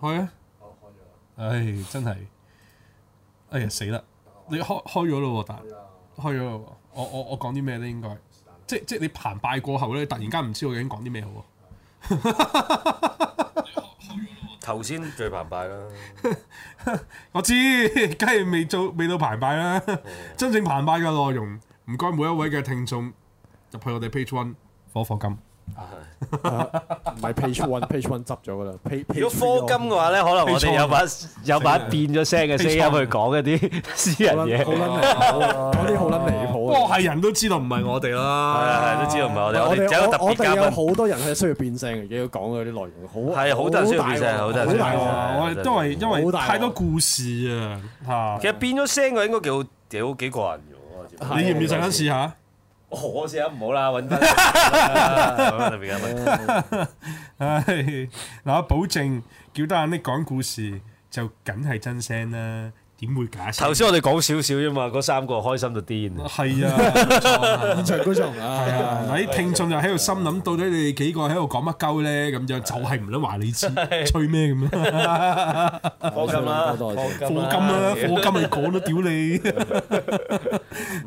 開啊！唉、哎，真係哎呀死啦！你開開咗咯，但係開咗咯。我我我講啲咩咧？應該即即你澎湃過後咧，突然間唔知我究竟講啲咩好啊！頭 先最澎湃啦， 我知，梗係未做未到澎湃啦。嗯、真正澎湃嘅內容，唔該每一位嘅聽眾入去我哋 page one 火火金。唔係 page one，page one 執咗噶啦。如果科金嘅話咧，可能我哋有把有把變咗聲嘅聲音去講一啲私人嘢，好啲好捻離譜。哦，係人都知道唔係我哋啦，係都知道唔係我哋。我哋有特別嘉賓，好多人係需要變聲嘅，要講嗰啲內容，好係好多人需要變聲，好大，好大。我哋都係因為太多故事啊，吓。其實變咗聲個應該幾幾幾個人。你要唔要陣間試下？哦、我試下，唔好啦，揾翻，唉，嗱，我保證叫得人哋講故事就梗係真聲啦。點會假？釋？頭先我哋講少少啫嘛，嗰三個開心到癲。係啊，現場觀眾。係啊，喺聽眾就喺度心諗，到底你哋幾個喺度講乜鳩咧？咁就就係唔得話你知，吹咩咁啊？課金啦，課金啦，課金咪講得屌你，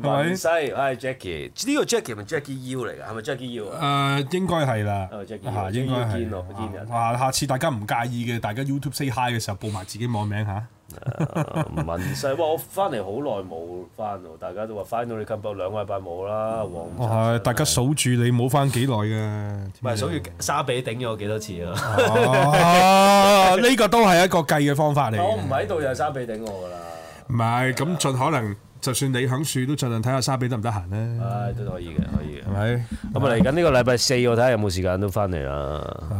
係咪？Jackie，呢個 Jackie 咪 Jackie U 嚟㗎，係咪 Jackie U？誒，應該係啦。Jackie？啊，應該係。哇，下次大家唔介意嘅，大家 YouTube say hi 嘅時候報埋自己網名吓。文西， 我翻嚟好耐冇翻喎，大家都話翻到你近排兩個禮拜冇啦。王，係、啊、大家數住你冇翻幾耐㗎？唔係數住沙比頂咗我幾多次啊。呢、啊啊呢個都係一個計嘅方法嚟。我唔喺度又係沙比頂我㗎啦。唔係、嗯，咁盡可能。嗯就算你喺樹都盡量睇下沙比得唔得閒咧，唉，都可以嘅，可以嘅。係咪？咁啊吧，嚟緊呢個禮拜四，我睇下有冇時間都翻嚟啦。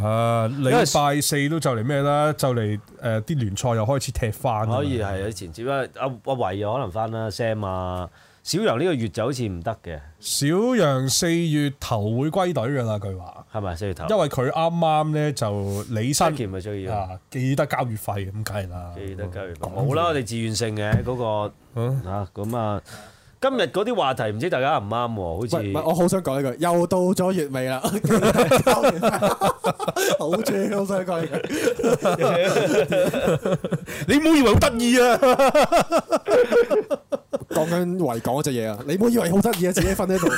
啊，禮拜四都為就嚟咩啦？就嚟誒，啲聯賽又開始踢翻。可以係吧前節啦，阿阿維有可能翻啦，Sam 啊。小楊呢個月就好似唔得嘅。小楊四月頭會歸隊嘅啦，佢話。係咪四月頭？因為佢啱啱咧就李生咪需要啊，記得交月費咁計啦。記得交月費。好啦，我哋自願性嘅，嗰、嗰個啊，咁啊、嗯。嗰個今日嗰啲話題唔知大家啱唔啱喎，好似唔係我好想講一句，又到咗月尾啦，好正，好想講一句，你唔好以為好得意啊，講緊圍講嗰隻嘢啊，你唔好以為好得意啊，自己瞓喺度，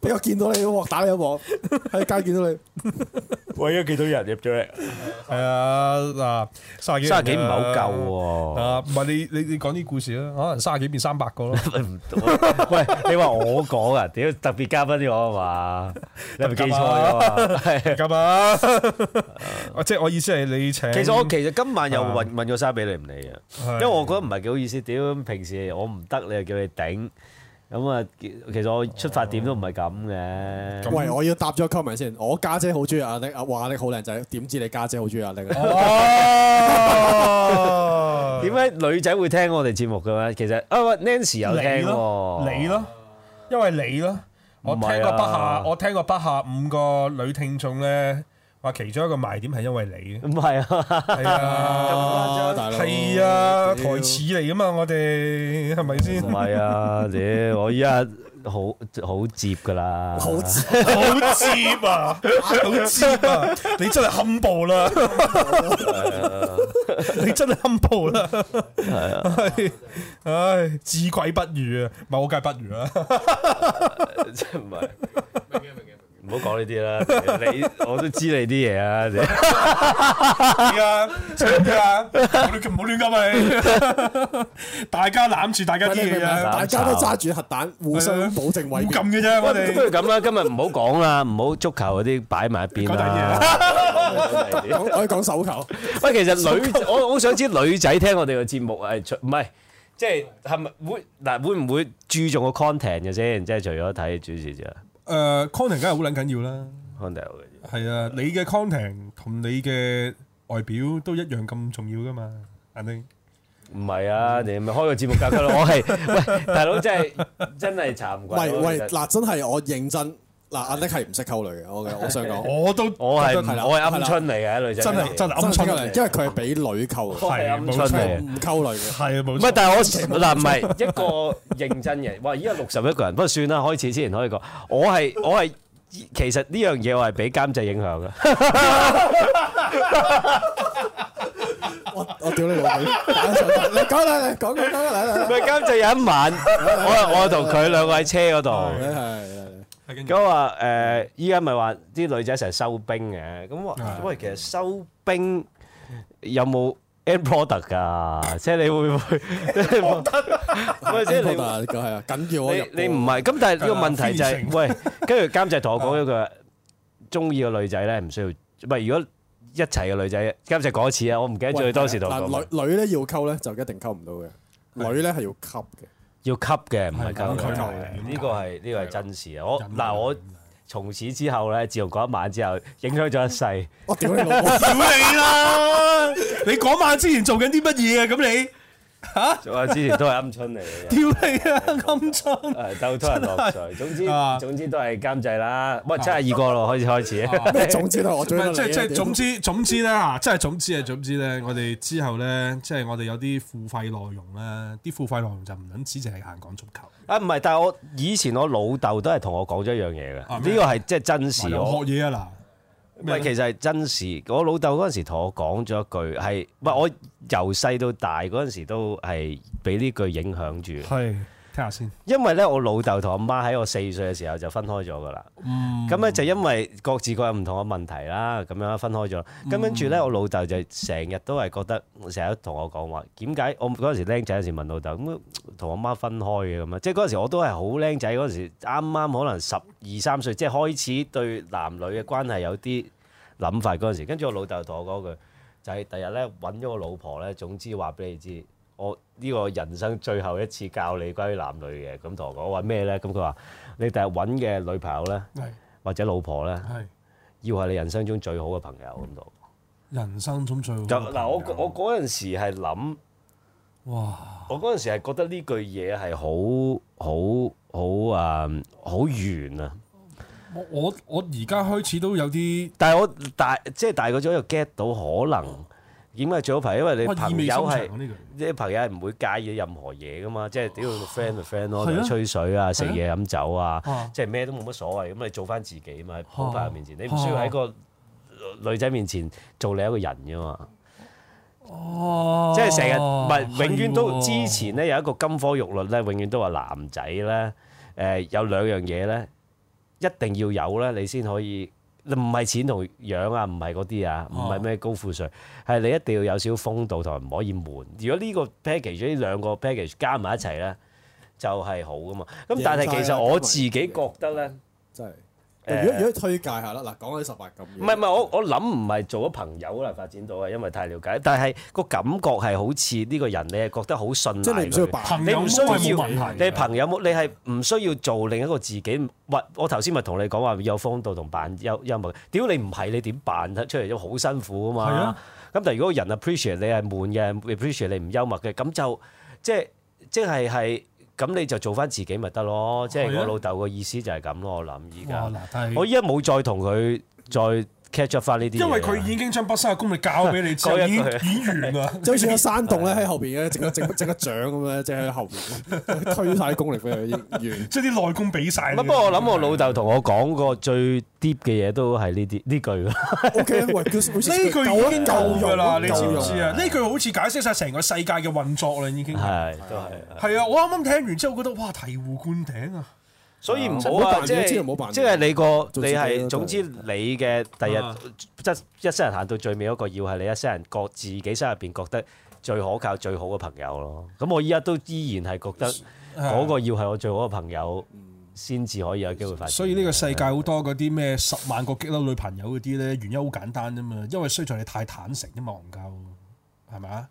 俾我見到你一鑊打你一鑊喺街見到你，喂咗幾多人入咗嚟？係啊，嗱，卅幾卅幾唔係好夠喎，唔係你你你講啲故事啦，可能卅幾變三百個咯？ 喂，你話我講啊？屌，特別嘉賓我係嘛？你咪記錯㗎嘛？咁啊 即係我意思係你請。 其實我其實今晚又 問問咗三俾你唔理啊，的因為我覺得唔係幾好意思。屌，平時我唔得，你又叫你頂。咁啊，其實我出發點都唔係咁嘅。喂，我要答咗 comment 先。我家姐好中意阿力，哇，你好靚仔，點知你家姐好中意阿力？哦、啊，點解 女仔會聽我哋節目嘅咧？其實啊，Nancy 有聽喎。你咯，因為你咯，啊、我聽過不下，我聽過不下五個女聽眾咧。話其中一個賣點係因為你，唔係啊，係啊，大佬，台詞嚟噶嘛，我哋係咪先？唔係啊，屌，我依家好好接噶啦，好接 好接啊，好接啊，你真係 humble 啦， 你真係 humble 啦，係 啊，唉、 哎，自愧不如啊，某界不如 啊，真係，唔係。唔好講呢啲啦，你我都知你啲嘢啊，啲 啊，唔好、啊、亂噉啊！大家攬住大家啲嘢、啊、怨大家都揸住核彈，互相保證維護嘅啫。我哋都係咁啦，今日唔好講啦，唔好足球嗰啲擺埋一邊啦。講、啊、 可以講手球。喂，其實女球我好想知女仔聽我哋嘅節目係唔係，即係係咪會嗱會唔會，會注重個 content 嘅先，即係除咗睇主持之誒、uh, content 梗係好撚緊要啦，係、嗯、啊，你嘅 content 同你嘅外表都一樣咁重要噶嘛阿丁，唔係啊，嗯、你咪開個節目格局咯，我係，喂大佬，真係 真係慘喂喂，喂喂嗱，真係我認真。嗱，阿德係唔識溝女嘅，我我想講，我都我係唔，我係鵪鶉嚟嘅啲女仔，真係真鵪鶉嚟，因為佢係俾女溝，係鵪鶉嚟，唔溝女嘅，係啊，冇錯。唔係，但係我嗱唔係一個認真嘅，哇！依家六十一個人，不過算啦，開始先，可以講，我係我係其實呢樣嘢我係俾監製影響㗎。我我屌你老味，你講嚟嚟講嚟嚟，佢監製有一晚，我我同佢兩個喺車嗰度。咁話誒，依家咪話啲女仔成日收兵嘅，咁話喂，其實收兵有冇 import 噶？即係你會唔會？import 喂，即係你係啊緊要我入，你唔係。咁但係呢個問題就係，喂，跟住監製同我講咗句話，中意嘅女仔咧，唔需要，喂，如果一齊嘅女仔，監製講一次啊，我唔記得咗佢當時同我講。嗱，女女咧要溝咧就一定溝唔到嘅，女咧係要吸嘅。要吸嘅，唔係咁吸嘅。呢嗎個係呢、這個呢個係真事啊！吧我嗱，類我從此之後咧，自從嗰一晚之後，影響咗一世。 我屌你啦！ 你嗰晚之前做緊啲乜嘢啊？咁你？嚇！哇！之前都係鵪鶉嚟嘅，屌你啊！鵪鶉，誒鬥拖人落水，總之總之都係監製啦。喂，七十二個咯，開始開始。咩總之咧？我即係即係總之總之咧啊！即係總之係總之咧，我哋之後咧，即係我哋有啲付費內容咧，啲付費內容就唔撚只淨係限講足球。啊，唔係，但係我以前我老豆都係同我講咗一樣嘢嘅，呢個係即係真事。我學嘢啊嗱。唔係，其實係真事。我老豆嗰陣時同我講咗一句，係唔係我由細到大嗰陣時都係俾呢句影響住，係。睇下先，因為咧，我老豆同阿媽喺我四歲嘅時候就分開咗噶啦。嗯，咁咧就因為各自各有唔同嘅問題啦，咁樣分開咗。咁跟住咧，我老豆就成日都係覺得，成日都同我講話，點解我嗰陣時僆仔有時問老豆，咁同我媽分開嘅咁啊？即係嗰陣時我都係好僆仔嗰陣時，啱啱可能十二三歲，即係開始對男女嘅關係有啲諗法嗰陣時。爸爸跟住我老豆同我講句，就係、是、第日咧揾咗個老婆咧，總之話俾你知。我呢個人生最後一次教你關於男女嘅，咁同我講話咩咧？咁佢話你第日揾嘅女朋友咧，或者老婆咧，要係你人生中最好嘅朋友咁度。人生中最好嘅朋友。嗱，我我嗰陣時係諗，哇！我嗰陣時係覺得呢句嘢係好好好啊，好圓啊！我我我而家開始都有啲，但係我大即係大個咗又 get 到可能。點解做嗰排？因為你朋友係，啲朋友係唔會介意任何嘢噶嘛。即係屌，friend 咪 friend 咯，吹水啊，食嘢飲酒啊，即係咩都冇乜所謂。咁你做翻自己嘛，喺普朋友面前，你唔需要喺個女仔面前做你一個人噶嘛。哦、啊，即係成日唔係永遠都、啊、之前咧有一個金科玉律咧，永遠都話男仔咧，誒、呃、有兩樣嘢咧，一定要有咧，你先可以。唔係錢同樣啊，唔係嗰啲啊，唔係咩高富帥，係、啊、你一定要有少少風度同埋唔可以悶。如果呢個 package 呢兩個 package 加埋一齊咧，就係、是、好噶嘛。咁但係其實我自己覺得咧。如果如果推介下啦，嗱，講起十八禁嘅。唔係唔係，我我諗唔係做咗朋友嗰陣發展到啊，因為太了解。但係個感覺係好似呢個人咧，你係覺得好信賴。即係你唔需要扮，你唔需要。你朋友冇，你係唔需要做另一個自己。喂，我頭先咪同你講話有風度同扮幽幽默。屌，你唔係你點扮得出嚟都好辛苦啊嘛。係啊。咁但係如果個人 appreciate 你係悶嘅，appreciate 你唔幽默嘅，咁就即係即係係。咁你就做返自己咪得咯，即係我老豆個意思就係咁咯。我諗依家我依家冇再同佢再 catch up 翻呢啲，因為佢已經將畢生嘅功力教俾你，做演演員啊，就算似個山洞咧喺後邊嘅，整個整個掌咁樣，即係後邊推晒啲功力俾演員，即係啲內功俾晒。不過我諗我老豆同我講過最 deep 嘅嘢都係呢啲呢句咯。呢句已經夠噶啦，你知唔知啊？呢句好似解釋晒成個世界嘅運作啦，已經係都係。係啊，我啱啱聽完之後，覺得哇，醍醐灌頂啊！所以唔好即係是，即係你個你係是，總之你嘅第日，即係一世人行到最尾嗰個，要係你一世人各自己身入邊覺得最可靠、最好嘅朋友咯。咁我依家都依然係覺得嗰個要係我最好嘅朋友，先至的可以有機會發生。所以呢個世界好多嗰啲咩十萬個激嬲女朋友嗰啲咧，原因好簡單啫嘛，因為衰在你太坦誠啫嘛，唔夠係咪啊？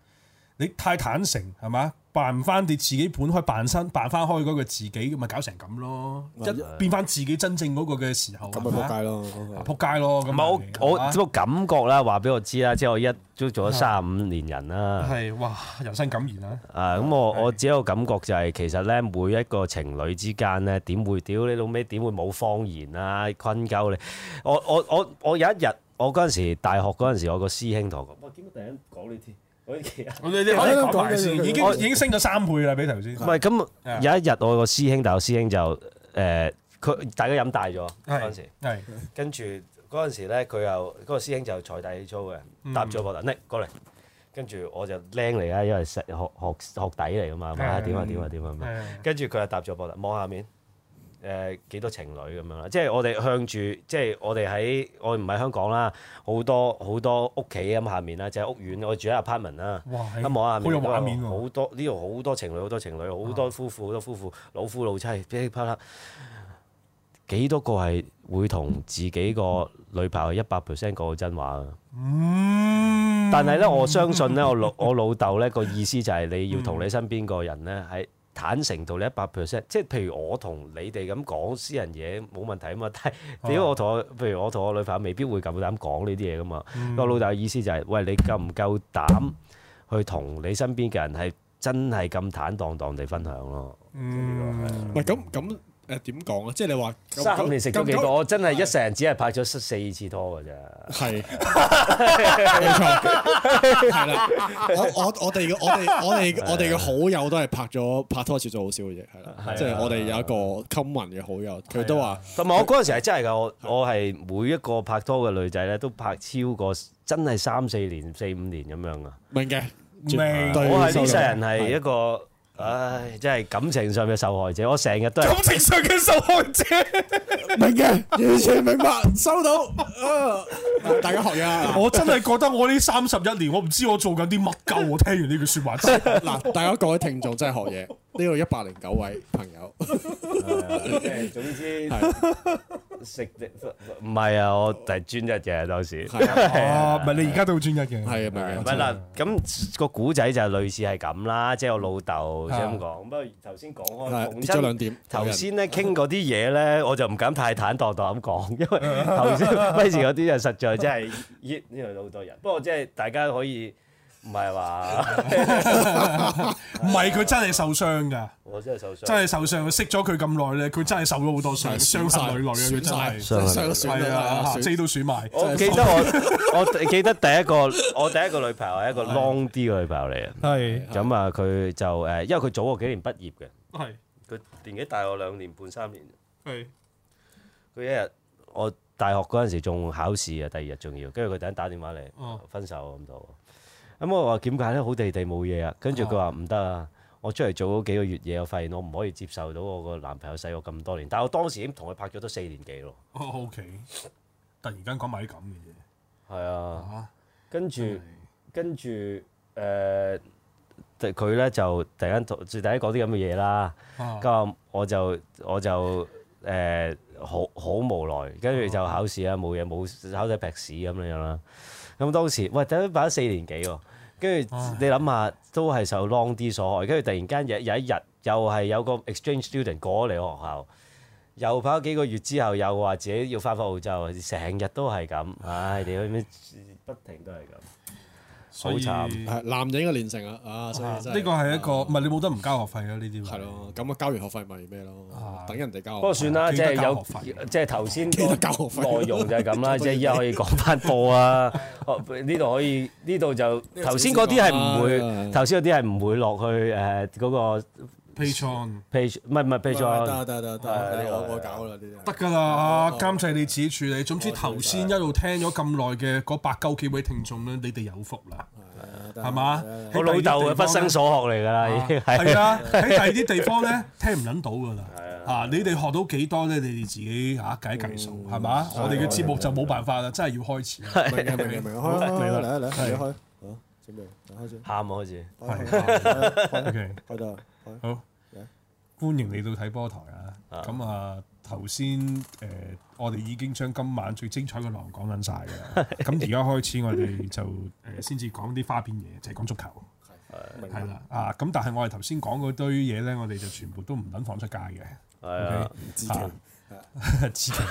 你太坦誠係嘛？扮唔翻你自己本開扮身，扮翻開嗰個自己，咪搞成咁咯？一變翻自己真正嗰個嘅時候，咪仆街咯！仆街咯！咁，我我只個感覺啦，話俾我知啦，即係我一都做咗三十五年人啦。係哇！人生感言啦。啊咁，我我只有感覺就係其實咧，每一個情侶之間咧，點會屌你老尾點會冇方言啊？坤鳩你！我我我我有一日，我嗰陣時大學嗰陣時，我個師兄同我講：哇！點解突然間講呢啲？嗰啲嘢啊！我哋啲我啲球台先，已經已經升咗三倍啦，畀頭先。唔係咁，有一日我個師兄，但個師兄就誒，佢大家飲大咗嗰陣時，係跟住嗰陣時咧，佢又嗰個師兄就財大氣粗嘅，搭咗個波台，拎過嚟，跟住我就靚嚟啦，因為實學學學底嚟㗎嘛，係嘛？點啊點啊點啊，跟住佢又搭咗個波台，望下面。誒、呃、幾多情侶咁樣啦？即係我哋向住，即係我哋喺我唔係香港啦，好多好多屋企咁下面啦，就係、是、屋苑，我住喺 apartment 啦。下面。好、啊、多呢度好多情侶，好多情侶，好多夫婦，好、啊、多夫婦，老夫老妻噼啪啦。幾多個係會同自己個女朋友一百 percent 講真話？嗯、但係呢，我相信呢，我老我老豆呢、個意思就係你要同你身邊個人呢。喺、嗯。坦誠度你一百 percent，即係譬如我同你哋咁講私人嘢冇問題啊嘛，但係如果我同我譬如我同我女朋友未必會咁膽講呢啲嘢噶嘛？個、嗯、老豆嘅意思就係、是、喂，你夠唔夠膽去同你身邊嘅人係真係咁坦蕩蕩地分享咯？唔係咁咁。誒點講啊？即係你話今年食咗幾多？真係一世人只係拍咗四次拖㗎啫。係，冇錯。係啦，我我我哋嘅我哋我哋我哋嘅好友都係拍咗拍拖少咗好少嘅啫。係啦，即係我哋有一個 common 嘅好友，佢都話。同埋我嗰陣時係真係㗎，我我係每一個拍拖嘅女仔咧，都拍超過真係三,三四年、四五年咁樣啊。明嘅，未。對我係呢世人係一個。唉，真係感情上嘅受害者，我成日都係感情上嘅受害者，明嘅，完全明白，收到。 大家學嘢，我真係覺得我呢三十一年，我唔知我做緊啲乜鳩。我聽完呢句說話，嗱，大家各位聽眾真係學嘢，呢度一百零九位朋友，總之。 食唔係啊！我係專一嘅，當時。啊，唔係你而家都好專一嘅。係啊，唔係。唔係啦，咁個古仔就係類似係咁啦，即係我老豆即係咁講。不過頭先講開，兩點頭先咧傾嗰啲嘢咧，我就唔敢太坦蕩蕩咁講，因為頭先嗰啲就實在真係醃醃到好多人。不過即係大家可以。唔係話，唔係佢真係受傷噶，我真係受傷，真係受傷。識咗佢咁耐咧，佢真係受咗好多傷，傷晒女內嘅，真係傷晒，係啊，四都選埋。我記得我，我記得第一個，我第一個女朋友係一個 Long D 嘅女朋友嚟嘅，係咁啊。佢就誒，因為佢早我幾年畢業嘅，係佢年紀大我兩年半三年。係佢一日，我大學嗰陣時仲考試啊，第二日仲要，跟住佢突然間，打電話嚟，分手咁多。咁我話點解咧？好地地冇嘢啊！跟住佢話唔得啊！我出嚟做咗幾個月嘢，我發現我唔可以接受到我個男朋友細我咁多年。但係我當時已經同佢拍咗都四年幾咯。OK。突然間講埋啲咁嘅嘢。係啊。跟住跟住誒，佢咧著是、呃、就突然間同第一講啲咁嘅嘢啦。咁、啊、我就我就誒、呃，好好無奈。跟住就考試啊，冇嘢冇考仔劈屎咁樣啦。咁、嗯、當時喂，等佢拍咗四年幾喎？跟住你諗下，都係受 long 啲所害。跟住突然間，有有一日又係有個 exchange student 過嚟學校，又跑幾個月之後又話自己要翻返澳洲，成日都係咁，唉、哎，你去咩？不停都係咁。好慘係男人嘅練成啊！啊，呢個係一個，唔係你冇得唔交學費啊。呢啲咪係咯？咁啊，交完學費咪咩咯？等人哋交。不過算啦，即係有即係頭先教內容就係咁啦，即係依家可以講翻播啊！哦，呢度可以呢度就頭先嗰啲係唔會，頭先嗰啲係唔會落去誒嗰個。Patreon，Patreon，唔係唔係 Patreon，得得得得，我我搞啦呢啲，得噶啦啊，監製你自己處理。總之頭先一路聽咗咁耐嘅嗰八九幾位聽眾咧，你哋有福啦，係嘛？我老竇嘅畢生所學嚟噶啦，已經係係啊！喺第二啲地方咧聽唔撚到噶啦，啊！你哋學到幾多咧？你哋自己嚇計計數，係嘛？我哋嘅節目就冇辦法啦，真係要開始，明唔明？嚟啦嚟啦，開啊！準備，開始，喊啊！開始，開到。好，Yeah. 歡迎嚟到睇波台 Yeah. 啊！咁啊，頭先誒，我哋已經將今晚最精彩嘅嘢講緊晒㗎啦。咁而家開始我，我哋就誒先至講啲花邊嘢，就係、是、講足球。係啦啊！咁但係我哋頭先講嗰堆嘢咧，我哋就全部都唔等放出街嘅。係啊，啊！痴線，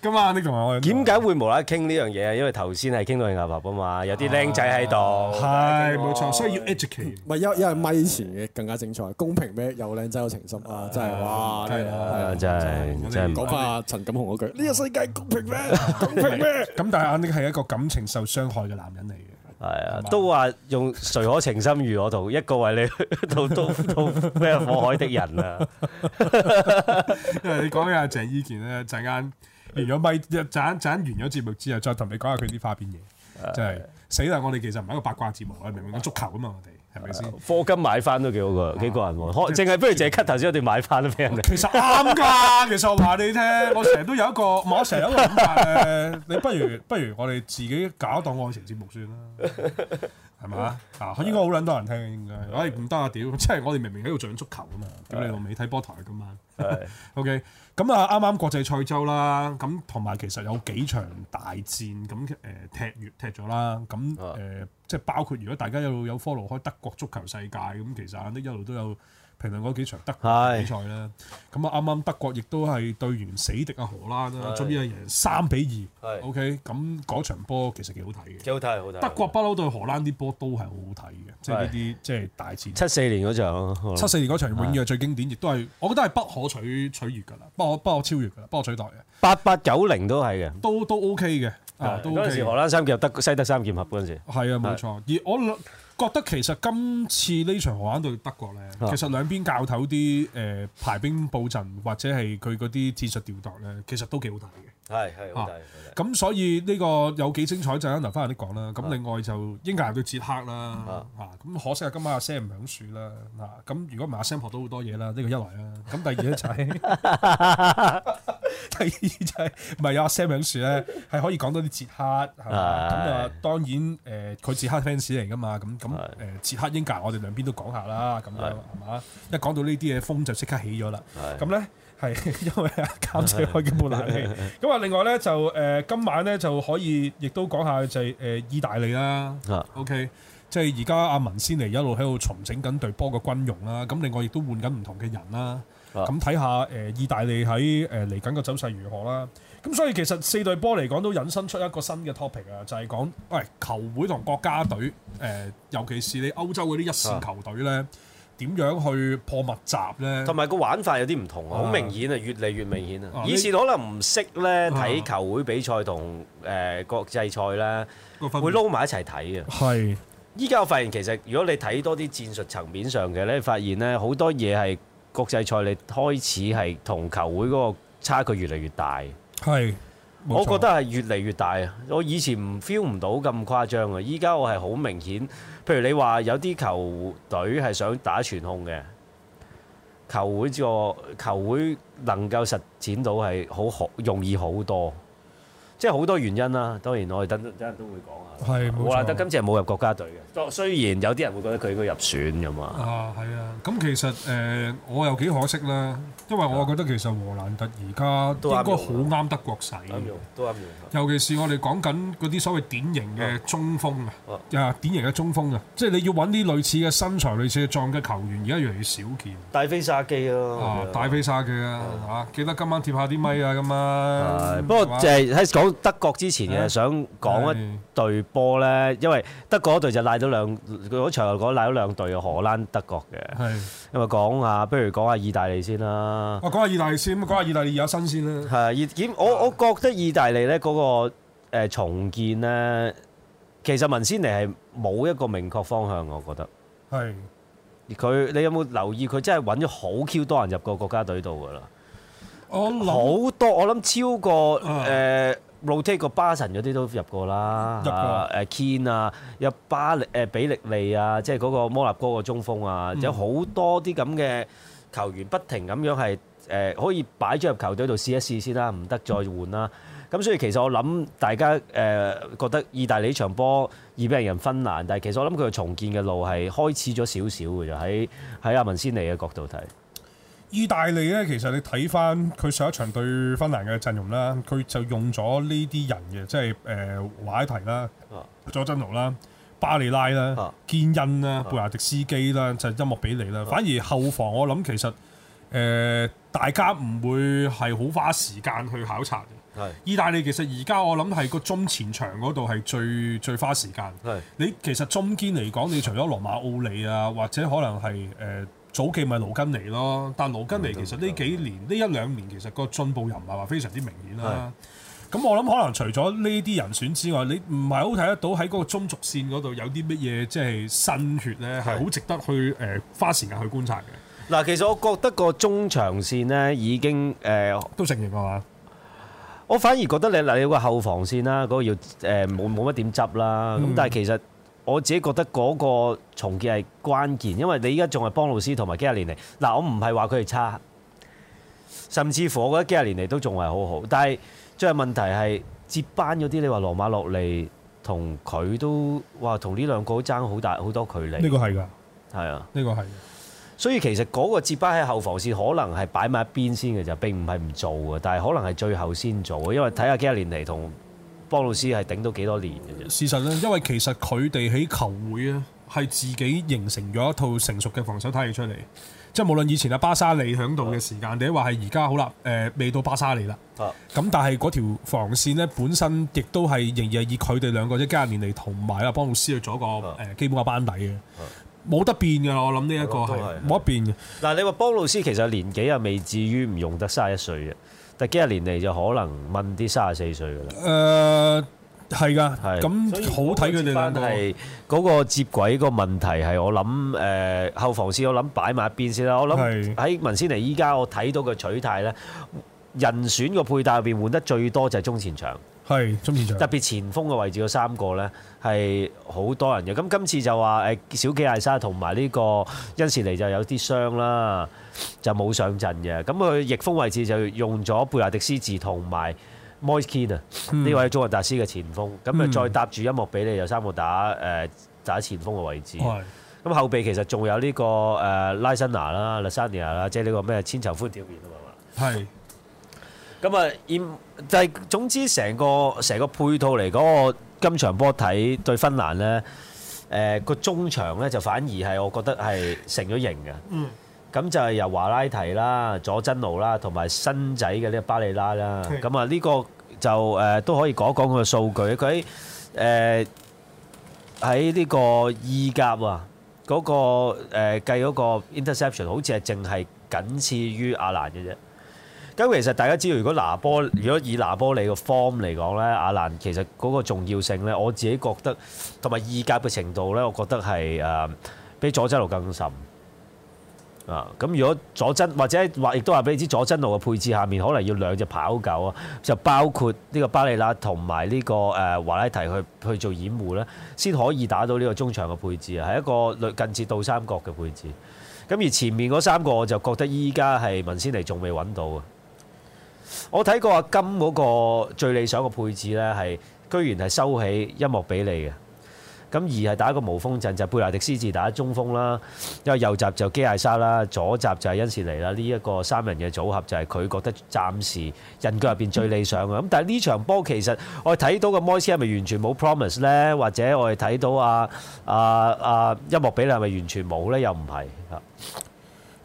今晚你同我點解會無啦啦傾呢樣嘢啊？因為頭先係傾到你牛頭啊嘛，有啲靚仔喺度，係冇錯，所以要 educate。唔係，因為，因為米前嘅更加精彩，公平咩？有靚仔有情深，啊！真係哇，係啊，真係真係講返陳錦鴻嗰句：呢個、嗯、世界公平咩？公平咩？咁但係呢係一個感情受傷害嘅男人嚟嘅。係啊，都話用誰可情深如我度，一個為你，去到到到咩火海的人啊！ 因為你講起阿鄭伊健咧，陣間完咗咪，陣陣完咗節目之後，再同你講下佢啲花邊嘢，真、就、係、是、 死啦！我哋其實唔係一個八卦節目，我明明講足球啊嘛，我哋。係咪先？課金買翻都幾好㗎，幾過癮喎！淨係，不如借係 cut 頭先，我哋買翻都俾人哋。其實啱㗎， 其實我話你聽，我成日都有一個， 我成日有一個諗法，你不如不如我哋自己搞檔愛情節目算啦。 係嘛？嗱、嗯啊，應該好撚多人聽嘅應該。誒唔得啊屌！即係 我哋明明喺度做緊足球啊嘛。屌對你老味體波台今晚？O K。咁啊對，啱啱、 okay，國際賽週啦。咁同埋其實有幾場大戰。咁誒、呃、踢完踢咗啦。咁誒、呃、即係包括如果大家一有有 follow 開德國足球世界咁，其實啱啲一路都有。評論嗰幾場德國比賽咧，咁啊啱啱德國亦都係對完死敵啊荷蘭啊，終於係贏三比二。OK，咁嗰場波其實幾好睇嘅，幾好睇，好睇。德國不嬲對荷蘭啲波都係好好睇嘅，即係呢啲即係大戰。七四年嗰場，七四年嗰場永遠最經典，亦都係我覺得係不可取取越㗎啦，不可不可超越㗎啦，不可取代嘅。八八九零都係嘅，都都 OK 嘅。嗰陣時荷蘭三劍德西德三劍合嗰陣時，係啊，冇錯。而我。覺得其實今次呢場荷蘭對德國呢，其實兩邊教頭啲誒、呃、排兵布陣或者係佢嗰啲戰術調度呢，其實都幾好睇嘅。係係好大，咁所以呢個有幾精彩就陣間留翻人啲講啦。咁另外就英格蘭對捷克啦，啊咁可惜啊，今晚阿 Sam 唔響樹啦。嗱咁如果唔係阿 Sam 學到好多嘢啦，呢個一來啦。咁第二咧就係，第二就係唔係有阿 Sam 響樹咧，係可以講多啲捷克係嘛？咁啊當然誒，佢捷克 fans 嚟噶嘛。咁咁誒捷克英格蘭，我哋兩邊都講下啦。咁樣係嘛？一講到呢啲嘢，風就即刻起咗啦。咁咧。係， 因為啊監製開嘅無冷氣咁啊，另外呢，就誒、呃、今晚呢就可以，亦都講下就係、是呃、意大利啦。啊、o、okay, k 即係而家阿文先嚟一路喺度重整緊隊波嘅軍容啦。咁另外亦都換緊唔同嘅人啦。咁睇下誒意大利喺誒嚟緊嘅走勢如何啦。咁所以其實四隊波嚟講都引申出一個新嘅 topic 啊，就係、是、講喂球會同國家隊誒、呃，尤其是你歐洲嗰啲一線球隊呢。啊點樣去破密集呢？同埋個玩法有啲唔同啊！好明顯啊，越嚟越明顯啊！以前可能唔識呢，睇球會比賽同誒國際賽呢，會撈埋一齊睇嘅。係，依家我發現其實如果你睇多啲戰術層面上嘅呢，你發現呢，好多嘢係國際賽，你開始係同球會嗰個差距越嚟越大。係。我覺得係越嚟越大啊！我以前唔 feel 唔到咁誇張啊，依家我係好明顯，譬如你話有啲球隊係想打全控嘅球會，個球會能夠實踐到係好可容易好多，即係好多原因啦。當然我哋等陣等陣都會講。係冇錯，禾蘭特今次係冇入國家隊嘅。雖然有啲人會覺得佢應該入選㗎嘛。啊，係啊。咁其實誒，我又幾可惜啦。因為我覺得其實禾蘭特而家應該好啱德國使。都啱用。尤其是我哋講緊嗰啲所謂典型嘅中鋒啊，啊，典型嘅中鋒啊。即係你要揾啲類似嘅身材、類似嘅壯嘅球員，而家越嚟越少見。大飛沙機咯。啊，大飛沙機啊！啊，記得今晚貼下啲咪啊咁啊。不過就係喺講德國之前嘅，想講一隊。波咧，因為德國一隊就賴咗兩，嗰場又講賴到兩隊啊，荷蘭、德國嘅。係是。咁啊，講下，不如講下意大利先啦。我講下意大利先，咁講下意大利有新鮮啦。係，熱檢我我覺得意大利咧嗰個重建咧，其實文仙尼係冇一個明確方向，我覺得。係是。佢，你有冇留意佢真係揾咗好 Q 多人入個國家隊度㗎啦？我諗好多，我諗超過誒。啊呃 Rotate 個巴神嗰啲都入過啦，誒 Kean 啊，en, 有巴力誒比利利啊，即係嗰個摩納哥個中鋒啊，嗯、有好多啲咁嘅球員不停咁樣係誒可以擺咗入球隊度試一試先啦，唔得再換啦。咁所以其實我諗大家誒覺得意大利場波易俾人分難，但係其實我諗佢嘅重建嘅路係開始咗少少嘅啫，喺喺阿文先尼嘅角度睇。意大利咧，其實你睇翻佢上一場對芬蘭嘅陣容啦，佢就用咗呢啲人嘅，即係誒韋拉堤啦，佐真奴啦，巴里拉啦，堅恩啦，貝拿迪斯基啦，就係、因莫比利啦。反而後防我諗其實誒、呃、大家唔會係好花時間去考察嘅。是的 意大利其實而家我諗係個中前場嗰度係最最花時間。是的 你其實中堅嚟講，你除咗羅馬奧利啊，或者可能係誒。呃早期咪勞根尼咯，但勞根尼其實呢幾年呢一兩年其實個進步又唔係話非常之明顯啦。咁是的 我諗可能除咗呢啲人選之外，你唔係好睇得到喺嗰個中軸線嗰度有啲乜嘢即係新血咧，係好值得去誒是的、呃、花時間去觀察嘅。嗱，其實我覺得個中場線咧已經誒、呃、都成型啊嘛。我反而覺得你嗱你個後防線啦，嗰、嗰個要誒冇冇乜點執啦。咁、呃嗯、但係其實。我自己覺得嗰個重建係關鍵，因為你依家仲係邦魯斯同埋基亞連尼嗱，我唔係話佢哋差，甚至乎我覺得基亞連尼都仲係好好，但係最係問題係接班嗰啲，你話羅馬洛利同佢都哇，同呢兩個都爭好大好多距離。呢個係㗎，係啊，呢個係。所以其實嗰個接班喺後防線可能係擺埋一邊先嘅就並唔係唔做嘅，但係可能係最後先做嘅，因為睇下基亞連尼同。幫老師係頂到幾多年嘅事實呢，因為其實佢哋喺球會呢，係自己形成咗一套成熟嘅防守體系出嚟。即係無論以前阿巴沙利喺度嘅時間，或者話係而家好啦，誒未到巴沙利啦。啊！咁但係嗰條防線呢，本身亦都係仍然係以佢哋兩個即加納連嚟同埋阿幫老師去做一個誒基本嘅班底嘅。冇得變㗎，我諗呢一個係冇得變嘅。嗱，你話幫老師其實年紀又未至於唔用得卅一歲嘅。第幾十年嚟就可能問啲三十四歲㗎啦、呃。誒係㗎，咁好睇佢哋。係、那、嗰個接軌個問題係我諗誒、呃、後防線，我諗擺埋一邊先啦。我諗喺文仙尼依家我睇到嘅取態咧，人選個配搭入邊換得最多就係中前場。係，特別前鋒嘅位置嘅三個呢，係好多人嘅。咁今次就話誒小基艾莎同埋呢個恩士尼就有啲傷啦，就冇上陣嘅。咁佢逆鋒位置就用咗貝亞迪斯字同埋 m o i s k i n 啊，呢位中華達斯嘅前鋒。咁啊、嗯、再搭住音樂比你，有三個打誒打前鋒嘅位置。咁、嗯、後備其實仲有呢個誒拉辛拿啦、l s a 桑 n a 啦，即係呢個咩千愁歡跳面啊嘛咁啊，以就係總之，成個成個配套嚟講，個今場波睇對芬蘭咧，誒個中場咧就反而係我覺得係成咗型嘅。嗯，咁就係由華拉提啦、佐真奴啦，同埋新仔嘅呢巴里拉啦。咁啊，呢個就誒都可以講講佢嘅數據。佢誒喺呢個意甲啊，嗰個誒計嗰個 interception 好似係淨係僅次於阿蘭嘅啫。咁其實大家知道，如果拿波如果以拿波利嘅 form 嚟講呢，阿蘭其實嗰個重要性呢，我自己覺得同埋意甲嘅程度呢，我覺得係誒比佐真奴更深咁、啊、如果佐真或者話亦都話俾你知，佐真奴嘅配置下面可能要兩隻跑狗啊，就包括呢個巴利拉同埋呢個誒華拉提去去做掩護呢，先可以打到呢個中場嘅配置啊。係一個近似倒三角嘅配置。咁而前面嗰三個，我就覺得依家係文仙尼仲未揾到啊。我睇過阿金嗰個最理想嘅配置呢，係居然係收起音樂比利嘅，咁而係打一個無鋒陣，就係、貝拿迪斯字打中鋒啦，因為右閘就機械沙啦，左閘就係恩士尼啦，呢、呢、一個三人嘅組合就係佢覺得暫時人腳入邊最理想嘅。咁但係呢場波其實我哋睇到嘅摩斯係咪完全冇 promise 呢？或者我哋睇到啊，阿、啊、阿、啊、音樂比利係咪完全冇呢？又唔係。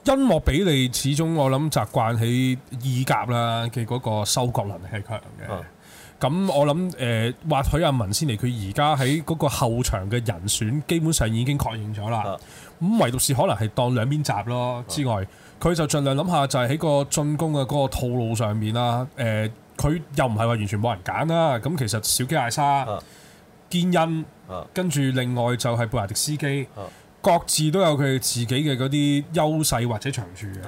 音樂比你，始終我諗習慣喺意甲啦嘅嗰個收割能力係強嘅。咁、啊、我諗誒，或、呃、許阿文先嚟，佢而家喺嗰個後場嘅人選，基本上已經確認咗啦。咁、啊、唯獨是可能係當兩邊閘咯、啊、之外，佢就盡量諗下就係喺個進攻嘅嗰個套路上面啦。誒、呃，佢又唔係話完全冇人揀啦。咁其實小基艾沙、堅、啊、恩，啊、跟住另外就係布華迪斯基。啊各自都有佢自己嘅嗰啲優勢或者長處嘅。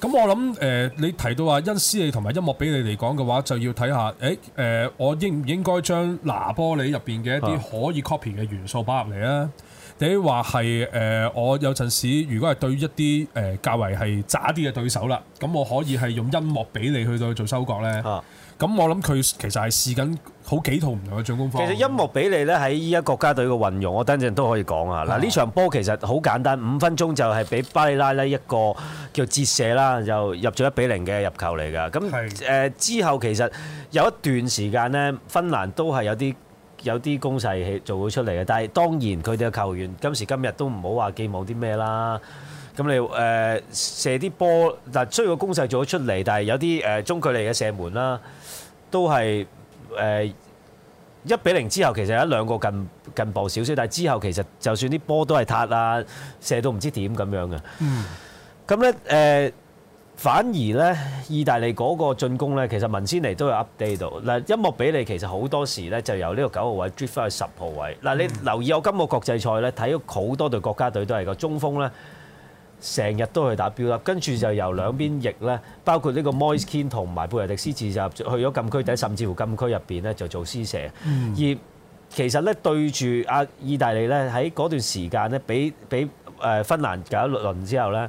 咁我諗誒、呃，你提到話，恩斯利同埋音樂俾你嚟講嘅話，就要睇下，誒、欸、誒、呃，我應唔應該將拿玻里入邊嘅一啲可以 copy 嘅元素包入嚟啊？定話係誒，我有陣時如果係對一啲誒、呃、較為係渣啲嘅對手啦，咁我可以係用音樂俾你去到做收割呢？啊咁我諗佢其實係試緊好幾套唔同嘅進攻方。其實音樂比例咧喺依家國家隊嘅運用，我等陣都可以講啊！嗱，呢場波其實好簡單，五分鐘就係俾巴里拉呢一個叫折射啦，就入咗一比零嘅入球嚟㗎。咁誒之後其實有一段時間咧，芬蘭都係有啲有啲攻勢做咗出嚟嘅，但係當然佢哋嘅球員今時今日都唔好話寄望啲咩啦。咁你誒射啲波，雖然個攻勢做咗出嚟，但係有啲誒中距離嘅射門啦。都係誒一比零之後，其實有一兩個進進步少少，但係之後其實就算啲波都係塌啊，射到唔知點咁樣嘅。咁咧誒，反而咧意大利嗰個進攻咧，其實文仙尼都有 update 到嗱。因莫比利其實好多時咧就由呢個九號位 drift 翻去十號位嗱。你留意我今個國際賽咧睇咗好多隊國家隊都係個中鋒咧，成日都去打標粒，跟住就由兩邊翼呢，包括呢個 Moiskin 同埋貝爾迪斯治就去咗禁區頂，甚至乎禁區入邊呢，就做施射。嗯、而其實呢，對住阿意大利呢，喺嗰段時間呢，比比誒芬蘭搞一輪之後呢，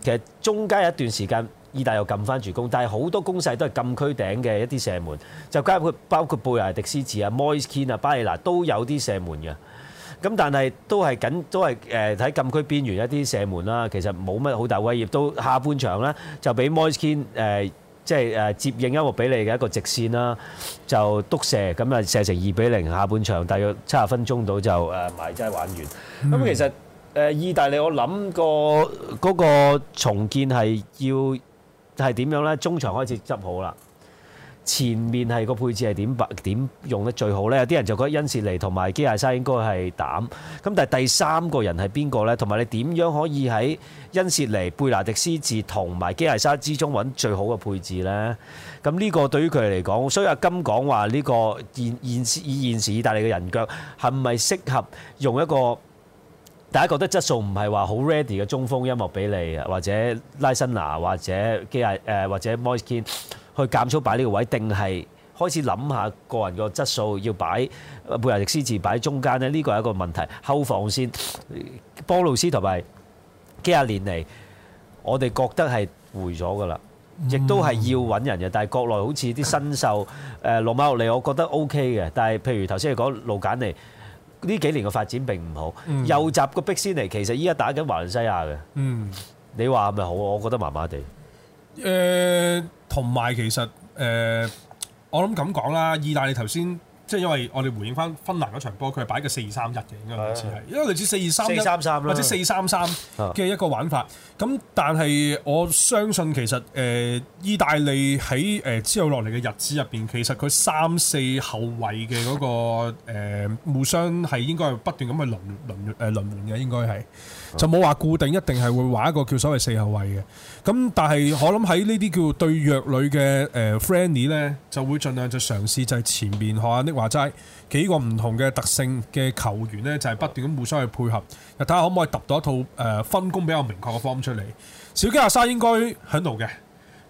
其實中間一段時間，意大又撳翻住攻，但係好多攻勢都係禁區頂嘅一啲射門，就包括包括貝爾迪斯治啊、Moiskin 啊、 巴利拿都有啲射門嘅。咁但係都係緊，都係誒喺禁區邊緣一啲射門啦。其實冇乜好大威脅。到下半場咧，就俾 Moistian 誒即係誒接應一個比利嘅一個直線啦，就篤射咁啊，射成二比零。下半場大約七十分鐘到就誒埋，齋玩完。咁其實誒意大利，我諗個嗰個重建係要係點樣咧？中場開始執好啦。前面係個配置係點白點用得最好呢？有啲人就覺得恩切尼同埋機械沙應該係膽，咁但係第三個人係邊個呢？同埋你點樣可以喺恩切尼、貝拿迪斯字同埋機械沙之中揾最好嘅配置呢？咁呢個對於佢嚟講，所以阿金講話，呢個現現以現時意大利嘅人腳係咪適合用一個大家覺得質素唔係話好 ready 嘅中鋒音樂俾你，或者拉辛娜，或者機械誒或者 m o i 去減速擺呢個位，定係開始諗下個人個質素要擺貝亞迪斯字擺中間咧？呢個係一個問題。後防先，波路斯同埋幾廿年嚟，我哋覺得係回咗㗎喇，亦都係要揾人嘅。但係國內好似啲新秀，誒、呃、羅馬諾嚟，我覺得 O K 嘅。但係譬如頭先你講路簡尼，呢幾年嘅發展並唔好。嗯、右閘個碧斯尼其實依家打緊華倫西亞嘅。嗯，你話係咪好？我覺得麻麻地。誒、呃。同埋其實誒、呃，我諗咁講啦，意大利頭先即係因為我哋回應翻芬蘭嗰場波，佢係擺一個四二三一嘅，應該好似係，因為類似四二三一或者四三三嘅一個玩法。咁、啊、但係我相信其實誒、呃，意大利喺誒之後落嚟嘅日子入邊，其實佢三四後衞嘅嗰個、呃、互相係應該係不斷咁去輪輪誒、呃、輪換嘅，應該係。就冇話固定一定係會畫一個叫所謂四後衛嘅，咁但係我諗喺呢啲叫對弱女嘅誒 friendly 咧，呃、Friend ly，就會盡量就嘗試就係前面學下 Nick 華齋幾個唔同嘅特性嘅球員呢，就係、是、不斷咁互相去配合，睇下可唔可以揼到一套誒、呃、分工比較明確嘅方 o 出嚟。小基亞沙應該喺度嘅。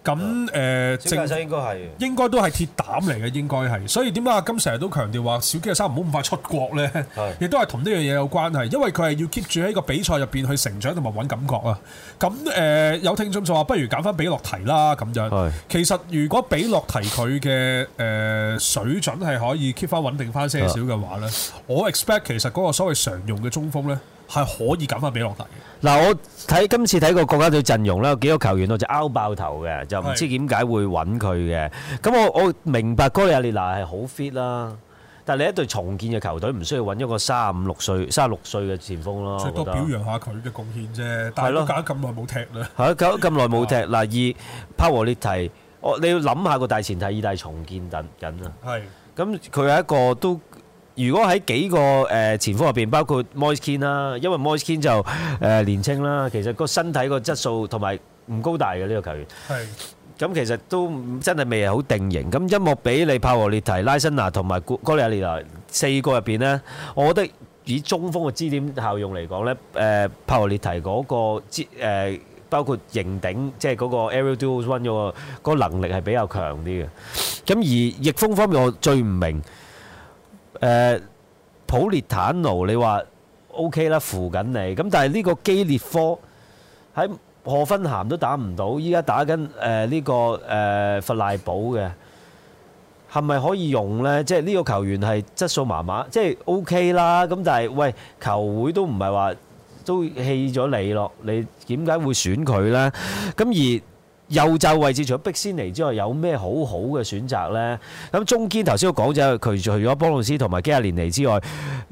咁誒，小基應該係應該都係鐵膽嚟嘅，應該係。所以點解阿金成日都強調話小基阿生唔好咁快出國呢？是的 亦都係同呢樣嘢有關係，因為佢係要 keep 住喺個比賽入邊去成長同埋揾感覺啊。咁誒、呃、有聽眾就話不如揀翻比洛提啦咁樣。是的 其實如果比洛提佢嘅誒水準係可以 keep 翻穩定翻些少嘅話呢，是的 我 expect 其實嗰個所謂常用嘅中鋒呢。係可以揀翻俾落嚟。嗱，我睇今次睇過國家隊陣容啦，幾個球員我就拗爆頭嘅，就唔知點解會揾佢嘅。咁我我明白哥利亞列娜係好 fit 啦，但係你一隊重建嘅球隊唔需要揾一個三十五六歲、三十六歲嘅前鋒咯。最多表揚下佢嘅貢獻啫，但係搞咗咁耐冇踢啦。係啊，搞咁耐冇踢。嗱，以帕和列提，我你要諗下個大前提，意大利重建等緊啊。係。咁佢係一個都。如果喺幾個誒前鋒入邊，包括 Moise Kean 啦，因為 Moise Kean 就誒年青啦，其實個身體個質素同埋唔高大嘅呢個球員。係。咁其實都真係未係好定型。咁一莫比你帕羅列提、拉辛娜同埋哥利亞列提四個入邊咧，我覺得以中鋒嘅支點效用嚟講咧，誒帕羅列提嗰個支誒包括認頂，即係嗰個 Aerial Duel One 嘅喎，個能力係比較強啲嘅。咁而逆風方面，我最唔明。誒普列坦奴，你話 O K 啦，扶緊你咁，但係呢個基列科喺賀芬咸都打唔到，依家打緊誒呢個誒弗賴堡嘅係咪可以用呢？即係呢個球員係質素麻麻，即係 O K 啦。咁但係喂，球會都唔係話都棄咗你咯，你點解會選佢呢？咁而右袖位置除咗碧仙尼之外，有咩好好嘅選擇呢？咁中堅頭先我講咗，佢除咗邦魯斯同埋基亞連尼之外，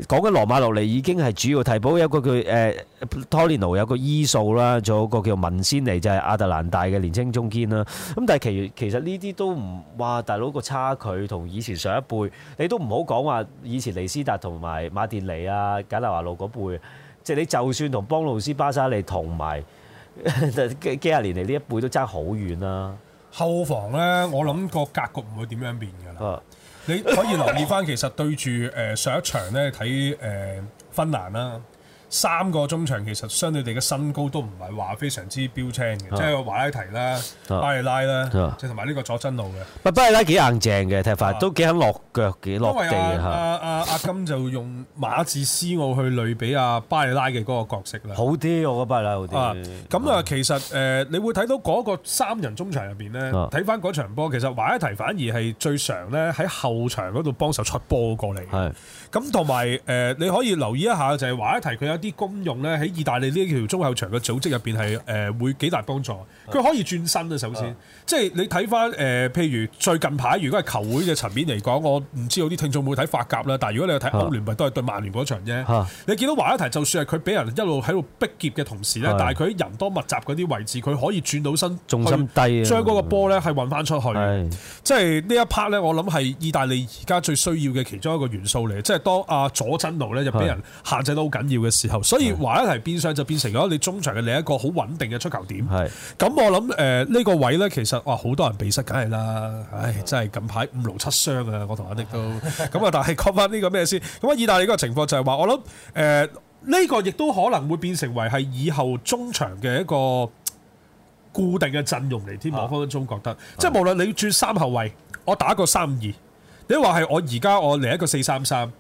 講緊羅馬諾尼已經係主要替補，有個叫 Tony，呃，有個伊素啦，仲有個叫文仙尼，就係、是、亞特蘭大嘅年青中堅啦。咁但係其其實呢啲都唔哇，大佬個差距同以前上一輩，你都唔好講話以前尼斯達同埋馬甸尼啊、簡立華路嗰輩，即係你就算同邦魯斯、巴沙利同埋。 幾幾廿年嚟、啊、呢一輩都爭好遠啦。後防咧，我諗個格局唔會點樣變噶啦。 你可以留意翻，其實對住誒上一場咧睇誒芬蘭啦、啊。三個中場其實相對地嘅身高都唔係話非常之標青嘅，啊、即係華拉提啦、巴爾拉啦，即同埋呢個佐真路嘅。但巴爾拉幾硬淨嘅踢法，啊、都幾肯落腳，幾落地嚇。阿阿、啊是啊啊、阿金就用馬治斯奧去類比阿巴爾拉嘅嗰個角色啦。好啲，我覺得巴爾拉好啲。咁啊，其實誒，啊、你會睇到嗰個三人中場入邊咧，睇翻嗰場波，其實華拉提反而係最常咧喺後場嗰度幫手出波過嚟。咁同埋誒，你可以留意一下，就係話一提佢有啲功用咧，喺意大利呢條中後場嘅組織入邊係誒會幾大幫助。佢可以轉身啊，首先。嗯嗯。即係你睇翻誒，譬如最近排，如果係球會嘅層面嚟講，我唔知道有啲聽眾會睇法甲啦。但係如果你係睇歐聯，咪都係對曼聯嗰場啫。啊、你見到華一提，就算係佢俾人一路喺度逼劫嘅同時咧，啊、但係佢喺人多密集嗰啲位置，佢可以轉到身，重心低，將嗰個波咧係運翻出去。啊、即係呢一 part 咧，我諗係意大利而家最需要嘅其中一個元素嚟。即係當阿、啊、佐真奴咧就俾人限制得好緊要嘅時候，啊、所以華一提變相就變成咗你中場嘅另一個好穩定嘅出球點。咁、啊、是我諗誒呢個位咧，其實。哇！好多人鼻塞，梗係啦，唉，真係近排五勞七傷啊！我同阿啲都咁啊， 但係講翻呢個咩先？咁啊，意大利嗰個情況就係話，我諗誒呢個亦都可能會變成為係以後中場嘅一個固定嘅陣容嚟添。啊、我分分鐘覺得，啊、即係無論你轉三後衞，我打個三二。你話係我而家我嚟一個四三三，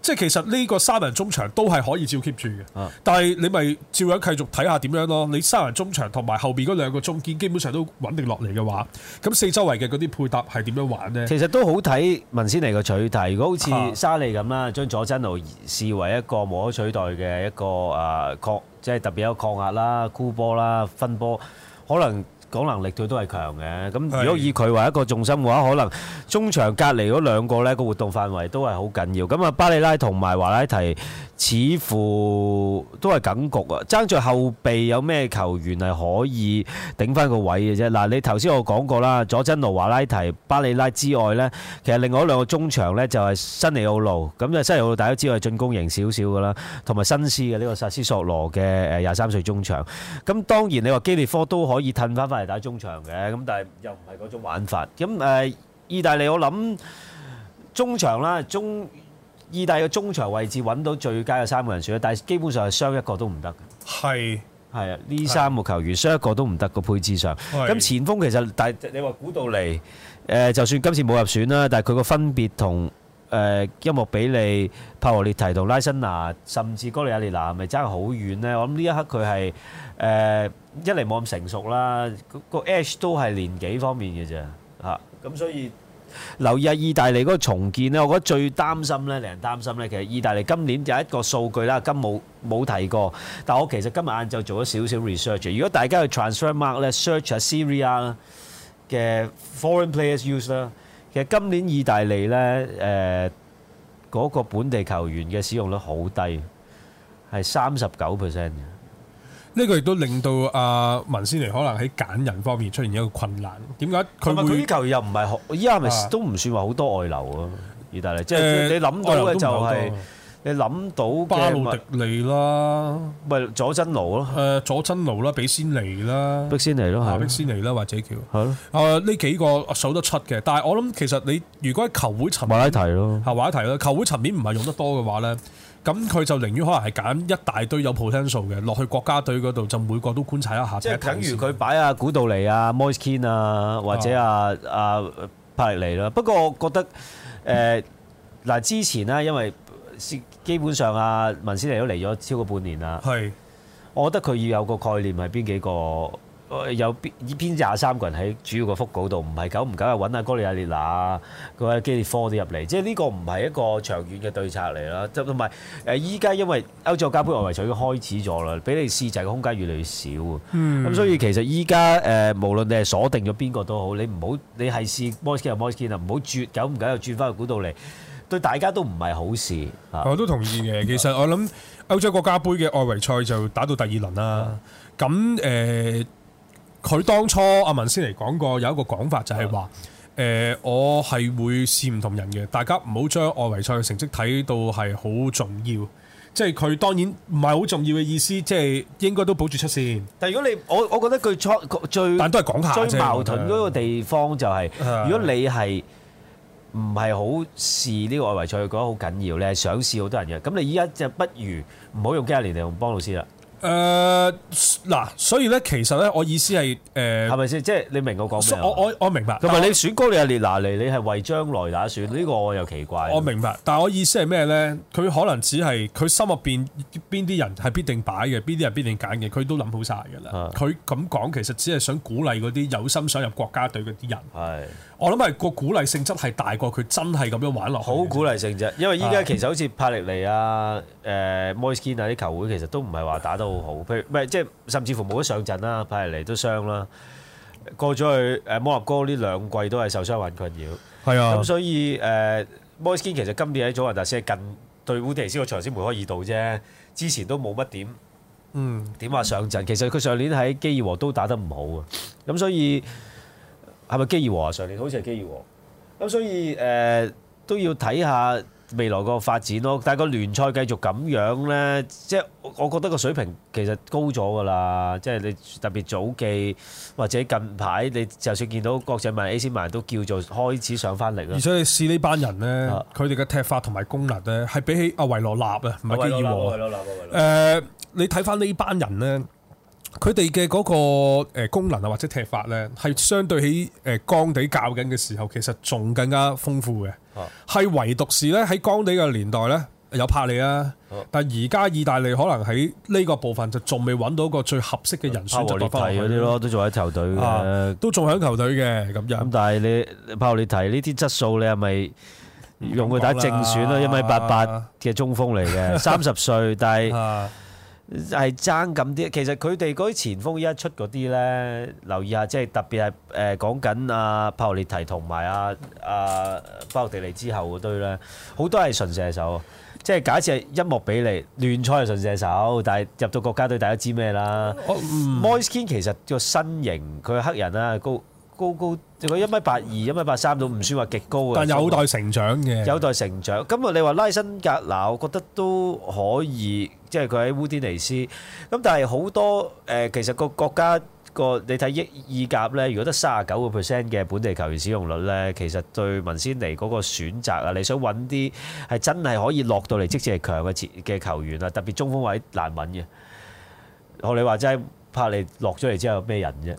即係其實呢個三人中場都係可以照 keep 住嘅。啊、但係你咪照樣繼續睇下點樣咯。你三人中場同埋後邊嗰兩個中堅基本上都穩定落嚟嘅話，咁四周圍嘅嗰啲配搭係點樣玩呢？其實都好睇文仙尼嘅取態。如果好似沙利咁啦，將佐真奴視為一個無可取代嘅一個誒擴、呃，即係特別有抗壓啦、箍波啦、分波，可能。講能力佢都係強嘅，咁如果以佢為一個重心嘅話，可能中場隔離嗰兩個呢個活動範圍都係好緊要。咁啊，巴里拉同埋華拉提。似乎都係梗局啊！爭在後備有咩球員係可以頂翻個位嘅啫。嗱，你頭先我講過啦，佐真奴、華拉提、巴里拉之外咧，其實另外兩個中場咧就係新尼奧路，咁就新尼奧路大家知道係進攻型少少噶啦，同埋新斯嘅呢個薩斯索羅嘅誒廿三歲中場。咁當然你話基列科都可以褪翻返嚟打中場嘅，咁但係又唔係嗰種玩法。咁誒，意大利我諗中場啦，中。意大利嘅中場位置揾到最佳嘅三個人選，但係基本上係傷一個都唔得。係係啊，呢三個球員傷一個都唔得個配置上。咁前鋒其實，但係你話估到嚟，誒就算今次冇入選啦，但係佢個分別同誒音樂比利、帕羅列提同、拉辛娜，甚至哥利亞利娜，係咪爭好遠呢？我諗呢一刻佢係誒一嚟冇咁成熟啦，個 age 都係年紀方面嘅啫嚇。咁所以。留意下意大利嗰個重建咧，我覺得最擔心咧，令人擔心咧。其實意大利今年有一個數據啦，今冇冇提過。但係我其實今日晏晝做咗少少 research。如果大家去 Transfermarkt 咧，search 下 Serie A 嘅 foreign players use 咧，其實今年意大利咧，誒嗰個本地球員嘅使用率好低，係三十九 percent 嘅。呢個亦都令到阿文仙尼可能喺揀人方面出現一個困難。點解佢？同埋佢啲球又唔係好，依家咪都唔算話好多外流啊！意大利、呃、即係你諗到嘅就係、呃、你諗到、呃、巴魯迪利啦啦、呃、啦尼啦，咪佐真奴咯。誒，佐真奴啦，比仙尼啦，比仙尼咯，係，比仙尼啦，或者叫係咯。誒啦，呢、呃、幾個數得出嘅。但係我諗其實你如果喺球會層，馬拉提咯，馬拉提球會層面唔係用得多嘅話咧。咁佢就寧願可能係揀一大堆有 potential 嘅落去國家隊嗰度，就每個都觀察一下。即係等於佢擺阿古道嚟啊，Moiskin 啊，或者阿、啊、阿、啊啊、帕尼嚟啦。不過我覺得誒，嗱之前呢， 因為基本上阿、啊、文斯尼都嚟咗超過半年啦，係是，我覺得佢要有個概念係邊幾個。有編以編廿三個人喺主要個復稿度，唔係久唔久又揾阿哥利亞列拿個基列科啲入嚟，即係呢個唔係一個長遠嘅對策嚟啦。同埋誒，依家因為歐洲國家杯外圍賽已經開始咗啦，俾、嗯、你試陣嘅空間越嚟越少啊。咁、嗯、所以其實依家誒，無論你係鎖定咗邊個都好，你唔好你係試 moskine 阿 moskine 啊，唔好轉久唔久又轉翻去股度嚟，對大家都唔係好事。我都同意嘅， 其實我諗歐洲國家杯嘅外圍賽就打到第二輪啦。咁誒。呃呃佢當初阿文先嚟講過，有一個講法就係話：，誒是的、呃，我係會試唔同人嘅，大家唔好將外圍賽嘅成績睇到係好重要，即係佢當然唔係好重要嘅意思，即、就、係、是、應該都保住出線。但如果你我我覺得佢初最，最但都係講下矛盾嗰個地方就係、是，是的 如果你係唔係好試呢個外圍賽，佢覺得好緊要，你係想試好多人嘅，咁你依家就不如唔好用幾廿年嚟用邦老師啦。誒嗱、呃，所以咧，其實咧，我意思係誒，係咪先？即係你明我講咩？我我我明白。同埋你選高你阿列拿尼，你係為將來打算？呢、嗯、個我又奇怪。我明白，但係我意思係咩咧？佢可能只係佢心入邊邊啲人係必定擺嘅，邊啲人必定揀嘅，佢都諗好晒㗎啦。佢咁講其實只係想鼓勵嗰啲有心想入國家隊嗰啲人。係、啊。我諗係個鼓勵性質係大過佢真係咁樣玩落去。好鼓勵性質，因為依家其實好似帕力尼啊、誒摩伊斯啊啲球會，其實都唔係話打到。好好，譬如唔係即係甚至乎冇得上陣啦，派嚟嚟都傷啦。過咗去誒摩納哥呢兩季都係受傷患困擾，係是啊。咁所以誒、呃、Moistin 其實今年喺祖雲達斯係近對烏迪斯個場先梅開二度啫。之前都冇乜點，嗯點話上陣。其實佢上年喺基爾和都打得唔好啊。咁所以係咪基爾和？上 年好似係基爾和。咁所以誒、呃、都要睇下。未來個發展咯，但係個聯賽繼續咁樣咧，即係我覺得個水平其實高咗㗎啦，即係你特別早記或者近排，你就算見到國際曼、AC 曼都叫做開始上翻嚟啦。而且你試呢班人咧，佢哋嘅踢法同埋功能咧，係比起阿、啊、維羅納啊，唔係基爾莫。誒，你睇翻呢班人咧。佢哋嘅嗰個功能啊，或者踢法咧，係相對起誒干地教緊嘅時候，其實仲更加豐富嘅。係唯獨是咧，喺干地嘅年代咧，有帕利啊。但而家意大利可能喺呢個部分就仲未揾到個最合適嘅人選，就落翻啲咯，都仲喺球隊嘅，都仲喺球隊嘅咁樣。咁但係你，帕利提呢啲質素，你係咪用佢打正選啊？一米八八嘅中鋒嚟嘅，三十歲，但係。 係爭咁啲，其實佢哋嗰啲前鋒一出嗰啲呢，留意下，即係特別係誒講緊阿柏、啊啊、奧列提同埋阿阿包羅地尼之後嗰堆呢，好多係純射手，即係假設係音幕比嚟聯賽係純射手，但係入到國家隊大家知咩啦？Moise Kean 其實個身型，佢係黑人啦，高。高高，你講一米八二、一米八三都唔算話極高嘅。但係有待成長嘅。有待成長。咁啊，你話拉辛格那，我覺得都可以，即係佢喺烏甸尼斯。咁但係好多誒，其實個國家個你睇意意甲咧，如果得三十九個 percent 嘅本地球員使用率咧，其實對文仙尼嗰個選擇啊，你想揾啲係真係可以落到嚟，即使係強嘅前嘅球員啊，特別中鋒位難揾嘅。學你話齋，帕利落咗嚟之後有咩人啫？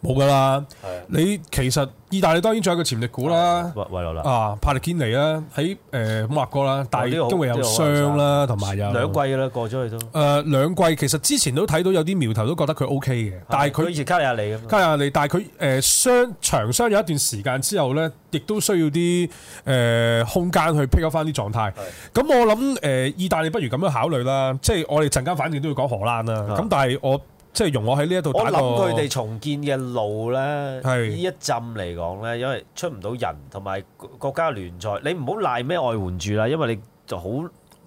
冇噶啦，你其實意大利當然仲有個潛力股啦，維羅納啊，帕利堅尼啦，喺誒冇話過啦，但係都會有傷啦，同埋有兩季啦，過咗去，都誒兩季，其實之前都睇到有啲苗頭，都覺得佢 O K 嘅，但係佢以前卡利亞利咁，卡利亞利，但係佢誒傷長傷咗一段時間之後咧，亦都需要啲誒空間去 pick 翻啲狀態。咁我諗誒意大利不如咁樣考慮啦，即係我哋陣間反正都要講荷蘭啦，咁但係我。即係容我喺呢一度打。我諗佢哋重建嘅路咧，呢是一陣嚟講呢，因為出唔到人，同埋國家聯賽，你唔好賴咩外援住啦，因為你就好，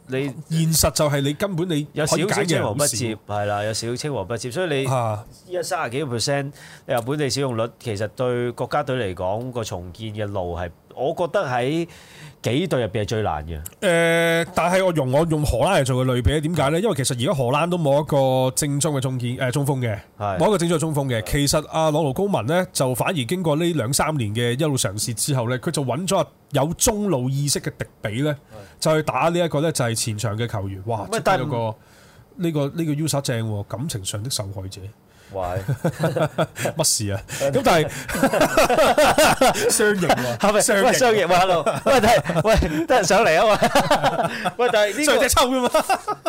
你現實就係你根本你有少少青黃不接，係啦，有少少青黃不接，所以你依家三十幾個 percent 你話本地使用率，其實對國家隊嚟講個重建嘅路係，我覺得喺。幾隊入邊係最難嘅。誒、呃，但係我用我用荷蘭嚟做個類比咧，點解呢？因為其實而家荷蘭都冇一個正宗嘅中鋒嘅，冇、呃、是的 一個正宗嘅中鋒嘅。是的 其實阿朗奴高文呢，就反而經過呢兩三年嘅一路嘗試之後呢，佢就揾咗有中路意識嘅迪比呢，是的 就去打呢一個呢，就係、是、前場嘅球員。哇！出現的但 個呢、這個呢、這個 U.S. 正感情上的受害者。話乜事啊？咁但係雙翼係咪？喂，雙翼喎，一路喂，但係喂，得人上嚟啊嘛！喂，但係呢個只抽啫嘛。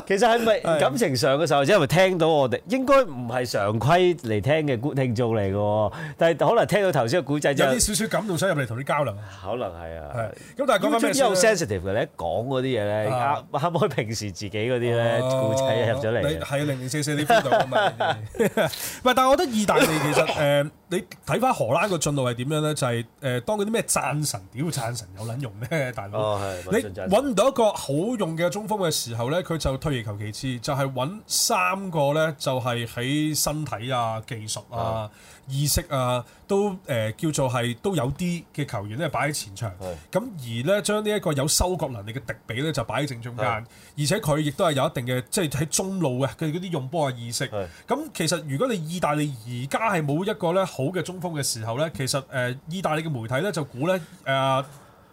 其實係咪感情上嘅時候，即係咪聽到我哋？應該唔係常規嚟聽嘅古聽眾嚟嘅，但係可能聽到頭先嘅古仔就有啲少少感動，想入嚟同你交流。可能係啊。係。咁但係咁樣，因為好 sensitive 嘅，你一講嗰啲嘢咧，壓壓開平時自己嗰啲咧古仔入咗嚟，係零零舍舍啲 feel 啊嘛。唔係，但係我覺得意大利其實誒。 呃你睇翻荷蘭個進路係點樣呢？就係誒，當嗰啲咩讚神屌讚神有撚用咧？大佬，你揾唔到一個好用嘅中鋒嘅時候呢，佢就退而求其次，就係、是、揾三個呢，就係喺身體啊、技術啊、意識啊，都誒、呃、叫做係都有啲嘅球員咧，擺喺前場。咁是的 而呢，將呢一個有收割能力嘅迪比呢，就擺喺正中間，是的 而且佢亦都係有一定嘅，即係喺中路嘅佢嗰啲用波嘅意識。咁是的 其實如果你意大利而家係冇一個呢。好嘅中鋒嘅時候咧，其實誒，意大利嘅媒體咧就估咧誒，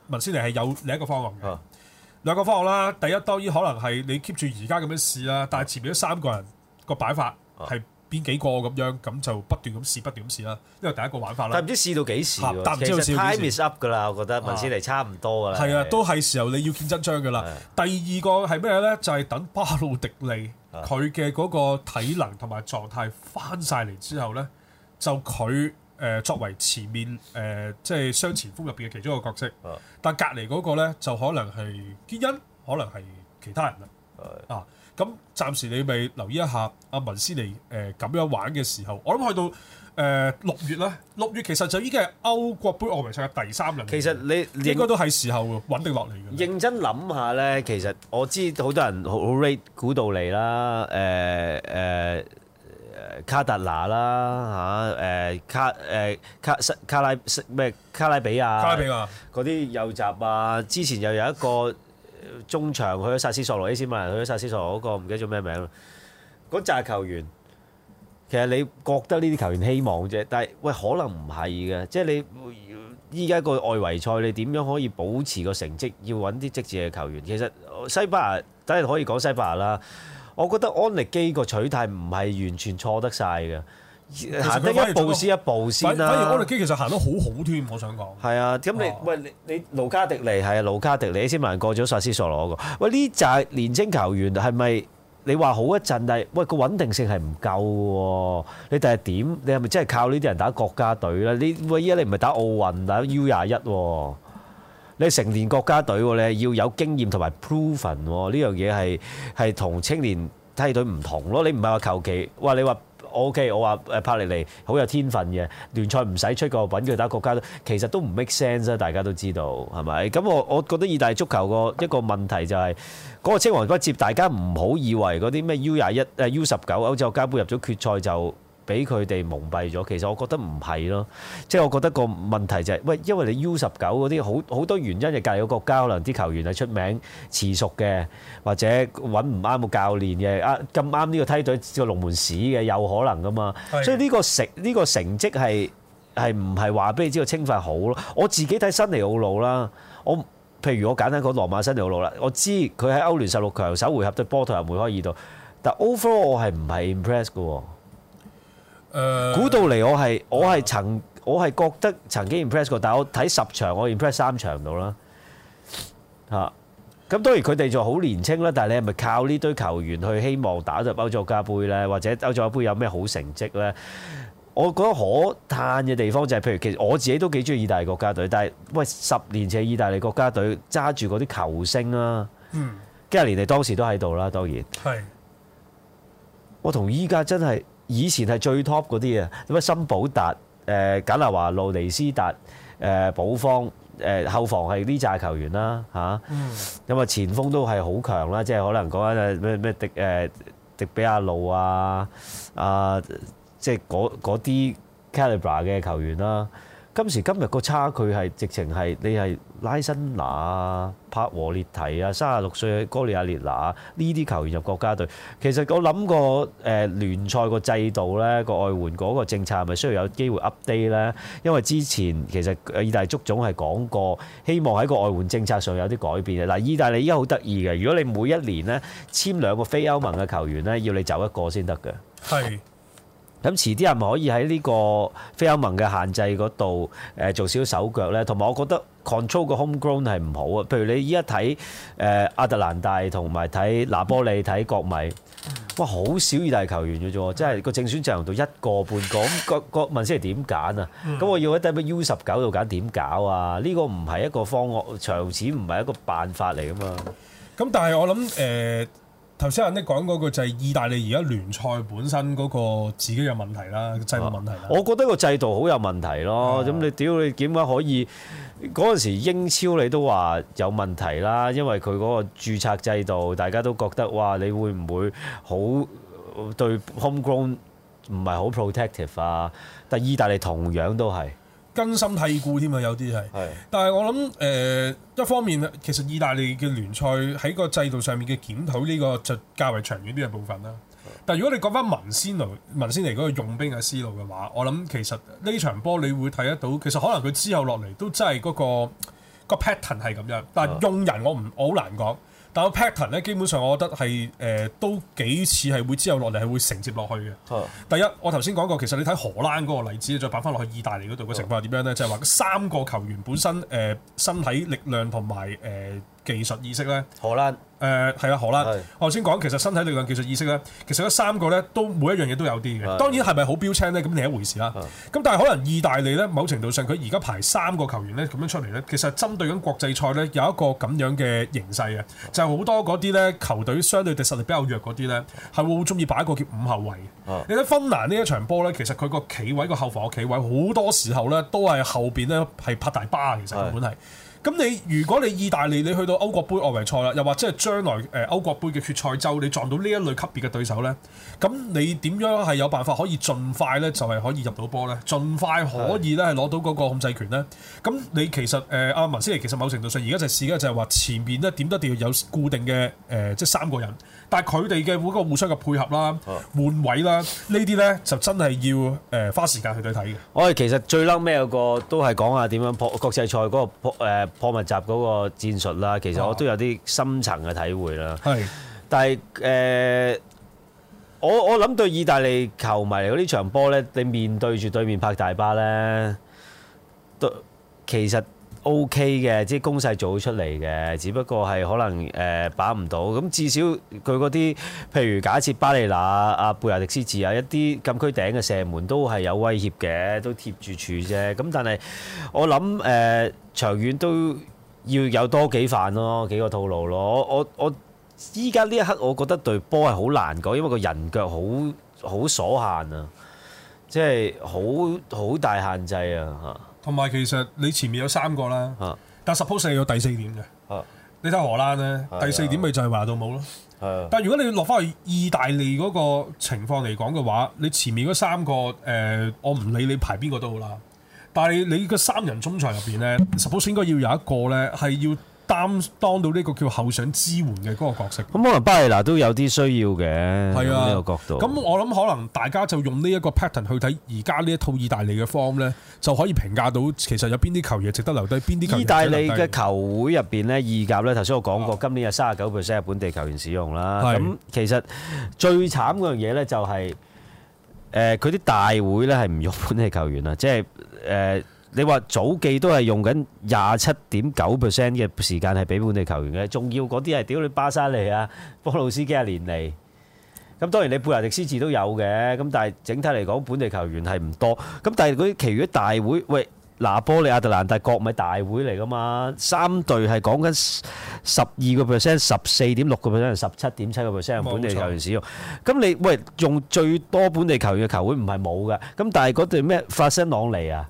文斯尼係有另一個方案嘅，兩個方案啦。第一當然可能係你 keep 住而家咁樣試啦，但係前面三個人個擺法係邊幾個咁樣，咁就不斷咁試，不斷咁試啦。因為第一個玩法啦，但係唔知試到幾時，其實 time is up 噶啦，我覺得文斯尼差唔多噶啦，係啊，都係時候你要見真章噶啦。第二個係咩咧？就係等巴魯迪利佢嘅嗰個體能同埋狀態翻晒嚟之後咧。就佢誒作為前面誒、呃、即係雙前鋒入邊嘅其中一個角色，嗯、但隔離嗰個咧就可能係基恩，可能係其他人啦。嗯、啊，咁暫時你咪留意一下阿、啊、文斯尼誒咁樣玩嘅時候，我諗去到誒、呃、六月咧，六月其實就已經係歐國杯外圍賽嘅第三輪。其實你應該都係時候穩定落嚟嘅。認真諗下呢，其實我知好多人好好 rate 古道理啦，誒、呃、誒。呃呃卡特拿啦嚇，誒、啊、卡誒、啊、卡什卡拉咩卡拉比亞？卡拉比啊，嗰啲右閘啊，之前又有一個中場去咗薩斯索羅 A 先嘛， 去咗薩斯索羅嗰、那個唔記得做咩名，嗰紮球員其實你覺得呢啲球員希望啫，但係喂可能唔係嘅，即係你依家個外圍賽你點樣可以保持個成績？要揾啲質子嘅球員，其實西班牙等係可以講西班牙啦。我覺得安力基個取態唔係完全錯得晒嘅，行得一,一步先一步先啦。反而安力基其實行得好好添，我想講。係啊，咁你、啊、喂你你盧卡迪尼係、啊、盧卡迪尼先埋過咗薩斯索羅、那個。喂，呢紮年青球員係咪你話好一陣？但係喂個穩定性係唔夠喎。你第點？你係咪真係靠呢啲人打國家隊咧？你喂依家你唔係打奧運打 U 廿一喎？你成年國家隊咧你要有經驗同埋 proven 呢樣嘢係係同青年梯隊唔同咯。你唔係話求其話你話我 OK，我話誒帕尼尼好有天分嘅聯賽唔使出個揾佢打國家隊，其實都唔 make sense 啊。大家都知道係咪？咁我我覺得意大利足球個一個問題就係嗰個青黃不接，大家唔好以為嗰啲咩 U 廿一誒 U 十九歐洲國家盃入咗決賽就。俾佢哋蒙蔽咗，其實我覺得唔係咯，即係我覺得個問題就係喂，因為你 U 十九嗰啲好好多原因，就隔籬個國家可能啲球員係出名遲熟嘅，或者揾唔啱個教練嘅啊，咁啱呢個梯隊個龍門屎嘅，有可能噶嘛。所以呢個成呢個成績係係唔係話俾你知道青訓好咯？我自己睇新尼奧路啦，我譬如我簡單講羅馬新尼奧路啦，我知佢喺歐聯十六強首回合對波圖入梅開二度，但 overall 我係唔係 impress 嘅喎。估到嚟，我係我係曾我係覺得曾經 impress 過，但我睇十場我 impress 三場到啦。吓、嗯，咁當然佢哋就好年輕啦，但係你係咪靠呢堆球員去希望打入歐洲國家杯呢？或者歐洲杯有咩好成績呢？我覺得可嘆嘅地方就係、是，譬如其實我自己都幾中意意大利國家隊，但係喂，十年前意大利國家隊揸住嗰啲球星啦，嗯，加尼尼當時都喺度啦，當然是我同依家真係。以前係最 top 嗰啲啊，咁啊，森保達、誒、呃、簡拿華路、尼斯達、誒、呃、保方、誒、呃、後防係呢拃球員啦吓，咁啊、mm. 嗯、前鋒都係好強啦，即係可能講緊咩咩迪誒迪比亞路啊啊，即係嗰啲 calibre 嘅球員啦、啊。今時今日個差距係直情係你係拉辛拿、帕和列提啊，三十六歲嘅哥利亞列拿呢啲球員入國家隊。其實我諗過誒聯賽個制度咧，個外援嗰個政策係咪需要有機會 update 咧？因為之前其實意大利足總係講過，希望喺個外援政策上有啲改變嘅。嗱，意大利依家好得意嘅，如果你每一年咧簽兩個非歐盟嘅球員咧，要你走一個先得嘅。係。咁遲啲係咪可以喺呢個非歐盟嘅限制嗰度誒做少少手腳呢？同埋我覺得 control 個 homegrown 係唔好啊！譬如你依家睇誒亞特蘭大同埋睇拿波利睇國米，哇！好少意大球員嘅啫，即係個正選陣容度一個半個咁，國、那、國、個、問先係點揀啊？咁、嗯、我要喺啲乜 U 十九度揀點搞啊？呢、這個唔係一個方案，長此唔係一個辦法嚟噶嘛。咁但係我諗誒。呃頭先阿 Nick 講嗰句就係意大利而家聯賽本身嗰個自己有問題啦，制度問題、啊、我覺得個制度好有問題咯。咁、啊、你屌你點解可以嗰陣時英超你都話有問題啦？因為佢嗰個註冊制度大家都覺得哇，你會唔會好對 homegrown 唔係好 protective 啊？但係意大利同樣都係。根深蒂固添啊，有啲係。但係我諗誒、呃，一方面其實意大利嘅聯賽喺個制度上面嘅檢討呢個就較為長遠啲嘅部分啦。但如果你講翻文仙尼文仙尼嗰個用兵嘅思路嘅話，我諗其實呢場波你會睇得到，其實可能佢之後落嚟都真係嗰、那個、個 pattern 係咁樣，但係用人我唔我好難講。但個 pattern 咧，基本上我覺得係誒、呃、都幾似係會之後落嚟係會承接落去嘅。啊、第一，我頭先講過，其實你睇荷蘭嗰個例子，你再擺翻落去意大利嗰度嘅情況係點樣咧？嗯、就係話三個球員本身誒、呃、身體力量同埋誒。呃技術意識咧蘭、呃，荷蘭，誒係啦，荷蘭。我先講，其實身體力量、技術意識咧，其實嗰三個咧，都每一樣嘢都有啲嘅。的當然係咪好標青咧？咁另一回事啦。咁的但係可能意大利咧，某程度上佢而家排三個球員咧，咁樣出嚟咧，其實針對緊國際賽咧，有一個咁樣嘅形勢嘅，就係、是、好多嗰啲咧球隊相對嘅實力比較弱嗰啲咧，係會好中意擺一個叫五後衞。的你睇芬蘭呢一場波咧，其實佢個企位、個後防嘅企位，好多時候咧都係後邊咧係拍大巴，其實根本係。咁你如果你意大利你去到歐國杯外圍賽啦，又或者係將來誒、呃、歐國杯嘅決賽周，你撞到呢一類級別嘅對手呢。咁你點樣係有辦法可以盡快呢？就係、是、可以入到波呢，盡快可以呢？攞到嗰個控制權呢。咁你其實誒阿文先尼其實某程度上而家就試嘅就係話，前面呢點都一定要有固定嘅誒，即、呃、係、就是、三個人。但係佢哋嘅每個互相嘅配合啦、換位啦，呢啲呢，就真係要誒花時間去對睇嘅。我哋其實最叻咩個都係講下點樣破國際賽嗰、嗰個破、呃、破密集嗰個戰術啦。其實我都有啲深層嘅體會啦。係、哦，但係誒、呃，我我諗對意大利球迷嚟講呢場波呢，你面對住對面拍大巴呢，都其實。O.K. 嘅，即係攻勢做出嚟嘅，只不過係可能誒把唔到，咁至少佢嗰啲，譬如假設巴利拿、阿貝亞迪斯治啊一啲禁區頂嘅射門都係有威脅嘅，都貼住柱啫。咁但係我諗誒，長遠都要有多幾範咯，幾個套路咯。我我我依家呢一刻，我覺得對波係好難講，因為個人腳好好所限啊，即係好好大限制啊嚇。同埋其實你前面有三個啦，啊、但係 suppose 有第四點嘅，啊、你睇荷蘭咧，的第四點咪就係華度冇咯。的但如果你落翻去意大利嗰個情況嚟講嘅話，你前面嗰三個誒、呃，我唔理你排邊個都好啦，但係你嘅三人中場入邊咧，suppose 應該要有一個咧係要。擔當到呢個叫後上支援嘅嗰個角色，咁可能巴里拿都有啲需要嘅喺呢個角度。咁我諗可能大家就用呢一個 pattern 去睇而家呢一套意大利嘅 form 咧，就可以評價到其實有邊啲球員值得留低，邊啲意大利嘅球會入邊呢？二甲咧。頭先我講過，今年有三十九 percent 係本地球員使用啦。咁是其實最慘嗰樣嘢咧就係誒佢啲大會咧係唔用本地球員啊，即係誒。呃你話早季都係用緊廿七點九 percent 嘅時間係俾本地球員嘅，仲要嗰啲係屌你巴沙利啊波魯斯幾廿年嚟。咁當然你貝拿迪斯字都有嘅，咁但係整體嚟講本地球員係唔多。咁但係嗰啲其他大會，喂拿波利、亞特蘭大、國米大會嚟噶嘛？三隊係講緊十二個 percent、十四點六個 percent、十七點七個 percent 本地球員使用。咁你喂用最多本地球員嘅球會唔係冇㗎，咁但係嗰隊咩法塞朗尼啊？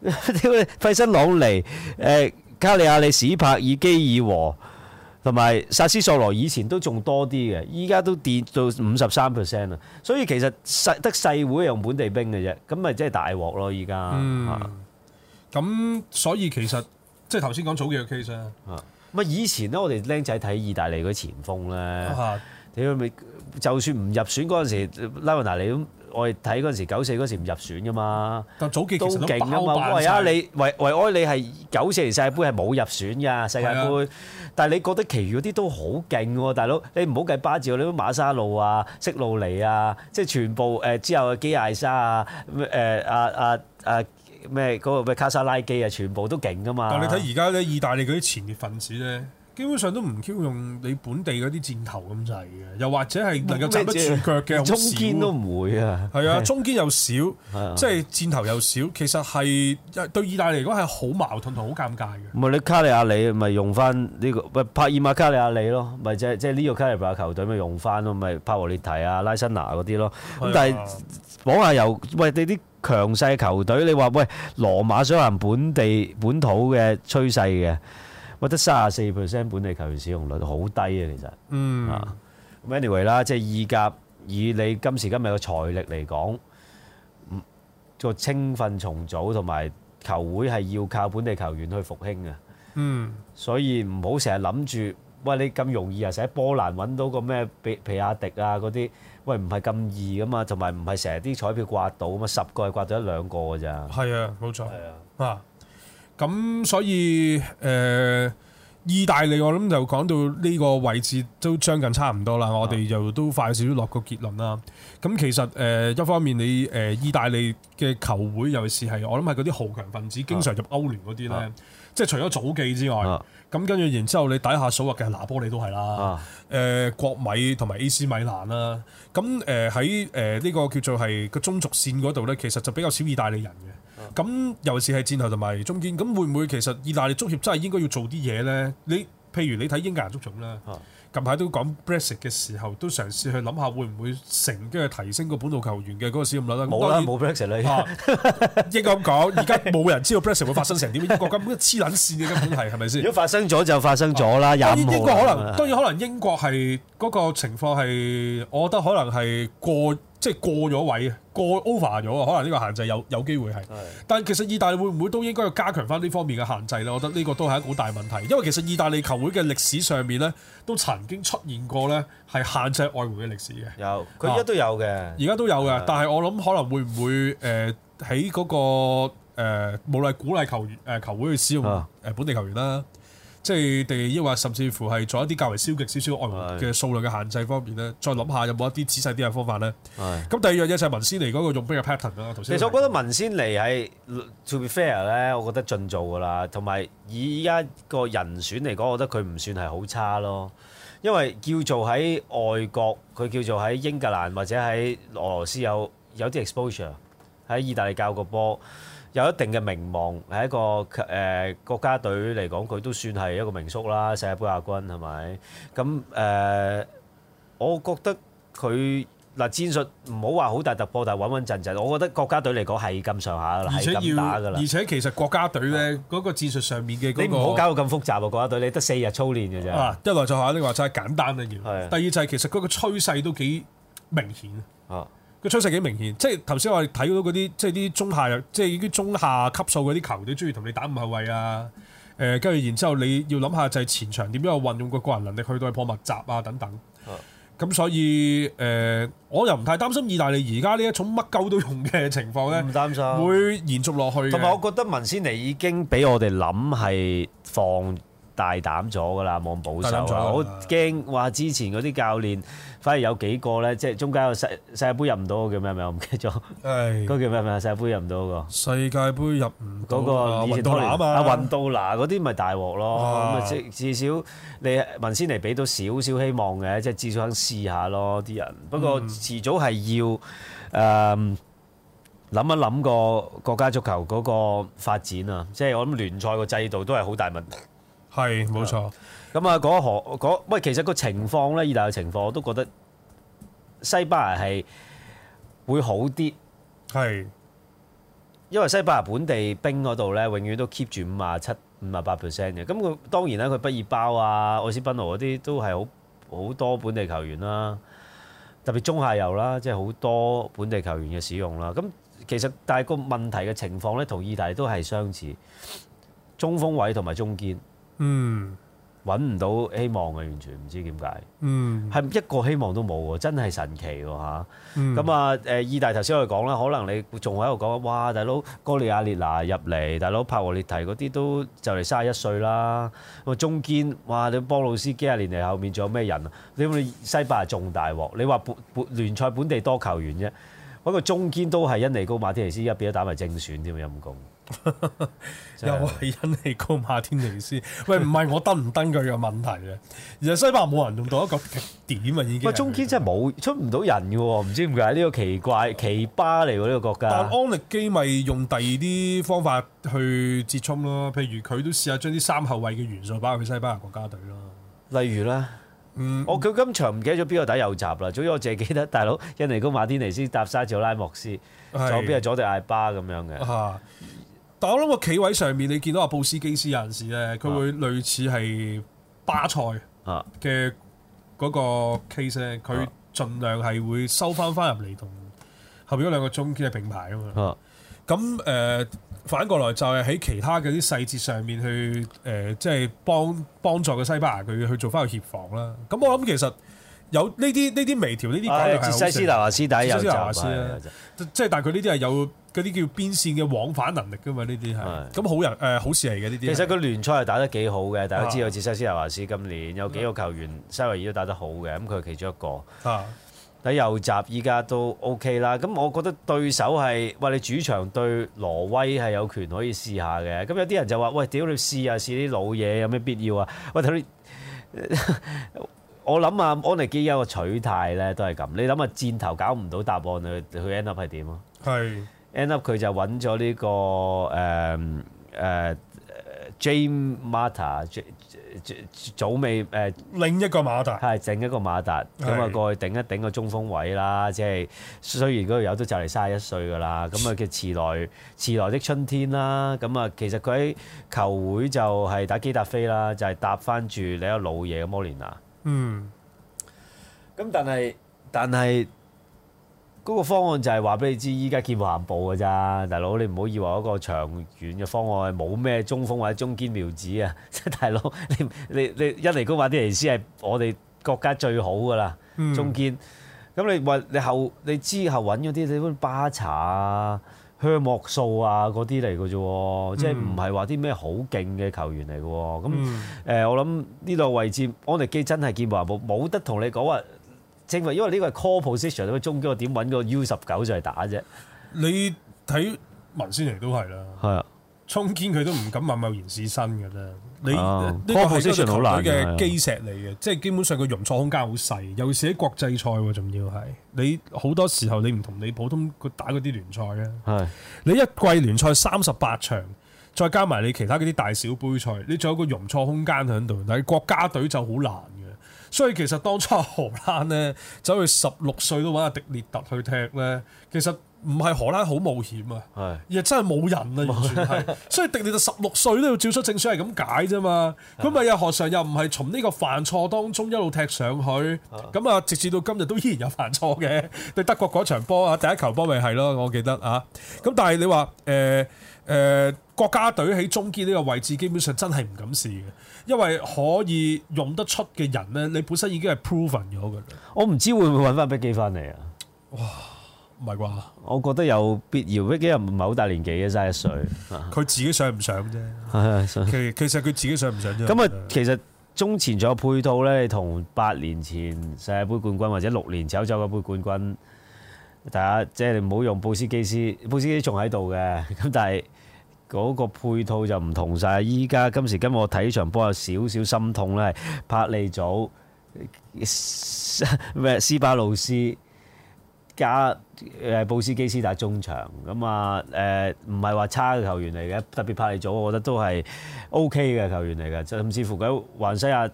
屌，費新朗尼、誒卡利亞利、史帕爾基爾和同埋薩斯索羅以前都仲多啲嘅，依家都跌到五十三 percent 啦。所以其實細得細會用本地兵嘅啫，咁咪真係大鑊咯依家。嗯，咁在、嗯、所以其實即係頭先講早期嘅 case 啊。以前咧，我哋僆仔睇意大利嗰啲前鋒咧，屌咪、啊、就算唔入選嗰陣時，拉文納你都。我哋睇嗰陣時，九四嗰時唔入選噶嘛，但早幾時都勁啊嘛。我為啊你，為為哀你係九四年世界盃係冇入選噶世界盃，的但係你覺得其餘嗰啲都好勁喎，大佬。你唔好計巴治你都馬沙路啊、色路尼啊，即係全部誒之後嘅基艾沙啊、咩、呃、誒啊啊啊咩嗰個咩卡沙拉基啊，全部都勁噶嘛。但你睇而家咧，意大利嗰啲前鋒分子咧。基本上都唔挑用你本地嗰啲箭頭咁滯嘅，又或者係能夠站得住腳嘅，中堅都唔會啊。係啊，中堅又少，啊、即係箭頭又少，其實係對意大利嚟講係好矛盾同好尷尬嘅。唔係你卡利亞里咪用翻呢、呢個，唔係帕爾馬卡利亞里咯，咪即係即係呢個卡利亞利、就是、球隊咪用翻咯，咪帕羅列提啊、拉辛拿嗰啲咯。咁、啊、但係講下由喂你啲強勢球隊，你話喂羅馬想行本地本土嘅趨勢嘅。喂，得三十四 percent 本地球員使用率好低啊，其實。嗯。啊，anyway 啦，即係意甲，以你今時今日嘅財力嚟講，個青訓重組同埋球會係要靠本地球員去復興嘅。嗯。所以唔好成日諗住，喂你咁容易啊！喺波蘭揾到個咩皮皮亞迪啊嗰啲，喂唔係咁易噶嘛，同埋唔係成日啲彩票刮到㗎嘛，十個係刮到一兩個㗎咋。係啊，冇錯。係啊。啊。咁所以誒、呃，意大利我諗就講到呢個位置都將近差唔多啦，我哋又都快少少落個結論啦。咁其實誒、呃、一方面你誒、呃、意大利嘅球會，尤其是係我諗係嗰啲豪強分子，經常入歐聯嗰啲咧，啊、即係除咗祖記之外，咁、啊、跟住然之後你底下數落嘅拿波利都係啦，誒、啊呃、國米同埋 A.C. 米蘭啦，咁誒喺誒呢個叫做係個中軸線嗰度咧，其實就比較少意大利人嘅。咁尤其是係戰後同埋中堅，咁會唔會其實意大利足協真係應該要做啲嘢咧？你譬如你睇英格蘭足總啦，近排、啊、都講 Brexit 嘅時候，都嘗試去諗下會唔會乘機去提升個本土球員嘅嗰個使用率啦。冇啦了，冇 Brexit 啦。啊、應該咁講，而家冇人知道 Brexit 會發生成點。英國根本黐撚線嘅根本係係咪先？ 是是如果發生咗就發生咗啦，也、嗯、25 英國可能，當然可能英國係嗰個情況係，我覺得可能係過。即係過咗位啊，過 over 咗啊，可能呢個限制有有機會係。是的 但係其實意大利會唔會都應該要加強翻呢方面嘅限制呢？我覺得呢個都係一個好大問題，因為其實意大利球會嘅歷史上面呢，都曾經出現過呢係限制外援嘅歷史嘅。有，佢而家都有嘅，而家、啊、都有嘅。是的 但係我諗可能會唔會誒喺嗰個誒、呃、無論鼓勵球員誒、呃、球會去使用誒、啊呃、本地球員啦。即係地亦話，或甚至乎係做一啲較為消極少少嘅數量嘅限制方面咧，再諗下有冇一啲仔細啲嘅方法咧。係、哎。咁第二樣嘢就係文仙尼嗰個用兵嘅 pattern 啦、哎。頭先其實我覺得文仙尼係 to be fair 咧，我覺得盡做噶啦。同埋以依家個人選嚟講，我覺得佢唔算係好差咯。因為叫做喺外國，佢叫做喺英格蘭或者喺俄羅斯有有啲 exposure，喺意大利教個波。有一定嘅名望，喺一個誒、呃、國家隊嚟講，佢都算係一個名宿啦，世界杯亞軍係咪？咁誒、呃，我覺得佢嗱戰術唔好話好大突破，但係穩穩陣陣。我覺得國家隊嚟講係咁上下啦，係咁打㗎啦。而且其實國家隊咧嗰是的 個戰術上面嘅、嗰個，你唔好搞到咁複雜啊！國家隊你得四日操練嘅啫、啊。一來就係你話就係簡單啦，要。係。第二就係其實嗰個趨勢都幾明顯是的 啊。個趨勢幾明顯，即係頭先我哋睇到嗰啲，即係啲中下，即係啲中下級數嗰啲球隊，中意同你打五後衞啊。誒、呃，跟住然之後你要諗下就係前場點樣運用個個人能力去到去破密集啊等等。咁、啊、所以誒、呃，我又唔太擔心意大利而家呢一種乜鳩都用嘅情況咧。唔擔心會延續落去。同埋我覺得文仙尼已經俾我哋諗係放大膽咗㗎啦，冇保守。我驚話之前嗰啲教練反而有幾個咧，即係中間個世世界杯入唔到嗰個叫咩名？我唔記得咗。係嗰個叫咩名世界杯入唔到嗰個。世界杯入唔到。哎、個雲度拿啊，雲度拿嗰啲咪大鑊咯。咁啊，啊至少你文仙尼俾到少少希望嘅，即係至少肯試下咯。啲人不過遲早係要誒諗、呃、一諗個國家足球嗰個發展啊，即係我諗聯賽個制度都係好大問題。係冇錯咁啊！嗰何嗰喂，其實個情況呢，意大利嘅情況我都覺得西班牙係會好啲係。是因為西班牙本地兵嗰度呢，永遠都 keep 住五啊七、五啊八 percent 嘅。咁佢當然咧，啊，佢畢爾包啊、愛斯賓奴嗰啲都係好好多本地球員啦，啊，特別中下游啦，啊，即係好多本地球員嘅使用啦，啊。咁其實但係個問題嘅情況呢，同意大利都係相似，中鋒位同埋中堅。嗯，揾唔到希望嘅，完全唔知點解。嗯，係一個希望都冇喎，真係神奇喎嚇。咁啊，誒、嗯，意大頭先我哋講啦，可能你仲喺度講哇，大佬哥，哥利亞列拿入嚟，大佬帕獲列提嗰啲都就嚟卅一歲啦。咁啊，中堅哇，你邦老斯基亞連尼，後面仲有咩人啊？你會西班牙仲大鑊？你話本本聯賽本地多球員啫，不過中堅都係恩尼高馬天尼斯一邊都打埋正選添啊，陰功。 又係印尼高馬天尼斯 喂，唔係我登唔登佢有問題啊，而係西班牙冇人用到一個極點啊，已經中堅真係冇出唔到人嘅，唔知點解呢個奇怪奇葩嚟喎，呢個國家。但安力基咪用第二啲方法去接充咯，譬如佢都試下將啲三後衛嘅元素擺去西班牙國家隊咯。例如咧，嗯，我佢今場唔記得咗邊個打右閘啦，總之我淨係記得大佬印尼高馬天尼斯搭沙治拉莫斯，的左邊係佐迪艾巴咁樣嘅。 但我諗個企位上面，你見到阿布斯基斯有陣時咧，佢會類似係巴塞嘅嗰個 case，佢盡量係會收翻翻入嚟，同後邊嗰兩個中堅嘅並排啊嘛。咁誒、呃，反過來就係喺其他嘅啲細節上面去誒、呃，即係幫幫助個西班牙佢去做翻個協防啦。咁我諗其實有呢啲呢啲微調，呢啲係西斯達華師弟有，即係但係佢呢啲係有。嗰啲叫邊線嘅往返能力噶嘛？呢啲係咁好人誒、呃、好事嚟嘅呢啲。其實佢是聯賽係打得幾好嘅，啊、大家知道傑西斯亞華斯今年有幾個球員西維爾都打得好嘅，咁佢係其中一個。啊！但係右閘依家都 OK 啦。咁我覺得對手係，哇！你主場對挪威係有權可以試下嘅。咁有啲人就話：喂，屌你試下、啊、試啲老嘢有咩必要啊？喂，佢我諗啊，安尼基，一個取態咧都係咁。你諗 下，下箭頭搞唔到答案，佢 end up 係點啊？係是。End up 佢就揾咗呢個誒誒 Jaime Mata，早尾誒另、呃、一個馬達，係整一個馬達，咁啊是的 過去頂一頂個中鋒位啦。即係雖然嗰條友都就嚟卅一歲噶啦，咁啊叫遲來遲來的春天啦。咁啊其實佢喺球會就係打機打飛啦，就係、是、搭翻住你阿老嘢嘅摩連娜。嗯，咁但係但係。嗰個方案就係話俾你知，依家見步行步嘅咋，大佬你唔好以為嗰個長遠嘅方案係冇咩中鋒或者中堅苗子啊！即 係大佬，你你你恩尼高或者迪尼斯係我哋國家最好嘅啦，中堅。咁、嗯、你話你後你之後揾咗啲，你乜巴查啊、香莫素啊嗰啲嚟嘅啫，而已而已嗯、即係唔係話啲咩好勁嘅球員嚟嘅？咁誒、嗯呃，我諗呢度位置安迪基真係見步行步，冇得同你講話。正為因為個 position, 個呢個係 core position，咁啊，中堅我點揾個 U 十九就嚟打啫？你睇文先嚟都係啦，係啊，中堅佢都唔敢貿貿然試身嘅啫。你呢個好難嘅基石嚟嘅，即係基本上個容錯空間好細，尤其是喺國際賽喎，啊，仲要係你好多時候你唔同你普通佢打嗰啲聯賽是啊。係你一季聯賽三十八場，再加埋你其他嗰啲大小杯賽，你仲有個容錯空間喺度，但係國家隊就好難。所以其實當初、啊、荷蘭呢，走去十六歲都搵阿、啊、迪列特去踢呢，其實唔係荷蘭好冒險啊，而係是的 真係冇人啊，完全係。 所以迪列特十六歲都要照出正選係咁解啫嘛。咁啊是的 又何嘗又唔係從呢個犯錯當中一路踢上去？咁啊是的 直至到今日都依然有犯錯嘅。對德國嗰場波啊，第一球波咪係咯，我記得啊。咁但係你話誒誒國家隊喺中堅呢個位置，基本上真係唔敢試嘅。因為可以用得出嘅人咧，你本身已經係 proven 咗嘅。我唔知會唔會揾翻碧基翻嚟啊？哇，唔係啩？我覺得有必要。碧基又唔係好大年紀嘅，卅一歲。佢自己想唔想啫？其 其實佢自己想唔想啫？咁啊，其實，想想 其實中前仲有配套咧。同八年前世界杯冠軍，或者六年歐洲杯冠軍，大家即係、就是、你唔好用布斯基斯。布斯基斯仲喺度嘅，咁但係。嗰個配套就唔同晒。依家今時今日我睇呢場波有少少心痛咧，係帕利佐咩斯巴魯斯加，誒布斯基斯打中場咁啊，誒，唔係話差嘅球員嚟嘅，特別帕利佐，我覺得都係 OK 嘅球員嚟嘅。甚至乎佢還西亞，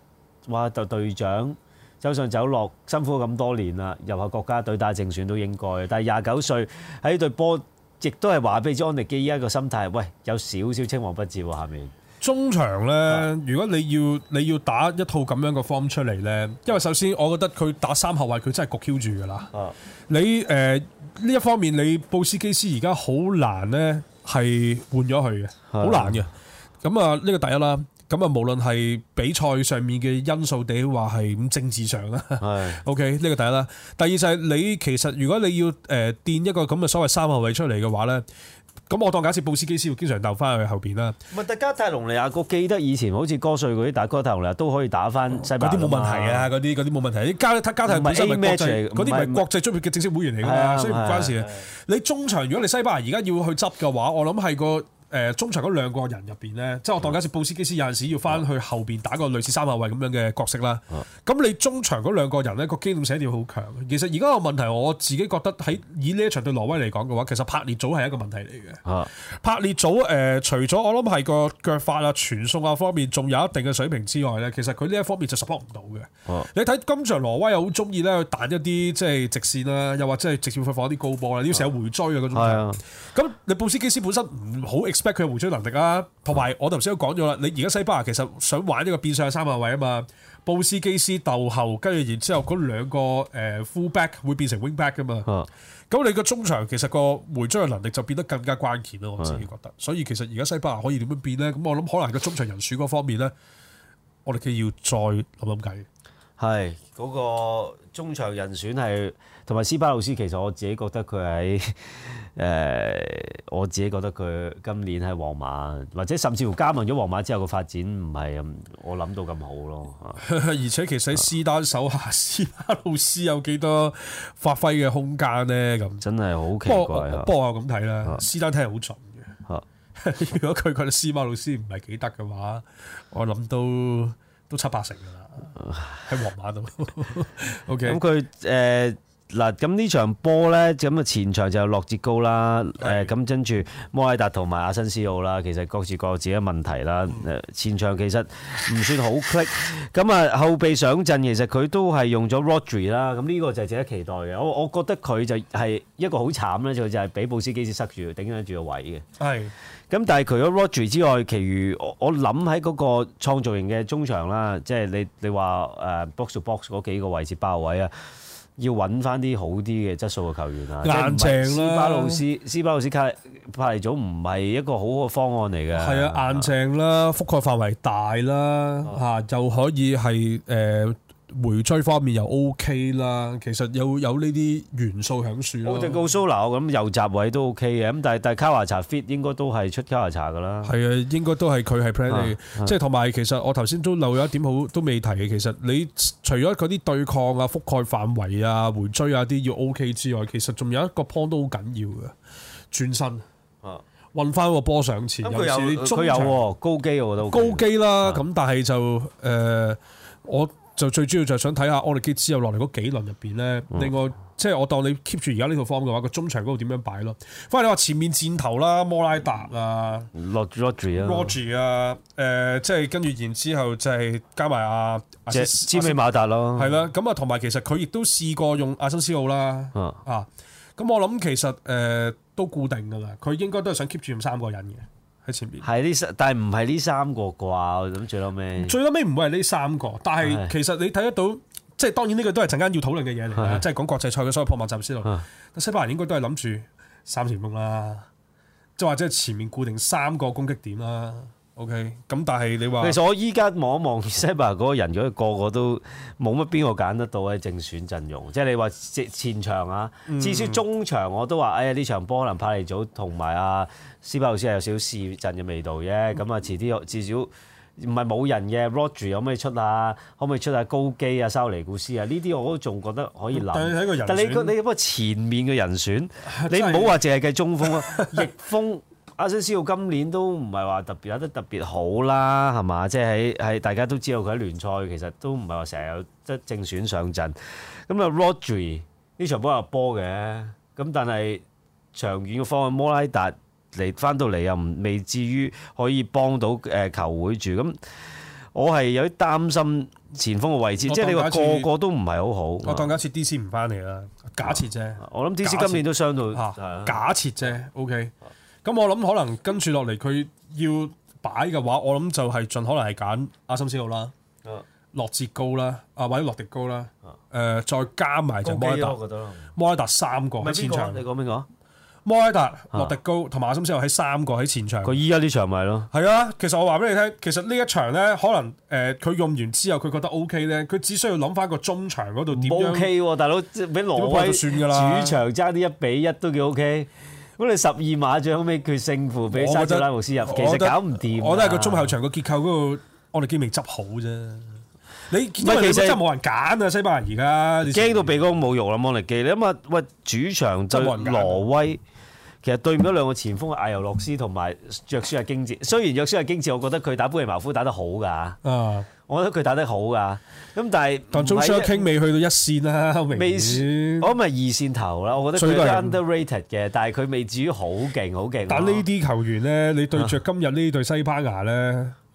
哇就隊長走上走落，辛苦咁多年啦，入下國家隊打正選都應該。但係廿九歲喺呢隊波。亦都係話俾咗安迪基依家個心態，喂有少少青黃不接喎。下面點點、啊、中場咧，是的 如果你要你要打一套咁樣嘅 form 出嚟咧，因為首先我覺得佢打三後衞佢真係焗 Q 住㗎啦。是的 你誒呢、呃、一方面，你布斯基斯而家好難咧，係換咗佢嘅，好難嘅。咁啊，呢個第一啦。咁啊，無論係比賽上面嘅因素，定話係咁政治上啦。係，OK，呢個第一啦。第二就係你其實如果你要誒墊一個咁嘅所謂三號位出嚟嘅話咧，咁我當假設布斯基斯會經常鬥翻去後邊啦。唔係，德加泰隆尼亞，個記得以前好似哥瑞嗰啲打加泰隆尼亞都可以打翻西班牙。嗰啲冇問題啊，嗰啲嗰啲冇問題。啲加泰加泰本身係國際，嗰啲唔係國際足協嘅正式會員嚟㗎嘛，所以唔關事啊。你中場如果你西班牙而家要去執嘅話，我諗係個。誒中場嗰兩個人入邊咧，即係我當緊，是布斯基斯有陣時要翻去後邊打個類似三後衛咁樣嘅角色啦。咁、啊、你中場嗰兩個人咧，嗰個機動性點好強？其實而家個問題我自己覺得喺以呢一場對挪威嚟講嘅話，其實柏列祖係一個問題嚟嘅。柏、啊、列祖誒、呃，除咗我諗係個腳法啊、傳送啊方面，仲有一定嘅水平之外咧，其實佢呢一方面就 support 唔到嘅。啊、你睇今場挪威又好中意咧去彈一啲即係直線啦，又或者係直接去放一啲高波啦，要成日回追啊嗰種。咁、啊啊、你布斯基斯本身唔好佢回追能力啊，同埋我頭先都講咗啦，你而家西班牙其實想玩呢個變相三萬位啊嘛，布斯基斯逗後，跟住然之後嗰兩個 fullback 會變成 wingback 噶嘛、啊，咁你個中場其實個回追嘅能力就變得更加關鍵咯，啊、我自己覺得，所以其實而家西班牙可以點樣變呢？咁我諗可能個中場人選嗰方面呢，我哋都要再諗諗計，係嗰個中場人選係。同埋斯巴魯斯，其實我自己覺得佢喺誒，我自己覺得佢今年喺皇馬，或者甚至乎加盟咗皇馬之後嘅發展，唔係我諗到咁好咯。而且其實喺斯丹手下、啊、斯巴魯斯有幾多發揮嘅空間咧？咁真係好奇怪，不過我咁睇啦，啊、斯丹聽係好準嘅。啊、如果佢覺得斯巴魯斯唔係幾得嘅話，我諗都都七八成嘅啦，喺皇馬度。O K，咁佢誒。啊 嗱，咁呢場波咧，咁啊前場就洛捷高啦，誒咁跟住摩埃達同埋阿辛斯奧啦，其實各自各有自己嘅問題啦。誒前場其實唔算好 click，咁啊後備上陣其實佢都係用咗 Rodri 啦，咁呢個就係值得期待嘅。我我覺得佢就係一個好慘咧，就就係俾布斯基斯塞住頂得住個位嘅。係。咁但係除咗 Rodri 之外，其餘我我諗喺嗰個創造型嘅中場啦，即係你你話誒 box to box 嗰幾個位置包位啊。要揾翻啲好啲嘅質素嘅球員啊，硬淨啦，即係唔係斯巴魯斯斯巴魯斯，卡派利佐唔係一個好好嘅方案嚟嘅，係啊，硬淨啦，啊、覆蓋範圍大啦，嚇、啊啊、就可以係誒。呃回追方面又 OK 啦，其實有有呢啲元素喺樹咯。我哋高蘇拿，咁諗右閘位都 OK 嘅，咁但係但係卡華查 fit 應該都係出卡華查噶啦。係啊，應該都係佢係 plan 嚟嘅即係同埋其實我頭先都漏咗一點好都未提嘅，其實你除咗嗰啲對抗啊、覆蓋範圍啊、回追啊啲要 OK 之外，其實仲有一個 point 都好緊要嘅，轉身啊，運翻個波上前。嗯、有佢有,有、啊、高機、OK 啊啊啊呃，我覺得高機啦。咁但係就誒我。就最主要就係想睇下我哋 k 之後落嚟嗰幾輪入邊咧，另外、嗯、即係我當你 keep 住而家呢套方嘅話，個中場嗰度點樣擺咯？反正你話前面箭頭啦，摩拉達啊，Roger 啊，Roger 啊，誒、啊呃、即係跟住然之後就係加埋阿即詹美馬達咯、啊，係咯，咁啊同埋其實佢亦都試過用阿森斯奧啦，嗯、啊，咁我諗其實誒、呃、都固定㗎啦，佢應該都係想 keep 住用三個人嘅。喺前面，係呢三，但係唔係呢三個啩？我諗最後尾，最，最後尾唔會係呢三個，但係其實你睇得到，即係當然呢個都係陣間要討論嘅嘢嚟即係講國際賽嘅，所有破萬集思路。西班牙人應該都係諗住三前鋒啦，即或者前面固定三個攻擊點啦。O.K. 咁但係你話其實我依家望一望西伯嗰個人，人，如果個個都冇乜，邊個揀得到咧？正選陣容，即係你話即前場啊，至少中場我都話，哎呀呢場波可能帕利祖同埋阿斯巴魯斯有少少試陣嘅味道啫。咁啊、嗯，遲啲至少唔係冇人嘅。Roger 有咩出啊？可唔可以出，下，可以出下高基啊，沙尼古斯啊，呢啲我都仲覺得可以諗。但係喺一個你你不過前面嘅人選，你唔好話淨係計中鋒啊， 翼鋒。阿辛斯奧今年都唔係話特別打得特別好啦，係嘛？即係喺喺大家都知道佢喺聯賽其實都唔係話成日有即係正選上陣。咁啊，Rodri 呢場波又入波嘅，咁但係長遠嘅方案，摩拉達嚟翻到嚟又唔未至於可以幫到誒球會住。咁我係有啲擔心前鋒嘅位置，即係你話個個都唔係好好。我當假設 D.C. 唔翻嚟啦，假設啫。我諗 D.C. 今年都傷到。假設啫，OK。咁我諗可能跟住落嚟佢要擺嘅話，我諗就係盡可能係揀阿森斯奧啦，洛捷高啦，啊或者洛迪高啦，誒再加埋就摩埃達，摩埃達三個喺前場。啊、你講邊個？摩埃達、洛、啊、迪高同埋阿森斯奧喺三個喺前場。佢依家呢場咪咯？係啊，其實我話俾你聽，其實呢一場咧，可能誒佢、呃、用完之後佢覺得 O K 咧，佢只需要諗翻個中場嗰度點 O K 大佬俾挪威算㗎喇，主場爭啲一比一都叫 O K。咁你十二馬掌，後尾佢勝負俾沙爾拉姆斯入，其實搞唔掂。我都係個中後場個結構嗰、那個，安利基未執好啫。你，你其實真係冇人揀啊！西班牙而家驚到鼻哥冇肉啦，安利基你諗下，喂，主場對挪威，啊、其實對唔到兩個前鋒艾尤洛斯同埋約書亞京治。雖然約書亞京治，我覺得佢打波利茅夫打得好㗎嚇。啊我覺得佢打得好㗎，咁但係但 Joshua King 未去到一線啦，未線我諗咪二線頭啦。我覺得佢係、就係、underrated 嘅，但係佢未至於好勁，好勁。但呢啲球員咧，啊、你對著今日呢隊西班牙咧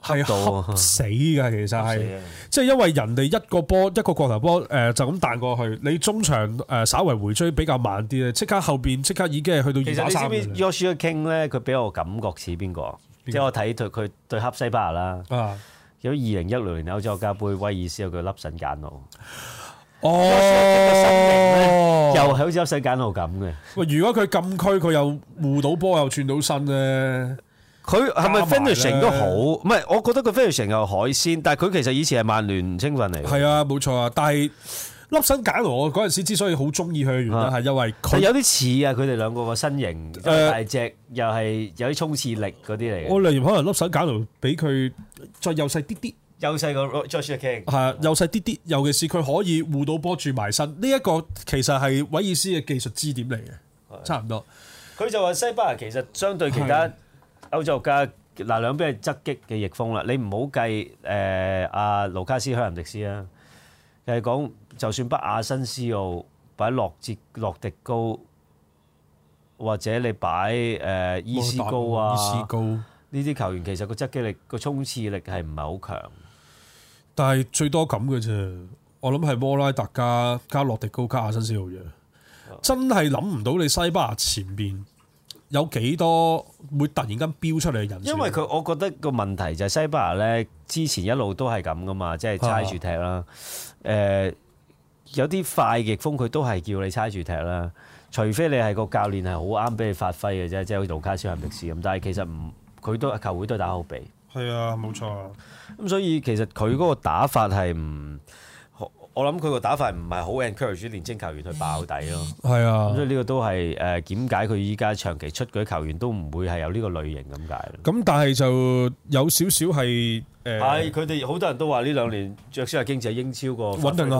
係黑道死㗎，其實係即係因為人哋一個波一個過頭波，誒、呃、就咁彈過去，你中場誒稍為回追比較慢啲咧，即刻後邊即刻已經係去到二打三。Joshua King 咧，佢俾我感覺似邊個？誰即係我睇佢佢對黑西班牙啦。啊有二零一六年歐洲國家杯，威爾斯有個粒神揀路，哦，又係好似粒神揀路咁嘅。喂，如果佢禁區，佢又護到波，又轉到身咧。佢係咪 finisher 都好？唔係，我覺得佢 finisher 又海鮮，但係佢其實以前係曼聯青訓嚟。係啊，冇錯啊，但係。粒身簡奴嗰陣時之所以好中意佢，原嚟係因為佢有啲似啊，佢哋兩個個身形、呃、大隻，又係有啲衝刺力嗰啲嚟。我例如可能粒身簡奴俾佢再幼細啲啲，幼細個再 George King 幼細啲啲，尤其是佢可以護到波住埋身。呢、這、一個其實係韋爾斯嘅技術支點嚟嘅，的差唔多。佢就話西班牙其實相對其他歐洲家，嗱兩邊係側擊嘅逆風啦。你唔好計誒阿盧卡斯克蘭迪斯啊，就係、是、講。就算不亞新斯奧、擺落捷、洛迪高，或者你擺誒伊斯高啊，伊斯高呢啲球員其實個質力、個衝刺力係唔係好強？但係最多咁嘅啫。我諗係摩拉達加加洛迪高、加、洛迪高加亞新斯奧嘅，嗯、真係諗唔到你西班牙前邊有幾多會突然間飆出嚟嘅人。因為佢，我覺得個問題就係西班牙呢之前一路都係咁㗎嘛，即係齋住踢啦，誒。嗯嗯有啲快翼鋒佢都係叫你猜住踢啦，除非你係個教練係好啱俾你發揮嘅啫，即係好似盧卡斯係迪史咁。但係其實唔，佢都球會都係打後備。係啊，冇錯啊。咁所以其實佢嗰個打法係唔，我諗佢個打法唔係好 encourage 年青球員去爆底咯。係啊，所以呢個都係誒點解佢依家長期出局嘅球員都唔會係有呢個類型咁解。咁但係就有少少係。係，佢哋好多人都話呢兩年爵士京喺英超個穩定啊，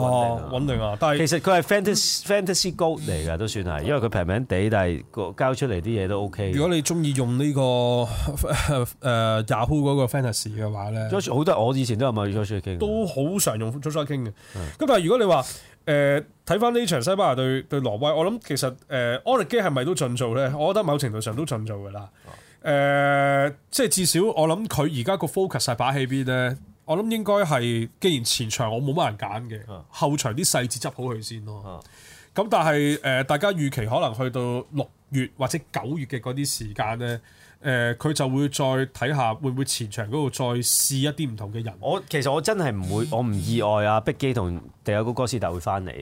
穩定啊，但係其實佢係 fantasy、嗯、fantasy gold 嚟嘅，都算係，因為佢平平地，但係個交出嚟啲嘢都 OK。如果你中意用、這個呃、個呢個誒 Yahoo 嗰個 fantasy 嘅話咧，好多，我以前都係咪爵士京？都好常用爵士京嘅。咁、嗯、但係如果你話誒睇翻呢場西班牙對對挪威，我諗其實誒 Anlegi 係咪都盡做咧？我覺得某程度上都盡做㗎啦。誒、呃，即係至少我諗佢而家個 focus 係擺喺邊咧？我諗應該係，既然前場我冇乜人揀嘅，啊、後場啲細節執好佢先咯。咁、啊、但係誒，大家預期可能去到六月或者九月嘅嗰啲時間咧，誒、呃，佢就會再睇下會唔會前場嗰度再試一啲唔同嘅人。我其實我真係唔會，我唔意外啊！碧基同第一個哥斯達會翻嚟。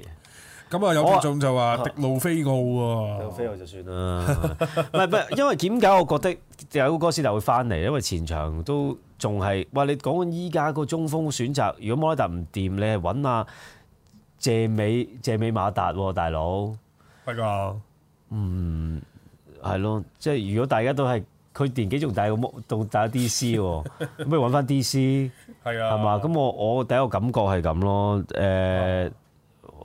咁啊有觀眾就話迪路飛奧啊,啊，啊迪路飛奧,、啊、奧就算啦。唔係唔係，因為點解我覺得有哥斯達會翻嚟？因為前場都仲係，哇！你講緊依家個中鋒選擇，如果摩拉達唔掂，你係揾下謝美謝美馬達喎、啊，大佬。係㗎嗎。嗯，係咯，即係如果大家都係佢年紀仲大過摩，仲大過 D.C. 喎 的，咁不如揾翻 D.C. 係啊，係嘛？咁我我第一個感覺係咁咯，誒、呃。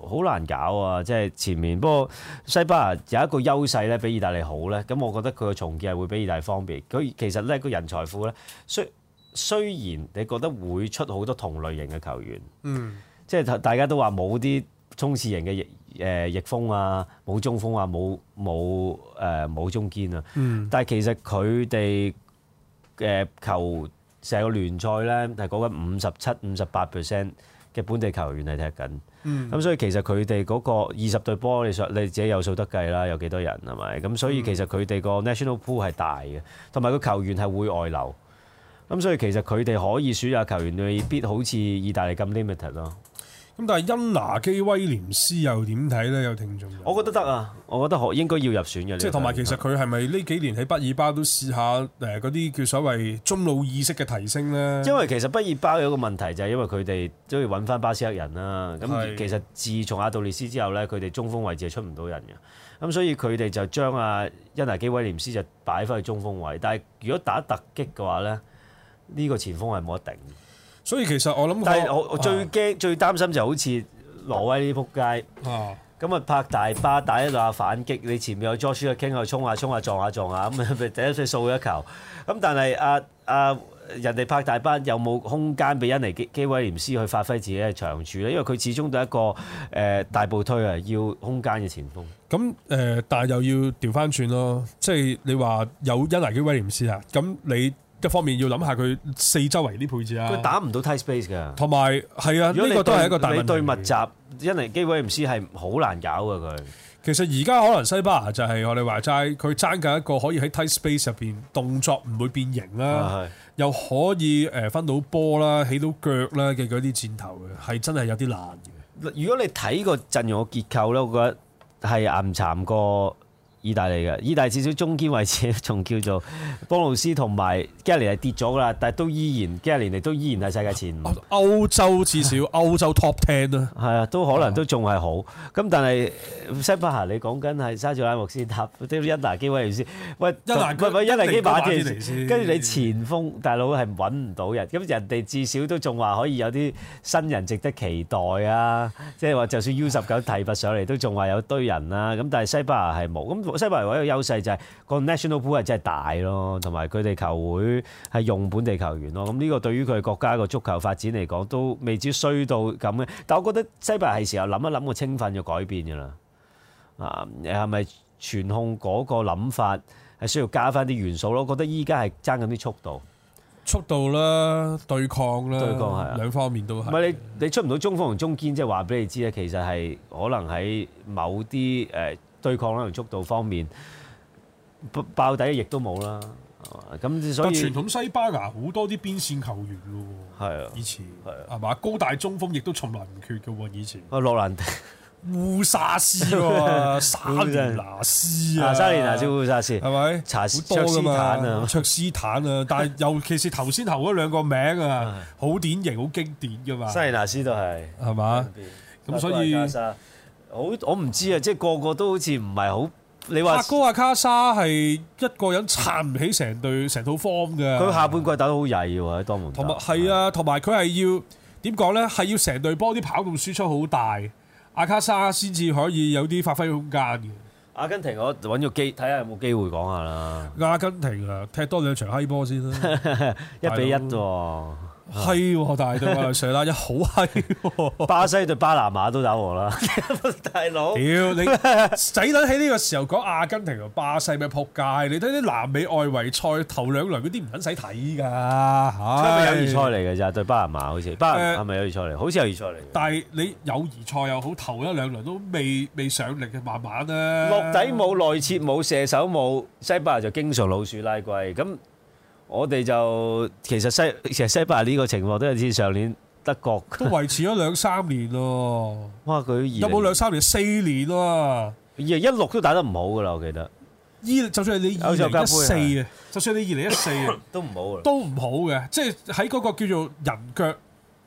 好難搞啊！即係前面，不過西班牙有一個優勢咧，比意大利好咧。咁我覺得佢嘅重建係會比意大利方便。佢其實咧個人才庫咧，雖雖然你覺得會出好多同類型嘅球員，嗯，即係大家都話冇啲衝刺型嘅逆誒、呃、逆風啊，冇中鋒啊，冇冇誒冇中堅啊，嗯，但係其實佢哋嘅球成個聯賽咧係講緊五十七、五十八 percent 嘅本地球員係踢緊。咁所以其實佢哋嗰個二十隊波，你上你自己有數得計啦，有幾多人係咪？咁所以其實佢哋個 national pool 係大嘅，同埋個球員係會外流。咁所以其實佢哋可以選擇球員，未必好似意大利咁 limited 咯。咁但係恩拿基威廉斯又點睇咧？有聽眾，我覺得得啊，我覺得可應該要入選嘅。即係同埋其實佢係咪呢幾年喺畢爾巴都試下誒嗰啲叫所謂中路意識嘅提升咧？因為其實畢爾巴有個問題就係因為佢哋都要揾翻巴斯克人啦、啊。咁是其實自從阿杜列斯之後咧，佢哋中鋒位置係出唔到人嘅。咁所以佢哋就將啊恩拿基威廉斯就擺翻去中鋒位。但係如果打突擊嘅話咧，呢、呢個前鋒係冇得頂。所以其實我諗，但係我我最驚最擔心就係好似挪威呢啲撲街，咁啊拍大巴打一兩下反擊，你前面有 Joshua 傾下衝下衝下撞下撞下，咁咪第一隊掃一球。咁但係啊啊人哋拍大巴有冇空間俾恩尼基基威廉斯去發揮自己嘅長處咧？因為佢始終都係一個誒大步推啊，要空間嘅前鋒。咁誒，但係又要調翻轉咯，即係你話有恩尼基威廉斯啊，咁你。一方面要諗下佢四周圍啲配置啊，佢打唔到 tight space 噶，同埋係啊，呢個都係一個大問題。你對密集，因為基本上係好難搞嘅佢、啊。其實而家可能西班牙就係我哋話齋，佢爭緊一個可以喺 tight space 入邊動作唔會變形啦、啊，啊、又可以誒分到波啦、起到腳啦嘅嗰啲箭頭嘅，係真係有啲難嘅。如果你睇個陣容嘅結構咧，我覺得係暗慘過。意大利嘅，意大利至少中堅位置，仲叫做波魯斯同埋加尼嚟跌咗啦，但係都依然，加尼嚟都依然係世界前五，歐洲至少歐洲 Top Ten 啦，係啊，都可能都仲係好。咁但係西班牙你講緊係沙祖拉穆斯塔，迪一拿基威爾斯，喂，喂喂，一拿基把住，跟住你前鋒大佬係揾唔到人，咁人哋至少都仲話可以有啲新人值得期待啊，即係話就算 U 十九提拔上嚟都仲話有堆人啊。咁但係西班牙係冇咁。西伯嚟話一個優勢就係個 national pool 係真係大咯，同埋佢哋球會係用本地球員咯。咁呢個對於佢國家個足球發展嚟講，都未知衰到咁嘅。但我覺得西伯係時候諗一諗個青訓就改變㗎啦。啊，係咪全控嗰個諗法係需要加翻啲元素咯？我覺得依家係爭緊啲速度，速度啦，對抗啦，對抗兩方面都係。唔係，你你出唔到中鋒同中堅，即係話俾你知咧，其實係可能喺某啲誒。呃對抗能力速度方面爆底，亦都冇啦。咁所以傳統西班牙好多啲邊線球員嘅喎，啊，以前係啊，係嘛？高大中鋒亦都從來唔缺嘅喎，以前。阿洛蘭迪、烏沙斯啊，沙利拿斯啊，沙利拿斯、烏沙斯係咪？好多㗎嘛，卓斯坦啊，卓斯坦啊，但係尤其是頭先頭嗰兩個名啊，好典型、好經典嘅嘛。西尼拿斯都係係嘛？咁所以。好，我唔知啊，即係個個都好似唔係好。你話阿哥阿卡莎係一個人撐唔起成隊成套 form 嘅。佢下半季打得好曳喎，喺多蒙。同埋係啊，同埋佢係要點講咧？係要成隊波啲跑動輸出好大，阿卡莎先至可以有啲發揮空間嘅。阿根廷我，我揾個機睇下有冇機會講下啦。阿根廷啊，多踢多兩場嗨波先啦， 一比一啫，啊。係，大隊阿 Sir 啦，又好閪。巴西對巴拿馬都打和啦，大佬。屌你，使捻喺呢個時候講阿根廷同巴西咪撲街？你睇啲南美外圍賽頭兩輪嗰啲唔肯使睇㗎。係咪友誼賽嚟嘅咋？對巴拿馬好似巴拿馬咪友誼賽嚟，好似友誼賽嚟。但係你友誼賽又好，頭一兩輪都未未上力嘅，慢慢啦。落底冇內切冇射手冇，西班牙就經常老鼠拉龜咁。我哋就其實西其實西班牙呢個情況都係似上年德國，都維持咗兩三年喎他。哇！佢有冇兩三年四年喎？二零一六都打得唔好噶啦，我記得。二就算係你二零一四啊、嗯，就算你二零一四都唔好嘅。都唔好嘅。即係喺嗰個叫做人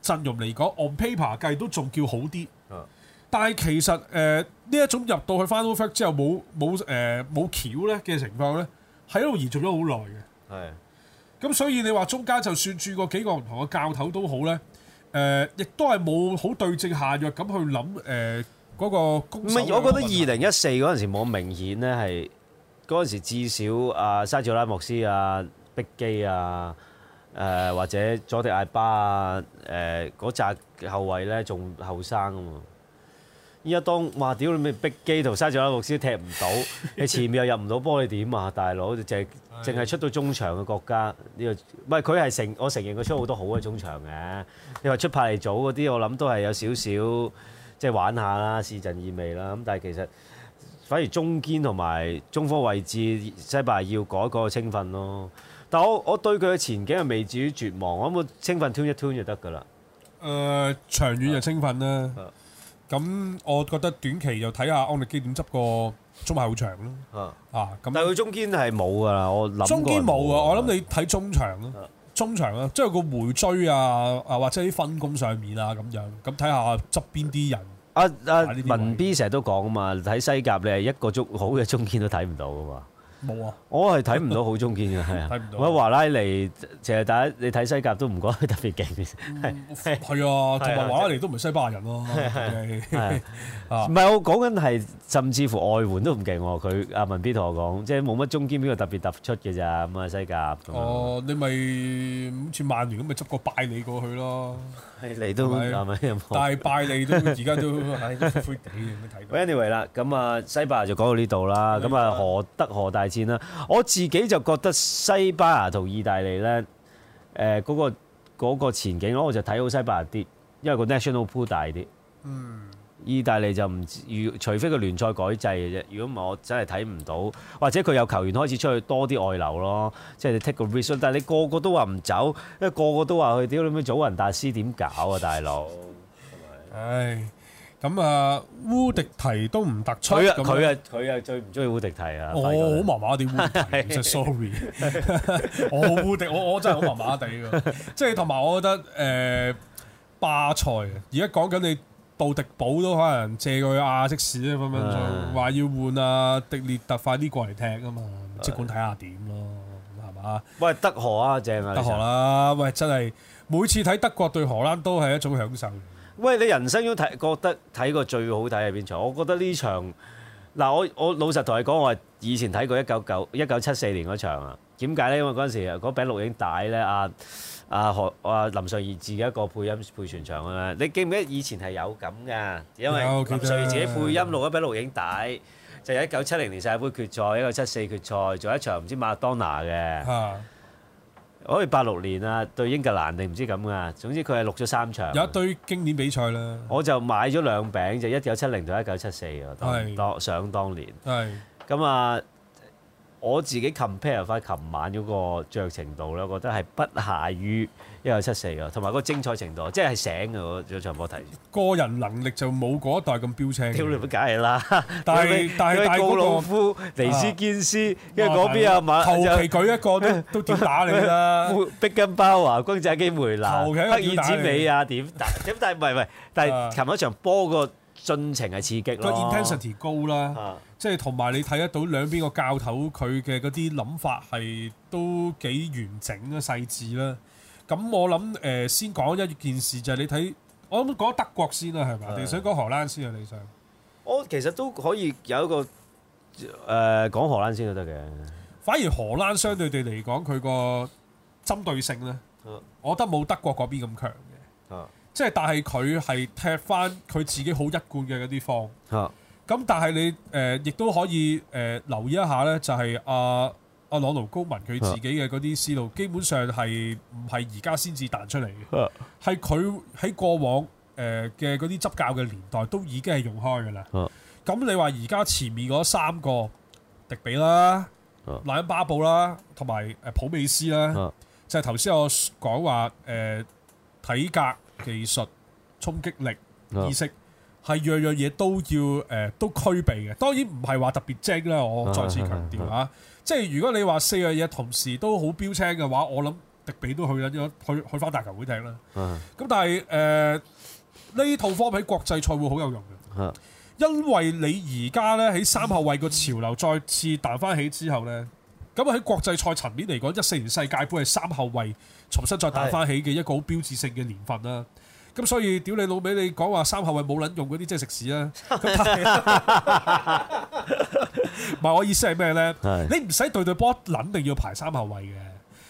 腳陣容嚟講，on paper 計都仲叫好啲。啊、但係其實誒呢、呃、一種入到去 Final Four 之後冇冇誒冇橋咧嘅情況咧，喺度延續咗好耐嘅。係。咁所以你話中間就算轉過幾個唔同嘅教頭都好咧，誒，亦都係冇好對症下藥咁去諗誒嗰個攻守平衡。唔係，我覺得二零一四嗰陣時冇明顯咧，係嗰陣時至少阿沙治奧拉莫斯啊、碧基啊、誒或者佐迪艾巴啊、誒嗰紮後衞咧仲後生啊嘛。依家當哇屌你咩碧基同沙治奧拉莫斯踢唔到，你前面又入唔到波，你點啊大佬？就係。淨係出到中場嘅國家呢、呢個，唔係佢係成我承認佢出好多好嘅中場嘅。 你話出派嚟早嗰啲，我諗都係有少少即係玩下啦，試陣意味啦。咁但係其實反而中堅同埋中鋒位置，西班牙要改個青訓咯。但我我對佢嘅前景係未至於絕望。我諗個青訓 turn 一 turn 就得㗎啦。誒、呃，長遠就青訓啦。咁、嗯嗯、我覺得短期又睇下安力基點執過。中後場咯，啊咁，但係佢中堅係冇㗎啦，我諗中堅冇啊，我諗你睇中場咯，啊、中場啦，即、就、係、是、個回追啊，啊或者啲分工上面啊咁樣，咁睇下側邊啲人。阿、啊、阿文 B 成日都講啊嘛，睇西甲你係一個足好嘅中堅都睇唔到噶嘛。冇啊！我係睇唔到好中堅嘅，係啊！我華拉尼其實大家你睇西甲都唔覺得特別勁嘅，係啊！同埋華拉尼都唔係西班牙人咯，唔係我講緊係，甚至乎外援都唔勁喎。佢阿文 B 同我講，即係冇乜中堅邊個特別突出嘅咋咁啊！西甲咁你咪好似曼聯咁，咪執個拜利過去咯。係嚟都係咪？大係拜嚟都而家都係灰灰地，睇到？Anyway 啦，咁啊西班牙就講到呢度啦。咁啊 荷德荷大戰啦， 我自己就覺得西班牙同意大利咧，誒、呃、嗰、嗰個嗰個前景，我、那、我、個、就睇好西班牙啲，因為個 national pool 大啲。嗯。意大利就唔要，除非個聯賽改制嘅啫。如果唔係，我真係睇唔到，或者佢有球員開始出去多啲外流咯，即係 take a risk 但係你個個都話唔走，因為個個都話佢屌你咩祖雲達斯點搞啊，大佬？唉，咁啊，烏迪提都唔突出。佢啊，佢啊，佢啊，最唔中意烏迪提啊！我好麻麻地，烏迪提 不用 sorry， 我好烏迪，我我真係好麻麻地㗎。 即係同埋我覺得，誒、呃，巴塞啊，而家講緊你。布迪堡都可能借佢亞積士咧，分分鐘話要換啊！迪列特快啲過嚟踢啊嘛，即管睇下點咯，係嘛？喂，德荷啊，正啊！德荷啦，喂，真係每次睇德國對荷蘭都係一種享受。喂，你人生中睇覺得睇過最好睇係邊場？我覺得呢場嗱，我我老實同你講，我係以前睇過一九九一九七四年嗰場啊。點解咧？因為嗰陣時嗰餅錄影帶咧啊。啊何，啊林尚義自己一個配音配全場啊！你記唔記得以前係有咁噶？因為林尚義自己配音錄一啲錄影帶，就係一九七零年世界盃決賽、一九七四決賽，仲有一場唔知馬當拿嘅，好似八六年啊對英格蘭定唔知咁啊！總之佢係錄咗三場，有一堆經典比賽啦。我就買咗兩餅，就一九七零同一九七四喎。當當想當年，係咁啊！我自己 compare 翻琴晚嗰個著程度咧，覺得係不下於一九七四嘅，同埋個精彩程度，即係醒嘅嗰場場波睇。個人能力就冇嗰一代咁標青。屌你乜梗係啦！但係但係告魯夫、尼斯堅斯，因為嗰邊阿馬求其舉一個都都點打你啦？碧根包啊，轟炸機梅拿、不二子美啊，點打？咁但係唔係唔係，但係琴嗰場波個進程係刺激咯，個 intensity 高啦。即係同埋你睇得到兩邊個教頭佢嘅嗰啲諗法係都幾完整啦、細緻啦。咁我諗誒、呃、先講一件事就係你睇，我諗講德國先啦，係咪？你是的 想講荷蘭先啊？你想？我其實都可以有一個誒、呃、講荷蘭先都得嘅。反而荷蘭相對地嚟講，佢個、嗯、針對性咧，嗯、我覺得冇德國嗰邊咁強嘅。即係、嗯嗯、但係佢係踢翻佢自己好一貫嘅嗰啲方啊。嗯咁但係你誒亦都可以誒留意一下呢，就係阿阿朗奴高文佢自己嘅嗰啲思路，基本上係唔係而家先至彈出嚟嘅，係佢喺過往誒嘅嗰啲執教嘅年代都已經係用開嘅啦。咁、啊、你話而家前面嗰三個迪比啦、賴恩巴布啦，同埋誒普美斯啦，啊、就係頭先我講話誒、呃、體格、技術、衝擊力、啊、意識。係樣樣嘢都要誒、呃、都具備嘅，當然唔係話特別精啦。我再次強調啊，啊啊即係如果你話四樣嘢同時都好標青嘅話，我諗迪比都去緊去去翻大球會踢啦。咁、啊、但係誒呢套 form 喺國際賽會好有用嘅，啊、因為你而家呢喺三後衞個潮流再次彈翻起之後呢，咁喺、嗯、國際賽層面嚟講，一四年世界杯係三後衞重新再彈翻起嘅一個好標誌性嘅年份啦。咁所以，屌你老味，你講話三後衞冇撚用嗰啲，即係食屎啦！唔係 我意思係咩咧？是的 你唔使對對波撚定要排三後衞嘅，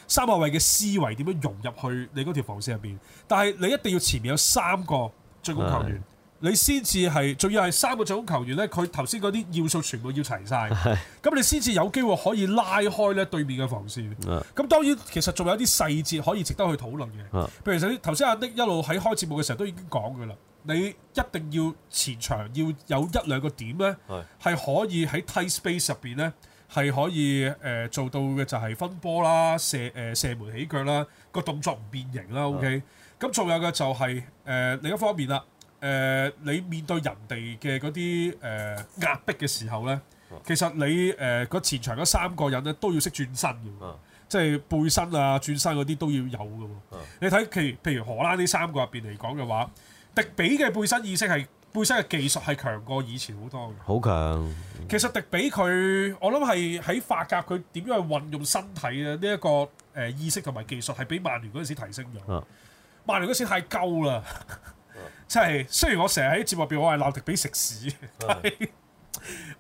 三後衞嘅思維點樣融入去你嗰條防線入邊？但係你一定要前面有三個追高球員。你先至係，仲要係三個進攻球員咧，佢頭先嗰啲要素全部要齊晒。咁是的 你先至有機會可以拉開咧對面嘅防線。咁是的 當然其實仲有啲細節可以值得去討論嘅。譬是的 如頭先阿 Nick 一路喺開節目嘅時候都已經講嘅啦，你一定要前場要有一兩個點咧，係可以喺 taste space 入邊咧，係可以誒、呃、做到嘅就係分波啦、射誒、呃、射門起腳啦、個動作唔變形啦。是的 OK，咁仲有嘅就係、是、誒、呃、另一方面啦。誒、呃，你面對人哋嘅嗰啲誒壓迫嘅時候呢，其實你誒、呃、前場嗰三個人咧都要識轉身、啊、即係背身啊、轉身嗰啲都要有嘅。啊、你睇譬、譬如荷蘭呢三個入邊嚟講嘅話，迪比嘅背身意識係背身嘅技術係強過以前好多嘅。好強！嗯、其實迪比佢，我諗係喺法甲佢點樣去運用身體呢一、呢個誒、呃、意識同埋技術係比曼聯嗰陣時提升咗。曼聯嗰時太高啦。即係，雖然我成日喺節目入邊，我係鬧迪比食屎我，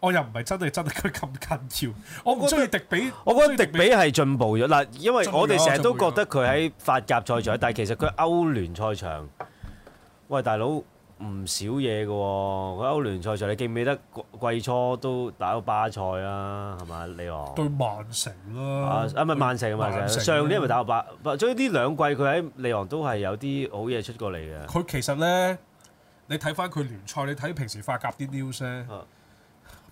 我又唔係真係真佢咁緊要。我唔中意迪比，我覺得迪比係進步咗。嗱，因為我哋成日都覺得佢喺法甲賽場，但係其實佢歐聯賽場，喂，大佬。唔少嘢嘅喎，我歐聯賽場你記唔記得季初都打到巴塞啊，係咪？利昂？對曼城啦。啊，唔係曼城嘅嘛，上年咪打歐霸，所以呢兩季佢喺利昂都係有啲好嘢出過嚟嘅。佢其實咧，你睇翻佢聯賽，你睇平時發夾啲 news 咧、啊，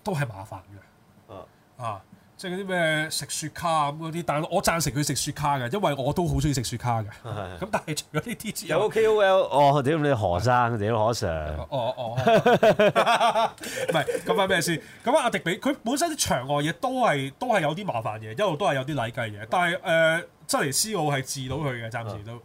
都係麻煩嘅。嗯啊。啊即係啲咩食雪卡咁嗰啲，但係我贊成佢食雪卡嘅，因為我都好中意食雪卡嘅。咁的但係除咗呢啲，有 KOL 哦，屌你何生，屌何 Sir、 哦，哦哦，唔係咁關咩先？咁阿、嗯 啊、迪比佢本身啲場外嘢都係都係有啲麻煩嘅，一路都係有啲禮計嘅。但係誒，執尼斯奧係治到佢嘅，暫時都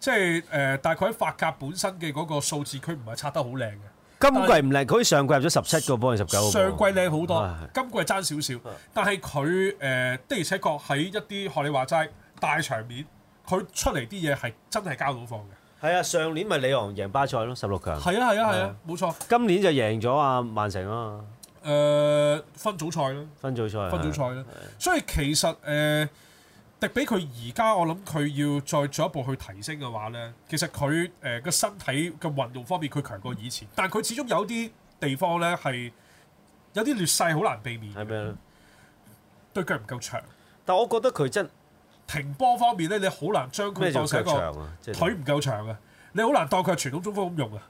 即係誒，但係佢喺法甲本身嘅嗰個數字，佢唔係刷得好靚嘅。今季唔靚，佢上季入咗十七個波，十九個上季靚好多，今季爭少少。但係佢誒的而且確喺一啲學你話齋大場面，佢出嚟啲嘢係真係交到貨嘅。係啊，上年咪里昂贏巴塞咯，十六強。係啊，係啊，係啊，冇、啊、錯。今年就贏咗啊，曼城啊嘛。誒，分組賽咯。分組賽。分組賽咯。係啊，係啊，所以其實誒。呃跌俾佢而家，我諗佢要再進一步去提升嘅話咧，其實佢誒個身體嘅運用方面，佢強過以前，但係佢始終有啲地方咧係有啲劣勢，好難避免。係咩吧？對腳唔夠長，但我覺得佢真停波方面咧，你好難將佢做成一個腳、啊、腿唔夠長啊！你好難當佢係傳統中鋒咁用啊！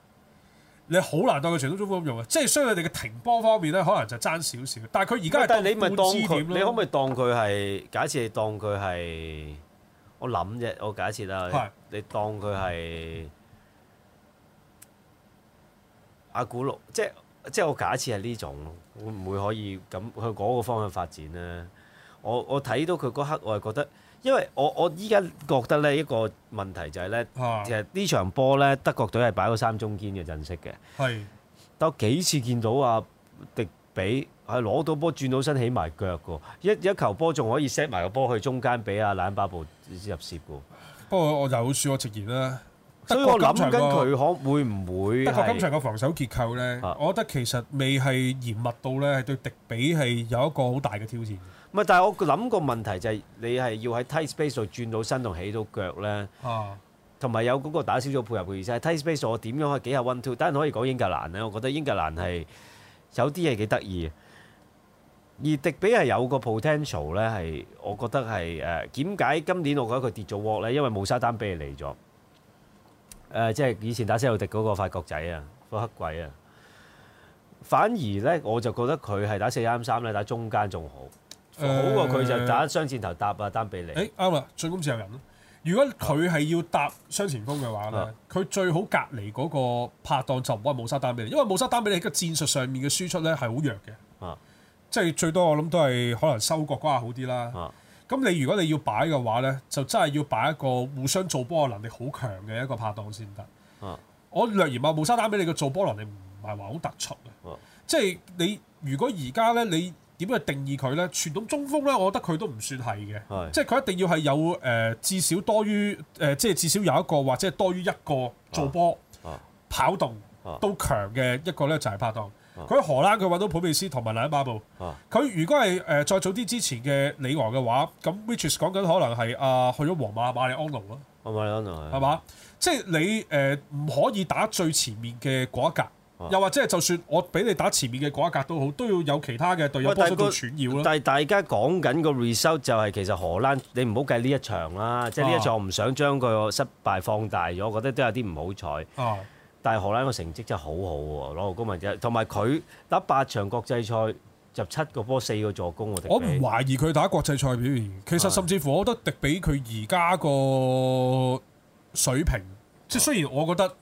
你好難當佢傳統中鋒用啊，即係雖然佢哋嘅停波方面咧，可能就爭少少。但係佢而家但你係當佢，你可唔可以當佢係？假設你當佢係，我諗啫。我假設啦，的你當佢係的阿古碌，即係即係我假設係呢種，會唔會可以咁向嗰個方向發展咧？我我睇到佢嗰刻，我係覺得。因為我我依家覺得呢一個問題就係、是、呢，啊、其實呢場波呢，德國隊係擺咗三中堅嘅陣式嘅，但是幾次見到阿、啊、迪比係攞到波轉到身起埋腳嘅，一一球波仲可以 set 埋個波去中間俾阿賴巴布入楔嘅。不過我就好恕我直言啦，所以我諗緊佢可會唔會德國今場嘅防守結構呢，啊、我覺得其實未係嚴密到呢，係對迪比係有一個好大嘅挑戰。唔係，但係我諗個問題就係你係要喺 tight space 度轉到身同起到腳咧，同埋有嗰個打小組配合嘅意思。喺 tight space 我點樣可以幾下 one two？當然可以講英格蘭咧，我覺得英格蘭係有啲嘢幾得意。而迪比係有個 potential 咧，係我覺得係誒點解今年我覺得佢跌咗鑊咧？因為冇沙丹比你嚟咗，誒即係以前打西奧迪嗰個法國仔啊，個黑鬼啊，反而咧我就覺得佢係打四三三咧，打中間仲好。好過佢就打雙箭頭搭阿丹比利。誒、欸，啱啦，進攻自由人咯。如果佢係要搭雙前鋒嘅話咧，佢、啊、最好隔籬嗰個拍檔就唔好係穆沙丹比利，因為穆沙丹比利喺個戰術上面嘅輸出咧係好弱嘅。啊、即係最多我諗都係可能收國瓜好啲啦。咁、啊、你如果你要擺嘅話咧，就真係要擺一個互相做波嘅能力好強嘅一個拍檔先得。啊、我略而望穆沙丹比利嘅做波能力唔係話好突出、啊、即係你如果而家咧你。啊點樣定義佢呢？傳統中鋒呢，我覺得佢都唔算係嘅，即係佢一定要係有誒、呃、至少多於誒，即、呃、係至少有一個或者係多於一個做波跑動、啊、都強嘅一個呢，就係、是、拍檔。佢喺、啊、荷蘭佢揾到普梅斯同埋賴巴布。佢、啊、如果係誒、呃、再早啲之前嘅李皇嘅話，咁 Riches 講緊可能係啊、呃、去咗皇馬馬，馬里安奴咯，馬里安奴係嘛？即係吧、嗯、你誒唔、呃、可以打最前面嘅嗰一格。又或者就算我俾你打前面嘅嗰一格都好，都要有其他嘅隊友都佢，但係大家講緊個 result 就係其實荷蘭你唔好計呢一場啦。即係呢一場我唔想將個失敗放大，咗，啊、我覺得都有啲唔好彩。啊、但係荷蘭個成績真係好好、啊、喎，攞個冠軍啫。同埋佢打八場國際賽入七個波四個助攻、啊。我我唔懷疑佢打國際賽表現。其實甚至乎，我覺得迪比佢而家個水平，啊、即係雖然我覺得。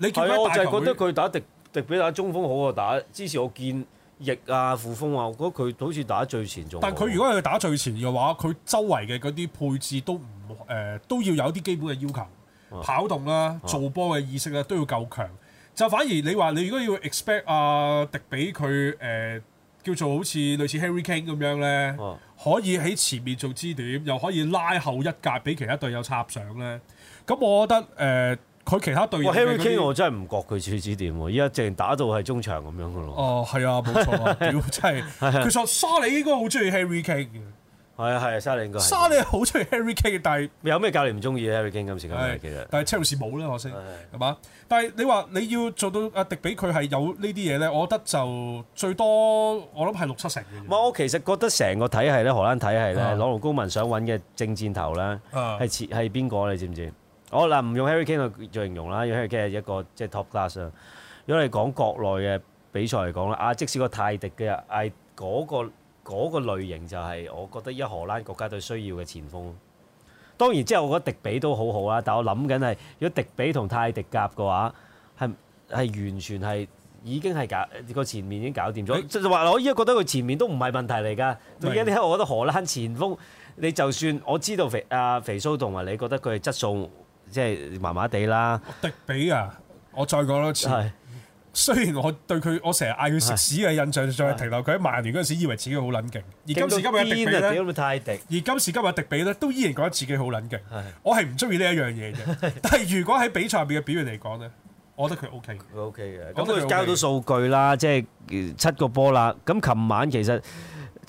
係，我就係覺得佢打迪比迪比打中鋒好啊！打之前我見翼啊、副鋒啊，我覺得佢好似打最前仲。但佢如果係打最前嘅話，佢周圍嘅嗰啲配置都唔誒、呃，都要有啲基本嘅要求，跑動啦、做波嘅意識咧都要夠強。就反而你話你如果要 expect 阿迪比佢誒、呃、叫做好似類似 Harry Kane 咁樣咧，呃、可以喺前面做支點，又可以拉後一格俾其他隊友插上咧，咁我覺得誒。呃佢其他隊員 Harry Kane 我真係唔覺佢處指點喎，依家淨打到係中場咁樣噶咯。哦，係啊，冇錯啊，屌真係。其實沙裏應該好中意 Harry Kane 嘅。係啊係啊，沙裏應該。沙裏好中意 Harry Kane 嘅，但係有咩教練唔中意 Harry Kane 咁？時間其實。但係 Chelsea 冇啦，可惜係嘛？但係你話你要做到阿迪比佢係有呢啲嘢咧，我覺得就最多我諗係六七成唔係、嗯，我其實覺得成個體系咧，荷蘭體系咧，朗奴高文想揾嘅正箭頭咧，係係邊個你知唔知？我嗱唔用 Harry Kane 去形容啦，用 Harry Kane 係一個即係、就是、top class 啦。如果你講國內嘅比賽嚟講啦，啊即使個泰迪嘅，嗌、嗰、嗰、個嗰個類型就係我覺得而家荷蘭國家隊需要嘅前鋒。當然即係我覺得迪比都好好啦，但我諗緊係如果迪比同泰迪夾嘅話，係係完全係已經係搞個前面已經搞掂咗。即係話我依家覺得佢前面都唔係問題嚟㗎。咁而家咧，我覺得荷蘭前鋒你就算我知道肥阿、啊、肥蘇同埋，你覺得佢係質素。即係麻麻地啦，迪比啊！我再講多次，是的 雖然我對佢，我成日嗌佢食屎嘅印象，仲係停留佢喺曼聯嗰陣時，以為自己好冷靜。是的 而今時今日迪比咧，而今時今日迪比咧，都依然覺得自己好冷靜。是的 我係唔中意呢一樣嘢嘅，是的 但係如果喺比賽入面嘅表現嚟講咧，我覺得佢 OK。OK 嘅，咁佢交到數據啦，即係七個波啦。咁琴晚其實。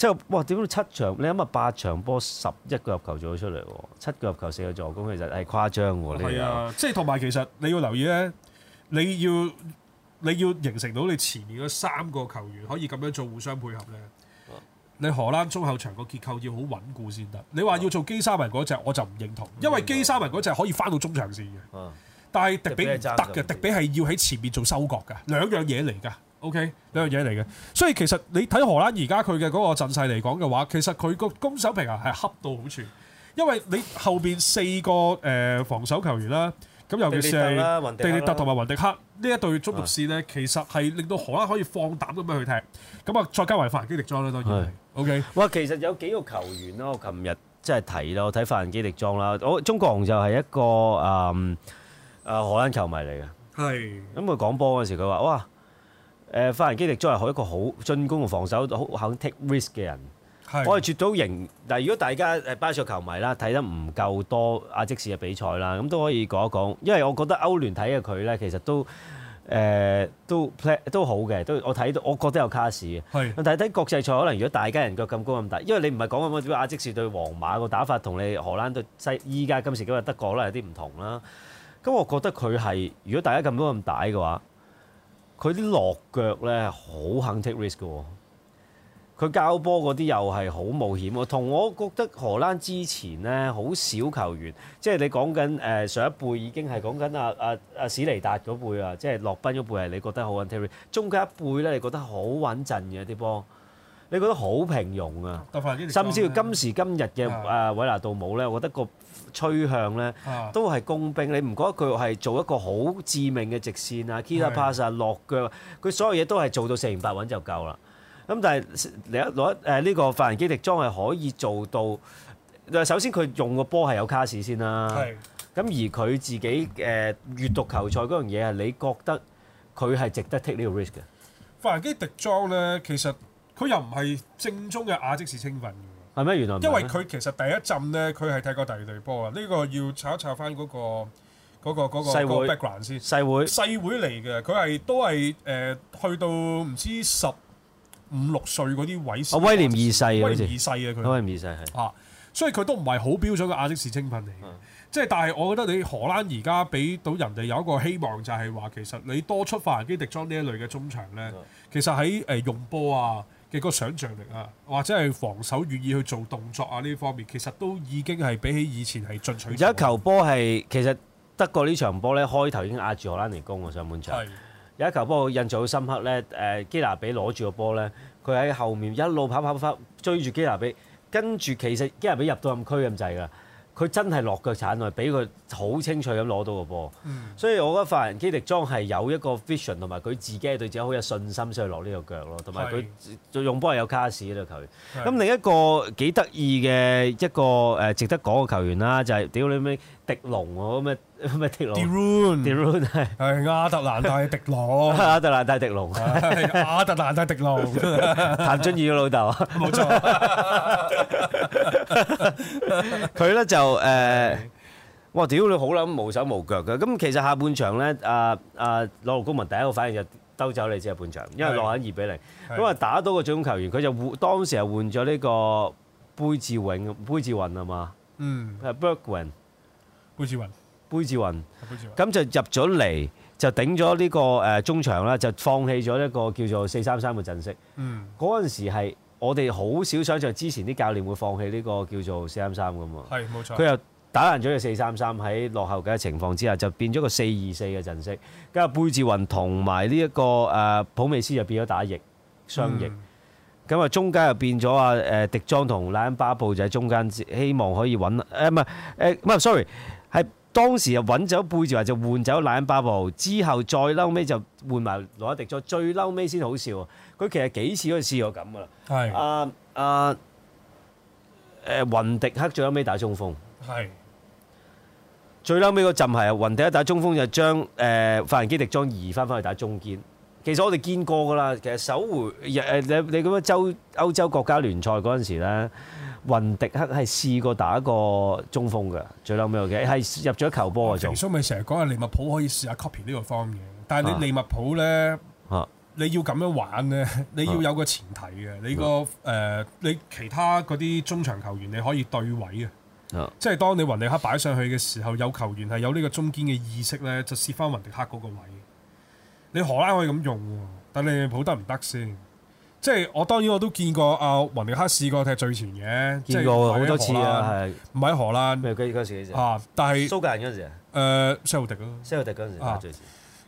即係哇！點解七場？你諗下八場波，十一個入球做咗出嚟喎，七個入球，四個助攻，其實係誇張喎。係啊，即係同埋其實你要留意咧，你要你要形成到你前面嗰三個球員可以咁樣做互相配合咧。你荷蘭中後場個結構要好穩固先得。你話要做基沙文嗰隻，我就唔認同，因為基沙文嗰隻可以返到中場線嘅。但係迪比唔得嘅，迪比係要喺前面做收割㗎，兩樣嘢嚟㗎。O.K. 兩樣嘢嚟嘅，所以其實你睇荷蘭而家佢嘅嗰個陣勢嚟講嘅話，其實佢個攻守平衡係恰到好處，因為你後邊四個誒防守球員啦，咁尤其是係蒂列特同埋雲迪克呢一對中路線呢，其實係令到荷蘭可以放膽咁樣去踢。咁啊，再加埋法蘭基迪莊啦，當然 O.K. 哇，其實有幾個球員啦，我琴日即係提咯，我睇法蘭基迪莊啦。我中國紅就係一個誒誒荷蘭球迷嚟嘅，係咁，佢講波嗰時，佢話哇。誒，法蘭基迪作為一個好進攻同防守好肯 take risk 嘅人，我係絕對認。但係如果大家誒巴塞球迷啦，睇得唔夠多阿積士嘅比賽啦，咁都可以講一講。因為我覺得歐聯睇嘅佢咧，其實都誒、呃、都都好嘅，都我睇到我覺得有卡士嘅。是但係睇國際賽，可能如果大家人腳咁高咁大，因為你唔係講緊阿積士對皇馬個打法同你荷蘭對西依家今時今日德國可能有啲唔同啦。咁我覺得佢係，如果大家咁多咁大嘅話。佢啲落腳咧好肯 take risk 嘅喎，哦，佢交波嗰啲又係好冒險喎。同我覺得荷蘭之前咧好少球員，即係你講緊誒上一輩已經係講緊阿阿阿史尼達嗰輩啊，即係洛賓嗰輩係你覺得好肯 take risk，中間一輩咧你覺得好穩陣嘅啲波，你覺得好平庸啊，甚至乎今時今日嘅誒的、啊、韋納杜姆咧，我覺得個。趨向咧都係工兵，你唔覺得佢係做一個好致命嘅直線啊？Killer pass 啊，落腳佢所有嘢都係做到四平八穩就夠啦。咁但係你一攞誒呢個法蘭基迪裝係可以做到。首先佢用個波係有卡士先啦。咁是而佢自己誒閲、呃、讀球賽嗰樣嘢啊，你覺得佢係值得 take 呢個 risk 嘅？法蘭基迪裝咧，其實佢又唔係正宗嘅亞積士青訓。因為佢其實第一陣咧，佢係睇過第二隊波啊！呢個要查一查返嗰個嗰個嗰個 background 先。細會世會嚟嘅，佢係都係誒去到唔知十五六歲嗰啲位。威廉二世，威廉二世啊！佢威廉二世係啊，所以佢都唔係好標準嘅亞積士精品嚟嘅。即係但係，我覺得你荷蘭而家俾到人哋有一個希望，就係話其實你多出法蘭基迪莊呢一類嘅中場咧，其實喺誒用波啊，嘅個想像力啊，或者係防守願意去做動作啊，呢方面其實都已經係比起以前係進取。有一球波係其實德國呢場波咧，開頭已經壓住荷蘭尼攻喎，上半場。係有一球波我印象好深刻咧，誒基拿比攞住個波咧，佢喺後面一路跑跑跑跑追住基拿比，跟住其實基拿比入到暗區咁滯㗎。佢真係落腳鏟內，俾佢好清楚咁攞到個波，嗯、所以我覺得法蘭基迪莊係有一個 vision 同埋佢自己係對自己好有信心，所以落呢個腳咯，同埋佢用波係有卡士呢個球員。咁、這個、是 另一個幾得意嘅一個誒值得講嘅球員啦，就係屌你咩？迪龍喎，咩咪咁迪龍，迪龍係，係亞特蘭大迪龍，亞特蘭大迪龍，亞特蘭大迪龍，譚俊彥嘅老豆，冇錯，佢咧就誒，我、呃、 屌你好撚，無手無腳嘅。咁其實下半場咧，阿阿羅浩高文第一個反應就兜走你知啊，半場，因為落緊二比零，咁啊打到個最球員，佢就當時係換咗呢個貝志永、貝志雲啊嘛，嗯，係 Bergwijn 貝志雲，貝志雲，咁就入咗嚟就頂咗呢個誒中場啦，就放棄咗一個叫做四三三嘅陣式。嗯，嗰陣時係我哋好少想象之前啲教練會放棄呢個叫做四三三噶嘛。係冇錯。佢又打爛咗個四三三喺落後嘅情況之下，就變咗個四二四嘅陣式。跟住，貝志雲同埋呢一個誒普美斯就變咗打翼雙翼。咁啊，中間又變咗啊誒迪莊同蘭巴布就喺中間，希望可以搵誒唔係誒唔係，sorry。係當時就揾走背住話，就換走賴恩巴布，之後再嬲尾就換埋羅一迪裝，最嬲尾先好笑。佢其實幾次都試過咁噶啦。係啊啊誒雲迪克最嬲尾打中鋒。係最嬲尾嗰陣係啊雲迪克打中鋒，就將誒法蘭基迪莊移翻翻去打中堅。其實我哋見過噶啦。其實首回誒你你咁樣周歐洲國家聯賽嗰陣時咧。雲迪克係試過打一個中鋒嘅，最嬲屘嘅，係入咗球波啊！做，所咪成日講話利物浦可以試下 copy 呢個方面。但係你利物浦咧，啊、你要咁樣玩咧，你要有個前提嘅，你個誒、呃、你其他嗰啲中場球員你可以對位嘅，啊、即係當你雲迪克擺上去嘅時候，有球員係有呢個中堅嘅意識咧，就試翻雲迪克嗰個位。你荷蘭可以咁用，但係利物浦得唔得先？即係我當然我都見過阿、啊、雲迪克試過踢最前嘅，見過好多次啊，啦，唔喺荷蘭，時時啊，但係蘇格蘭嗰陣時、呃，西塞迪咯、啊，塞爾迪嗰陣時咁、啊、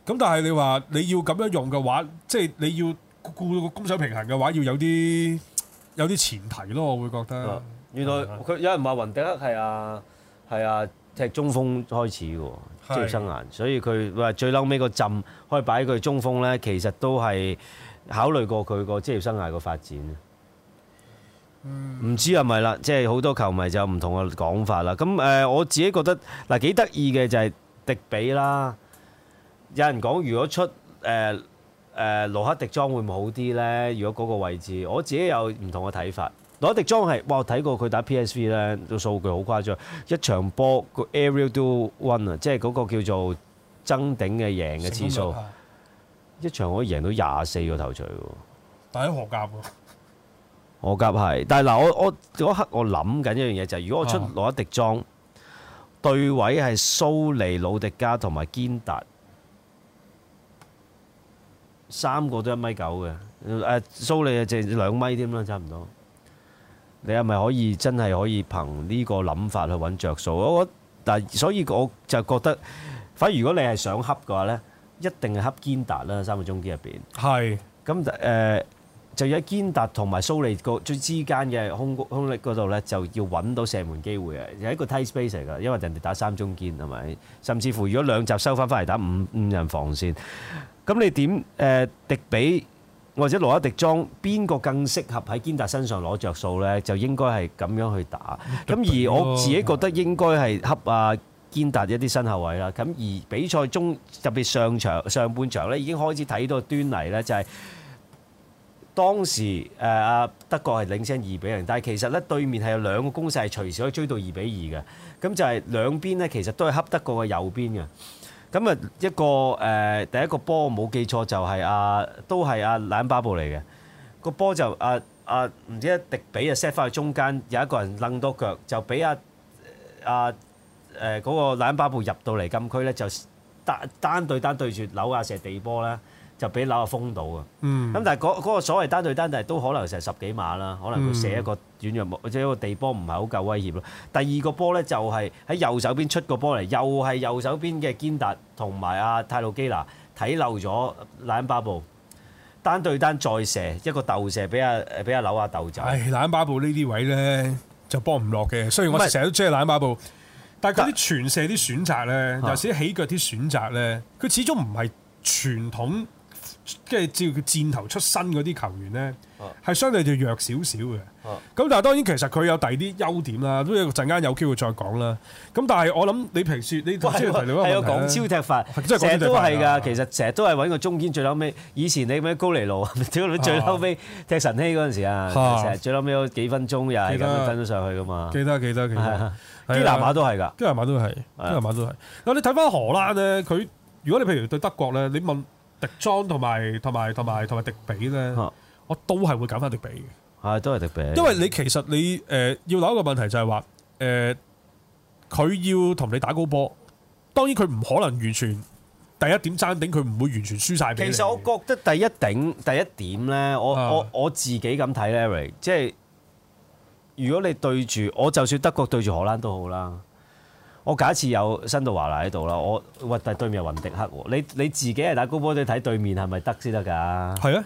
但係你話你要咁樣用嘅話，即、就、係、是、你要顧到個攻守平衡嘅話，要有啲有啲前提咯，我會覺得。啊、原來佢有人話雲迪克係啊，係啊，踢中鋒開始嘅，最生硬的，所以佢話最嬲尾個陣可以擺佢中鋒咧，其實都係。考慮過佢個職業生涯個發展，唔、嗯、知係，咪啦，即係好多球迷就有唔同嘅講法啦。咁誒、呃，我自己覺得嗱幾得意嘅就係迪比啦。有人講如果出誒誒羅克迪莊會唔會好啲呢？如果嗰個位置，我自己有唔同嘅睇法。羅克迪莊係哇，我睇過佢打 PSV 咧，個數據好誇張，一場波、嗰個 Aerial Duel Won 啊，即係嗰個叫做爭頂嘅贏嘅次數。一場可以贏到廿四個頭槌喎，但係喺荷甲喎，荷甲係，但係嗱，我我嗰刻我諗緊一樣嘢就係，如果我出攞一滴裝，對位係蘇利、魯迪加同埋堅達，三個都一米九嘅，誒蘇利啊，淨兩米添啦，差唔多，你係咪可以真係可以憑呢個諗法去揾著數？我覺得，但係，所以我就覺得，反而如果你係想恰嘅話咧。一定係恰堅達啦，三個中堅入邊。係咁誒，就喺堅達同埋蘇利個最之間嘅空空隙嗰度咧，就要揾到射門機會啊！係一個 tight space 嚟㗎，因為人哋打三中堅係咪？甚至乎如果兩集收翻翻嚟打五五人防線，咁你點誒迪比或者羅一迪裝邊個更適合喺堅達身上攞著數咧？就應該係咁樣去打。咁而我自己覺得應該係恰啊。堅達一啲身後位啦，咁而比賽中特別上場上半場咧，已經開始睇到個端倪咧，就係當時誒阿德國係領先二比零，但係其實咧對面係有兩個攻勢係隨時可以追到二比二嘅，咁就係兩邊咧其實都係恰德國嘅右邊嘅，咁啊一個誒第一個波冇記錯就係阿都係阿賴恩巴布嚟嘅，個波就阿阿唔知迪比就 set 翻去中間，有一個人掹多腳就俾阿阿。誒嗰個賴恩巴布入到嚟禁區咧，就單單對單對住扭啊射地波啦，就俾扭啊封到嘅。咁、嗯、但係嗰個所謂單對單，但係都可能成十幾碼啦，可能佢射一個軟弱，或者一個地波唔係好夠威脅咯。第二個波咧就係、是、喺右手邊出個波嚟，又係右手邊嘅堅達同埋阿泰魯基娜睇漏咗賴恩巴布，單對單再射一個逗射俾阿俾阿扭啊逗走。啊、豆唉，賴恩巴布呢啲位咧就幫唔落嘅，雖然我成日都追賴恩巴布。但係嗰啲傳射啲選擇咧，啊、尤其起腳啲選擇咧，佢始終唔係傳統。即係照佢箭頭出身嗰啲球員咧，係相對就弱少少嘅。咁但係當然其實佢有第二啲優點啦，都有陣間有機會再講啦。咁但係我諗你平時，你係有講超踢法，即係成日都係噶。其實成日都係揾個中堅最後尾。以前你咩高尼路，屌你最後尾踢神希嗰陣時啊，成日最後尾有幾分鐘又係咁樣跟咗上去噶嘛。記得記得記得。基拿馬都係噶，基拿馬都係，基拿馬都係。嗱你睇翻荷蘭咧，佢如果你譬如對德國咧，你問。迪同埋同埋同埋同埋迪比咧，啊、我都係會揀翻迪比嘅，係都係迪比。因為你其實你誒、呃、要諗一個問題就係話，誒、呃、佢要同你打高波，當然佢唔可能完全第一點爭頂，佢唔會完全輸晒。其實我覺得第一頂第一點咧，我、啊、我我自己咁睇 Larry，即係如果你對住我就算德國對住荷蘭都好啦。我假設有身到華麗喺度啦，我喂但係對面係雲迪克喎，你你自己係打高波都要睇對面係咪得先得㗎？係啊，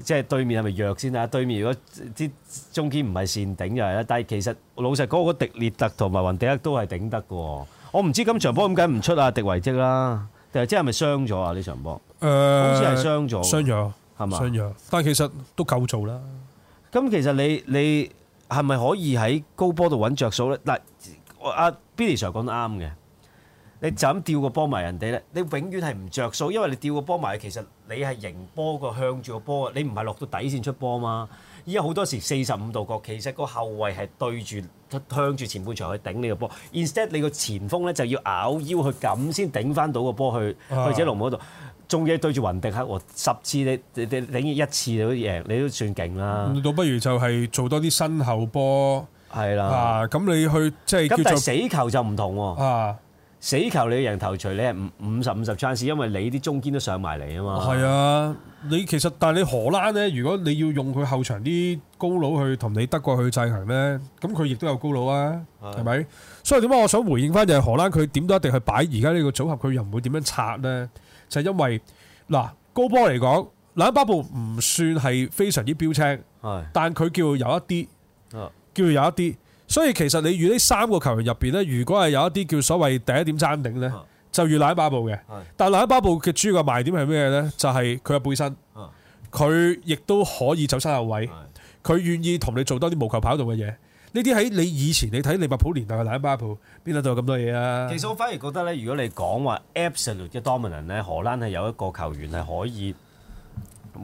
即係對面係咪弱先啊？對面如果啲中堅唔係善頂就係啦，但係其實老實講，個迪列特同埋雲迪克都係頂得嘅喎。我唔知今場波點解唔出阿迪維積啦？定係即係咪傷咗啊？呢場波誒好似係傷咗，傷咗係嘛？傷咗，但係其實都夠做啦。咁其實你你係咪可以喺高波度揾著數咧？嗱。阿、啊、Billy 成日 Sir 講得啱嘅，你就咁吊個波埋人哋咧，你永遠係唔着數，因為你吊個波埋，其實你係迎波個向住個波，你唔係落到底線出波嘛。而家好多時四十五度角，其實個後衞係對住向住前半場去頂你個波，instead 你個前鋒咧就要咬腰去咁先頂翻到個波去、啊、去隻龍門嗰度，仲要對住雲迪克，十次你你你頂一次都誒，你都算勁啦。倒、嗯、不如就係做多啲身後波。係啦，咁、啊、你去即係，就是、叫做死球就唔同喎。啊，啊死球你贏頭鎚你係五五十五十 chance 因為你啲中堅都上埋嚟啊嘛。係啊，你其實但係你荷蘭咧，如果你要用佢後場啲高佬去同你德國去制衡咧，咁佢亦都有高佬啊，係咪的？所以點解我想回應翻就係荷蘭佢點都一定去擺而家呢個組合，佢又唔會點樣拆咧？就係、是、因為嗱、啊，高波嚟講，蘭巴布唔算係非常之標青，的但佢叫佢有一啲。叫有一啲，所以其實你與呢三個球員入邊咧，如果係有一啲叫所謂第一點爭頂咧，就如賴巴布嘅。但賴巴布嘅主要嘅賣點係咩咧？就係佢嘅背身，佢亦都可以走身後位，佢是願意同你做多啲無球跑動嘅嘢。呢啲喺你以前你睇利物浦年代嘅賴巴布邊一度有咁多嘢啊？其實我反而覺得咧，如果你講話 absolute 嘅 dominant 咧，荷蘭係有一個球員係可以。.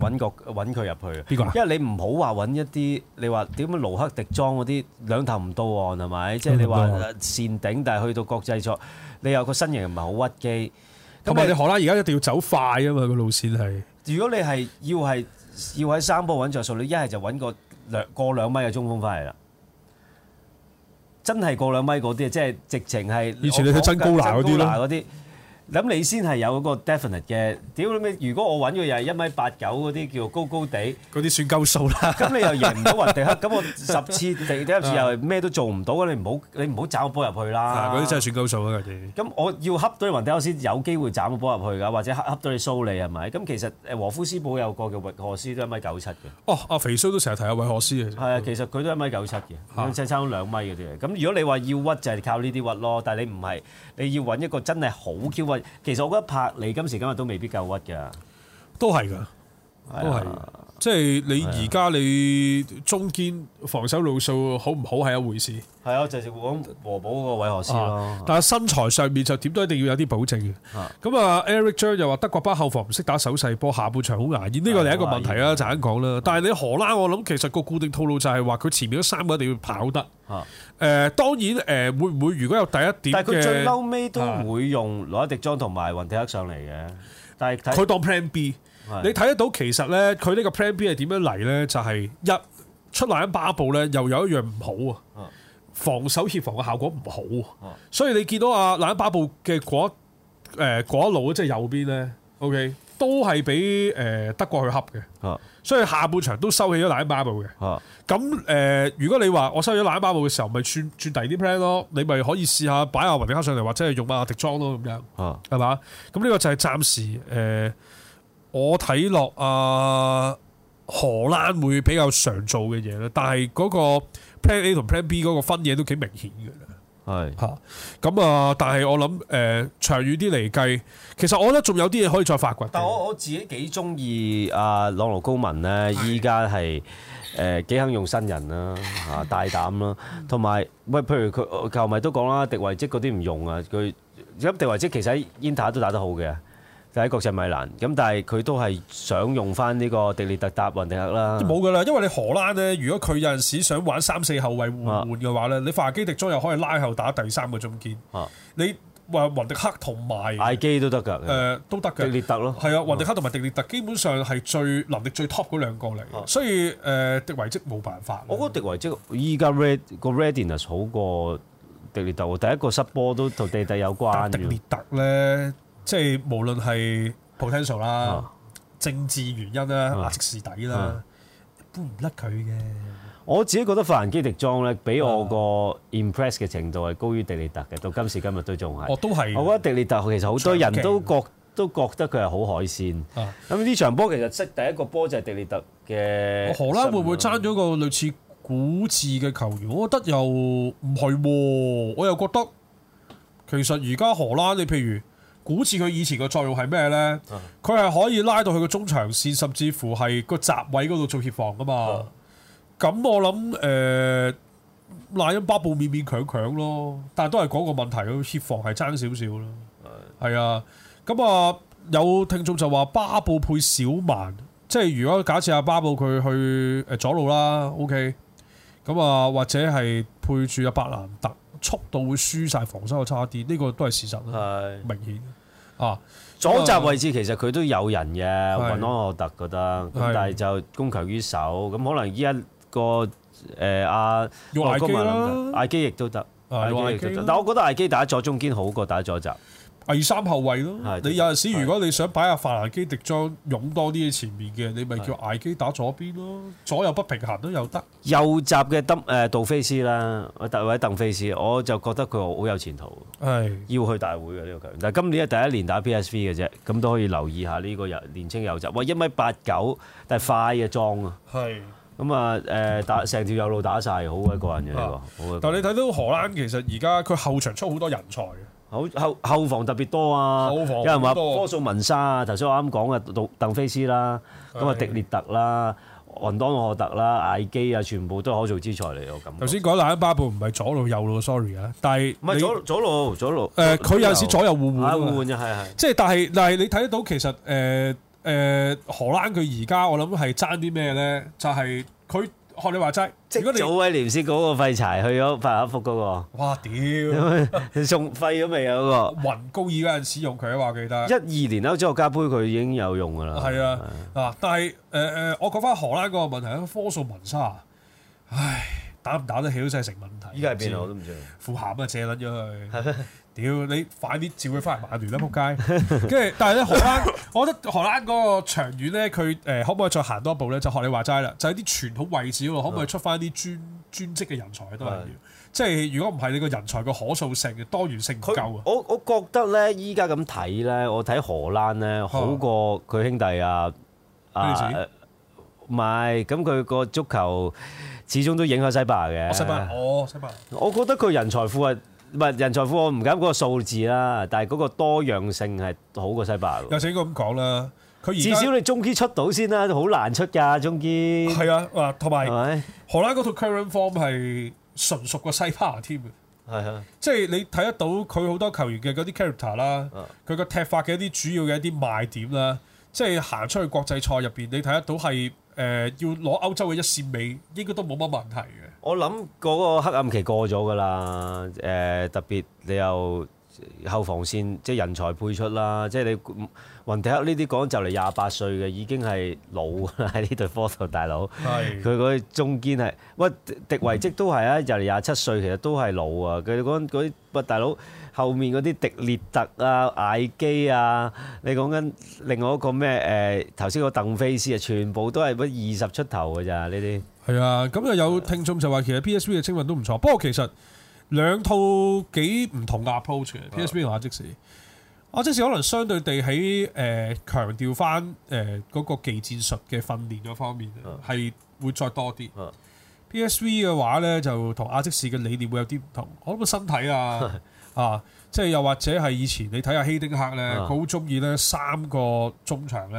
揾個揾佢入去，邊個？啊、因為你唔好話揾一啲，你話點樣盧克迪莊嗰啲兩頭唔到岸係咪？即係你話誒善頂，但係去到國際賽，你有個身形唔係好屈機。同埋你，你荷蘭而家一定要走快啊嘛，個路線係。如果你係要係要喺三波揾著數，你一係就揾個，個兩過兩米嘅中鋒翻嚟啦。真係過兩米嗰啲，即係直情係以前你去真高拿嗰啲。咁你先係有嗰個 definite 嘅，屌你！如果我揾個又係一米八九嗰啲叫做高高地，嗰啲算鳩數啦。咁你又贏唔到雲迪克，咁我十次定幾多次又咩都做唔到，你唔好你唔好斬個波入去啦。嗰啲真係算鳩數啊嗰啲。咁我要恰到你雲迪克先有機會斬個波入去㗎，或者恰恰到你掃你係咪？咁其實誒，禾夫斯堡有個叫韋何斯都一米九七嘅。哦，阿肥叔都成日提阿韋何斯嘅。係啊，其實佢都一米九七嘅，即係差咗兩米嗰啲。咁如果你話要屈就係靠呢啲屈咯，但係你唔係，你要揾一個真係好 Q 屈。其實我覺得拍你今時今日都未必夠屈㗎，哎、呀都係噶，都係。即係你而家你中堅防守路數好唔好係一回事。係、就是、啊，直接往和保個位何師啦。但係身材上面就點都一定要有啲保證嘅。咁啊、嗯、啊，Eric Jones 又話德國班後防唔識打手勢波，下半場好難。呢個係一個問題啊，就咁講啦。但係你荷蘭我諗，其實個固定套路就係話佢前面嗰三個一定要跑得。誒、啊呃、當然誒、呃，會唔會如果有第一點？但係佢最嬲尾都會用羅迪莊同埋雲迪克上嚟嘅。但係佢當 Plan B。是你睇得到其實咧，佢呢個 plan B 係點樣嚟咧？就係一出嚟阿巴布咧，又有一樣唔好啊！啊、防守協防嘅效果唔好、啊，啊、所以你見到阿、啊、阿巴布嘅嗰一、呃、一路即係右邊咧，OK 都係俾誒德國去恰嘅，所以下半場都收起咗阿巴布嘅。咁誒，如果你話我收起咗阿巴布嘅時候，咪轉、啊、轉轉第二啲 plan 咯，你咪可以試下擺阿雲迪克上嚟，或者係用阿迪莊咯咁樣、啊，係嘛？咁呢個就係暫時誒、呃。我睇落啊，荷蘭會比較常做嘅嘢咧，但係嗰個 Plan A 同 Plan B 嗰個分野都幾明顯嘅，係嚇是。咁啊，但係我諗誒、呃、長遠啲嚟計，其實我覺得仲有啲嘢可以再發掘。但我我自己幾中意啊，朗羅高文咧、啊，依家係誒幾肯用新人啦、啊、嚇、啊、大膽啦、啊，同埋喂，譬如佢球迷都講啦，迪維積嗰啲唔用啊，佢而家迪維積其實喺 Inter 都打得好嘅。第一個就係國際米蘭，咁但係佢都係想用翻呢個迪列特搭雲迪克啦。冇噶啦，因為你荷蘭咧，如果佢有陣時想玩三四後衞互換嘅話咧，啊、你法蘭基迪莊又可以拉後打第三個中堅。啊、你話雲迪克同埋艾基都得噶？誒、嗯，都得嘅。迪列特咯，係啊，雲迪克同埋迪列特基本上係最能力最 top 嗰兩個嚟，啊、所以誒、呃、迪維積冇辦法。我覺得迪維積依家 read 個 readiness 好過迪列特喎，第一個失波都同迪迪有關。迪列特咧。即係無論係 potential 啦、啊、政治原因啦、啊、即值是底啦，都唔甩佢嘅。我自己覺得法蘭基迪莊咧，俾我個 impress 嘅程度係高於迪利特嘅，啊、到今時今日、啊、都仲係。我都係。我覺得迪利特其實好多人都覺鏡都覺得佢係好海鮮。咁呢、啊、場波其實即係第一個波就係迪利特嘅、啊。荷蘭會唔會爭咗個類似古字嘅球員？我覺得又唔係喎，我又覺得其實而家荷蘭你譬，你譬如。好似佢以前嘅作用係咩呢？佢係、啊、可以拉到佢個中場線，甚至乎係個閘位嗰度做協防噶嘛。咁、啊、我諗誒，賴、呃、因巴布勉勉強強，強咯，但係都係嗰個問題，協防係爭少少咯。係是 啊，咁啊，有聽眾就話巴布配小曼，即係如果假設阿巴布佢去左路啦，OK，咁啊，或者係配住阿伯蘭特，速度會輸晒防守又差啲，呢、這個都係事實，是 明顯。啊嗯、左閘位置其實佢都有人嘅，雲安洛特覺得，咁是但係就攻強於守。咁可能依、這、一個誒阿外攻咪艾基亦都得，但我覺得艾基打左中堅好過打左閘。第三後衞咯，的你有陣時如果你想擺阿法蘭基迪裝擁多啲喺前面嘅，你咪叫艾基打左邊咯，左右不平衡都有得。右閘嘅得誒杜菲斯啦，或者鄧菲斯，我就覺得佢好有前途，係的要去大會嘅呢個球，但係今年係第一年打 PSV 嘅啫，咁都可以留意下呢個人。年青右閘，喂一米八九，但係快嘅裝啊，係咁啊誒打成條右路打晒，好鬼過人嘅，但係你睇到荷蘭其實而家佢後場出好多人才。好後後防特別多啊！有人話科素文沙啊，頭先我啱講嘅鄧鄧菲斯啦，咁啊迪列特啦，雲當荷特啦，艾基啊，全部都可造之材嚟，我感覺。頭先講蘭巴布唔係左路右路，sorry 啊！但係唔係左左路左路，誒佢有時左右互換啊，即係但係但係你睇得到其實誒誒荷蘭佢而家我諗係爭啲咩咧？就係佢。學你話齋，如果你即你早威廉斯嗰個廢柴，去咗法克福嗰、嗰個。哇屌！仲廢咗未嗰個？雲 高爾嗰陣時用佢，我話記得。一二年啦，歐洲國家杯佢已經有用噶啦。係啊，嗱，但係誒誒，我講翻荷蘭個問題啦，科索文沙，唉，打唔打得起都真係成問題。依家係邊度？我都唔知。富咸啊，借撚咗佢。 你要你快啲召佢翻嚟曼聯啦，仆街！跟住，但係咧荷蘭，我覺得荷蘭嗰個長遠咧，佢誒可唔可以再行多一步咧？就學你話齋啦，就係、是、啲傳統位置喎，可唔可以出翻啲專專職嘅人才都係是的 即係如果唔係，你個人才嘅可塑性、多元性唔夠啊！我我覺得咧，依家咁睇咧，我睇荷蘭咧好過佢兄弟啊啊！唔係咁，佢個、啊、足球始終都影響西班牙嘅西班牙。我、哦、西班牙。我覺得佢人才庫係。唔係人才庫，我唔敢講個數字啦，但係嗰個多樣性係好過西班牙。有時應該咁講啦，佢至少你中堅出到先啦，都好難出㗎中堅。係啊，同埋荷蘭嗰套 current form 係純熟過西班牙添啊。係啊的，即係你睇得到佢好多球員嘅嗰啲 character 啦的，佢個踢法嘅一啲主要嘅一啲賣點啦，即係行出去國際賽入邊，你睇得到係。誒、呃、要攞歐洲嘅一線尾應該都冇乜問題嘅。我諗嗰個黑暗期過咗㗎啦。誒、呃、特別你又後防線即係人才輩出啦，即係你雲迪克呢啲講就嚟廿八歲嘅已經係老㗎喇，喺呢隊波度，大佬。係佢嗰啲中堅係，喂，迪維積都係啊，就嚟廿七歲其實都係老啊。佢嗰嗰啲喂大佬。後面嗰啲迪列特啊、艾基啊，你講緊另外一個咩？誒頭先個鄧菲斯啊，全部都係二十出頭㗎咋呢啲？係啊，咁又有聽眾就話其實 PSV 嘅青訓都唔錯，不過其實兩套幾唔同嘅 approach。PSV 同阿積士，阿積士可能相對地喺誒、呃、強調翻誒嗰個技戰術嘅訓練嗰方面係、啊、會再多啲。啊、PSV 嘅話咧就同阿積士嘅理念會有啲唔同，可能個身體啊～ 啊！即係又或者係以前你睇下希丁克咧，佢好中意咧三個中場咧，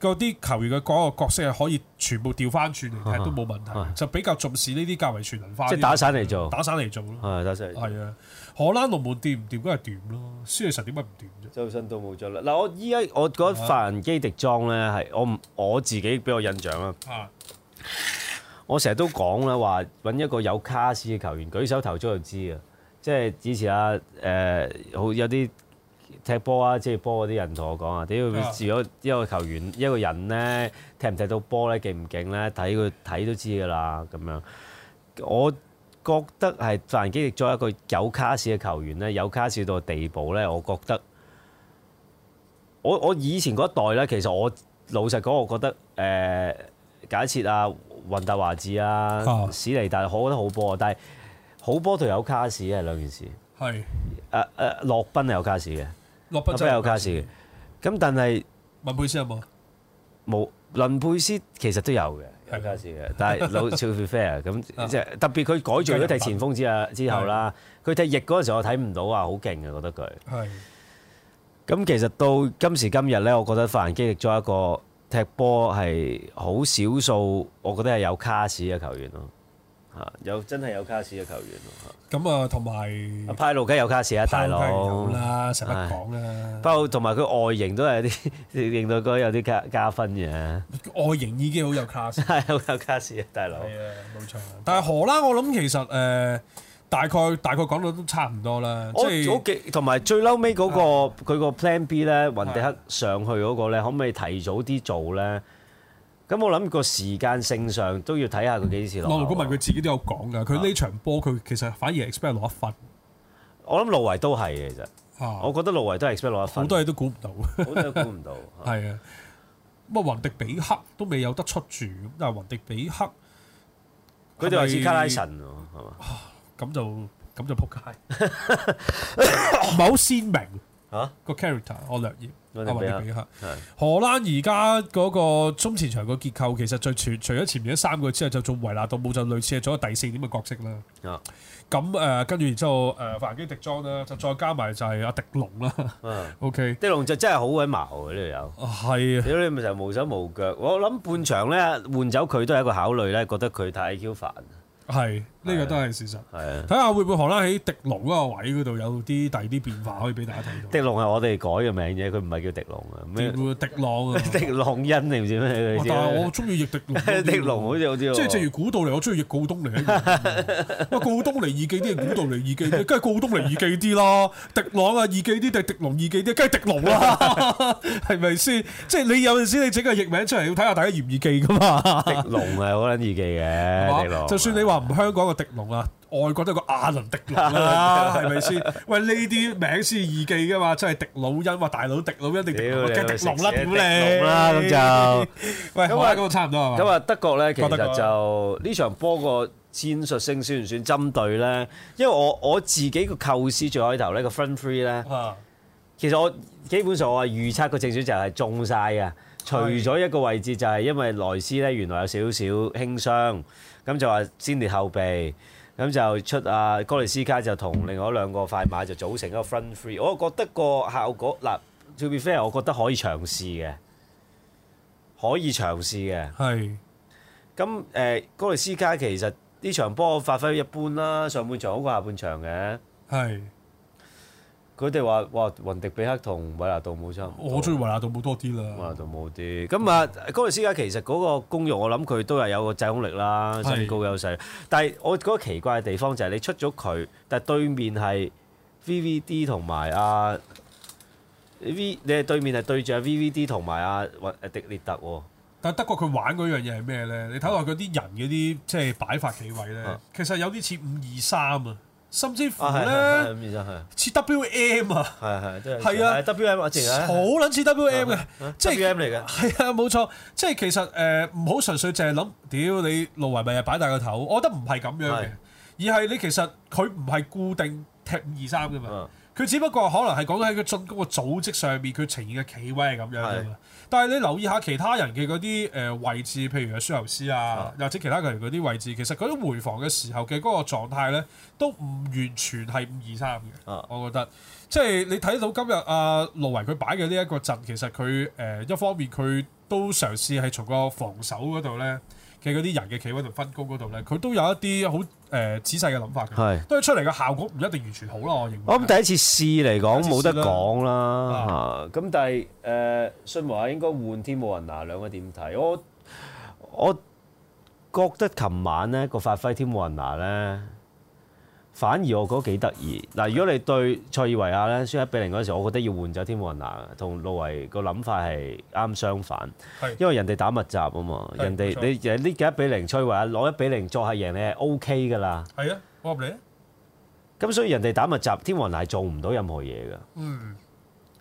嗰啲、啊、球員嘅嗰個角色係可以全部調翻轉嚟，係都冇問題。啊、就比較重視呢啲較為全能化。即係打散嚟做，打散嚟做咯。係打散。係啊！荷蘭龍門掂唔掂都係掂咯。施利臣點解唔掂？周身都冇咗啦。嗱，我依家我覺得法蘭基迪莊咧係我我自己俾我印象啊。我成日都講啦，話揾一個有卡斯嘅球員，舉手投足就知啊。即係支持啊！誒，好、呃、有啲踢波啊！即係波嗰啲人同我講啊，點解？如果一個球員、一個人咧踢唔踢到波咧，勁唔勁咧，睇佢睇都知㗎啦。咁樣，我覺得係范進經歷咗一個有卡士嘅球員咧，有卡士到嘅地步咧，我覺得我我以前嗰一代咧，其實我老實講，我覺得誒、呃，假設啊，雲達華智啊，oh. 史尼達，我覺得好波啊，但係。好波同有卡士係兩件事，係誒誒，洛賓係有卡士嘅，洛賓都有卡士嘅。咁但係是，文佩斯有冇？冇，林佩斯其實都有嘅，有卡士嘅。的但係老超費費咁，即係 特別佢改做咗踢前鋒之啊之後啦，佢的踢翼嗰陣時候我睇唔到啊，好勁啊覺得佢。係的。咁其實到今時今日咧，我覺得人進力做一個踢波係好少數，我覺得係有卡士嘅球員咯。啊！有真係有卡士嘅球員喎。咁啊，同埋派魯雞有卡士啊，大佬。啦，成日講啦。不過同埋佢外形都係有啲，令到佢有啲加加分嘅。外形已經好有卡士、啊，係好 有卡士啊，大佬。冇錯。但係荷蘭，我諗其實誒、呃，大概大概講到都差唔多啦。我我記同埋最嬲尾嗰個佢個、哎、Plan B 咧，雲迪克上去嗰個咧，的可唔可以提早啲做咧？有冇諗過時間性上都要睇下佢幾時落。羅盧哥問佢自己都有講噶，佢呢場波佢其實反而 expect 攞一分。我諗路維都係嘅，其實，我覺得路維都係 expect 攞一分。好多嘢都估唔到，好 多嘢估唔到，係 啊。咁啊，雲迪比克都未有得出住，但係雲迪比克是是，佢哋話似卡拉神喎，係嘛？咁就咁就撲街，唔係好鮮明。啊個 character 我略要，阿雲你俾下荷蘭而家嗰個中前場個結構其實在除咗前面嗰三個之後，就仲維納杜姆就類似係咗第四點嘅角色啦。啊，咁誒跟住然之後誒弗蘭基迪莊啦，就再加埋就係阿迪龍啦。啊、 OK 迪龍就真係好鬼矛嘅呢個友。啊係啊，佢呢咪就係無手無腳。我諗半場咧換走佢都係一個考慮咧，覺得佢太 IQ 煩。係。呢個都係事實。睇下會唔會荷蘭喺迪龍嗰位嗰度有啲第啲變化可以俾大家睇。迪龍係我哋改嘅名啫，佢唔係叫迪龍啊。咩？迪朗啊？迪朗恩定唔知咩？我中意譯迪龍。迪龍好似好似即係正如古道嚟，我中意譯告東嚟。喂，告東嚟易記啲，古道嚟易記啲，梗係告東嚟易記啲啦。迪朗啊，易記啲定迪龍易記啲？梗係迪龍啦，係咪先？即係你有陣時你整個譯名出嚟，要睇下大家易唔易記㗎嘛？迪龍係好撚易記嘅。迪龍就算你話唔香港。迪龍啊，外國都有個亞倫迪龍啦，啊，係咪先？喂，呢啲名是易記噶嘛？真係迪魯恩話大佬迪魯恩定迪龍啦，屌你啦咁就。 喂，咁啊，咁啊，嗯，差唔多咁啊，德國咧，其實就呢場波個戰術性算唔算針對咧？因為我我自己個構思最開頭呢，那個 front three 咧，其實我，嗯，其實我基本上我係預測個正選就係中晒啊。除咗一個位置就係因為萊斯咧原來有少少輕傷。咁就話先列後備，咁就出阿哥列斯卡就同另外兩個快馬就組成一個 front three。我覺得個效果嗱，To be fair 我覺得可以嘗試嘅，可以嘗試嘅。係。咁誒，哥列斯卡其實呢場波發揮一般啦，上半場好過下半場嘅。係。佢哋話：哇，雲迪比克同維納杜姆差唔多。我中意維納杜姆多啲啦。維納杜姆啲。咁啊，嗰陣時其實嗰個功用我諗佢都係有個制空力啦，身是高優勢。但係我覺得奇怪嘅地方就係你出咗佢，但係對面係 VVD 同埋啊，V，你係對面係對著 VVD 同埋、啊、阿迪列特喎、啊。但係德國佢玩嗰樣嘢係咩咧？你睇下佢啲人嗰啲即係擺法企位咧， 其實有啲似五二三啊。甚至乎咧，似 WM 啊，係係，都係啊，WM 啊，正啊，好撚似 WM 嘅，即係 WM 嚟嘅，係啊，冇錯，即係其實誒，唔好純粹淨係諗，屌你路維咪係擺大個頭，我覺得唔係咁樣嘅，而係你其實佢唔係固定踢五二三嘅嘛，佢只不過可能係講喺佢進攻嘅組織上面，佢呈現嘅企位係咁樣嘅。但係你留意下其他人嘅嗰啲誒位置，譬如係舒尤斯啊，或者其他球員嗰啲位置，其實佢啲回防嘅時候嘅嗰個狀態咧，都唔完全係五二三嘅。啊、我覺得即係你睇到今日阿盧維佢擺嘅呢一個陣，其實佢誒、呃、一方面佢都嘗試係從個防守嗰度呢，嘅嗰啲人嘅企位同分工嗰度咧，佢都有一啲好誒仔細嘅諗法嘅，是都係出嚟嘅效果唔一定完全好啦，我認為。我咁、嗯、第一次試嚟講冇得講啦，咁，但係誒信華應該換天母人拿，兩個點睇？我我覺得琴晚咧個發揮天母人拿咧。反而我覺得幾得意嗱。如果你對塞爾維亞呢，輸一比零嗰陣時，我覺得要換走天王拿同路維個諗法係啱相反，因為人哋打密集啊嘛，人哋你呢幾一比零塞爾維亞攞一比零作下贏你係 O K 㗎啦。係啊，我合你。咁所以人哋打密集天王拿係做唔到任何嘢㗎。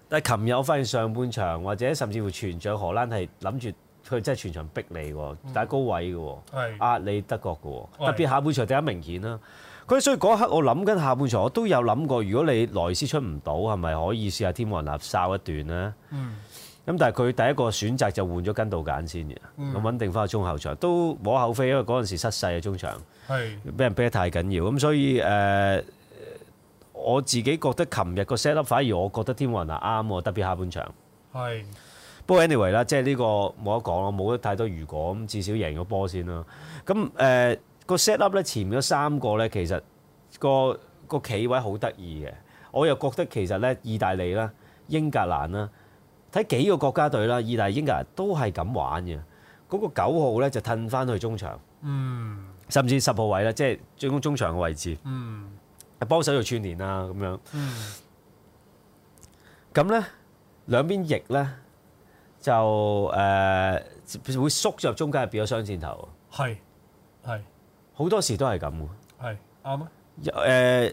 但係琴日我發現上半場或者甚至乎全場荷蘭係諗住佢真係全場逼你㗎，打高位㗎，壓你德國㗎，特別下半場第一明顯啦。咁所以嗰刻我諗緊下半場，我都有諗過，如果你萊斯出唔到，係咪可以試下天王立哨一段呢？咁、嗯、但係佢第一個選擇就換咗根道桿先嘅，咁、嗯、穩定翻個中後場都無可厚非，因為嗰陣時失勢啊中場，係俾是人逼得太緊要。咁所以誒、呃，我自己覺得琴日個 set up 反而我覺得天王立啱我，特別下半場。係是。不過 anyway 啦，即係呢個冇得講咯，冇得太多如果咁，至少贏咗波先啦。咁、呃、誒。呃個 set up 咧前面嗰三個咧，其實個個企位好得意嘅。我又覺得其實咧，意大利啦、英格蘭啦，睇幾個國家隊啦，意大利英格蘭都係咁玩嘅。嗰個九號咧就褪翻去中場，嗯，甚至十號位咧，即係進攻中場嘅位置，嗯，幫手做串聯啊咁樣，嗯，咁咧兩邊翼咧就誒會縮入中間，變咗雙箭頭，係係。好多時都係咁喎，係啱啊！誒、呃，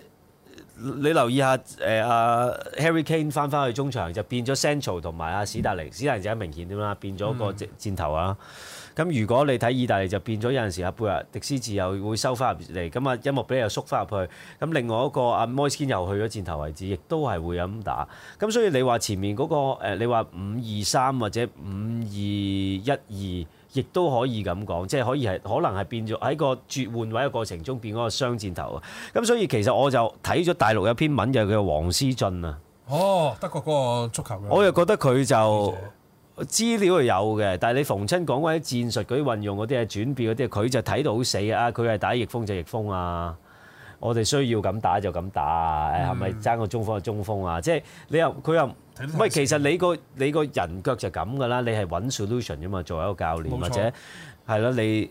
你留意下誒，阿、呃、Harry Kane 翻翻去中場就變咗 Central 同埋阿史達尼。嗯、史達尼就啱明顯啲啦，變咗個箭箭頭啊！咁、嗯、如果你睇意大利就變咗有陣時阿貝啊迪斯自由會收翻入嚟，咁啊音樂比又縮翻入去，咁另外一個阿 Moise Kean 又去咗箭頭位置，亦都係會咁打。咁所以你話前面嗰、嗰個誒你話五二三或者五二一二。亦都可以咁講，即係可以係可能係變咗喺個絕換位嘅過程中變嗰個雙箭頭啊！咁所以其實我就睇咗大陸有篇文就是、叫黃思俊啊。哦，德國嗰個足球嘅。我又覺得佢就、嗯、資料係有嘅，但係你逢親講嗰啲戰術嗰啲運用嗰啲啊轉變嗰啲佢就睇到好死啊！佢係打逆風就逆風啊。我哋需要咁打就咁打，誒係咪爭個中鋒就中鋒啊？即係你又佢又，唔係其實你個你個人腳就咁㗎啦，你係揾 solution 㗎嘛，作為一個教練或者係咯你。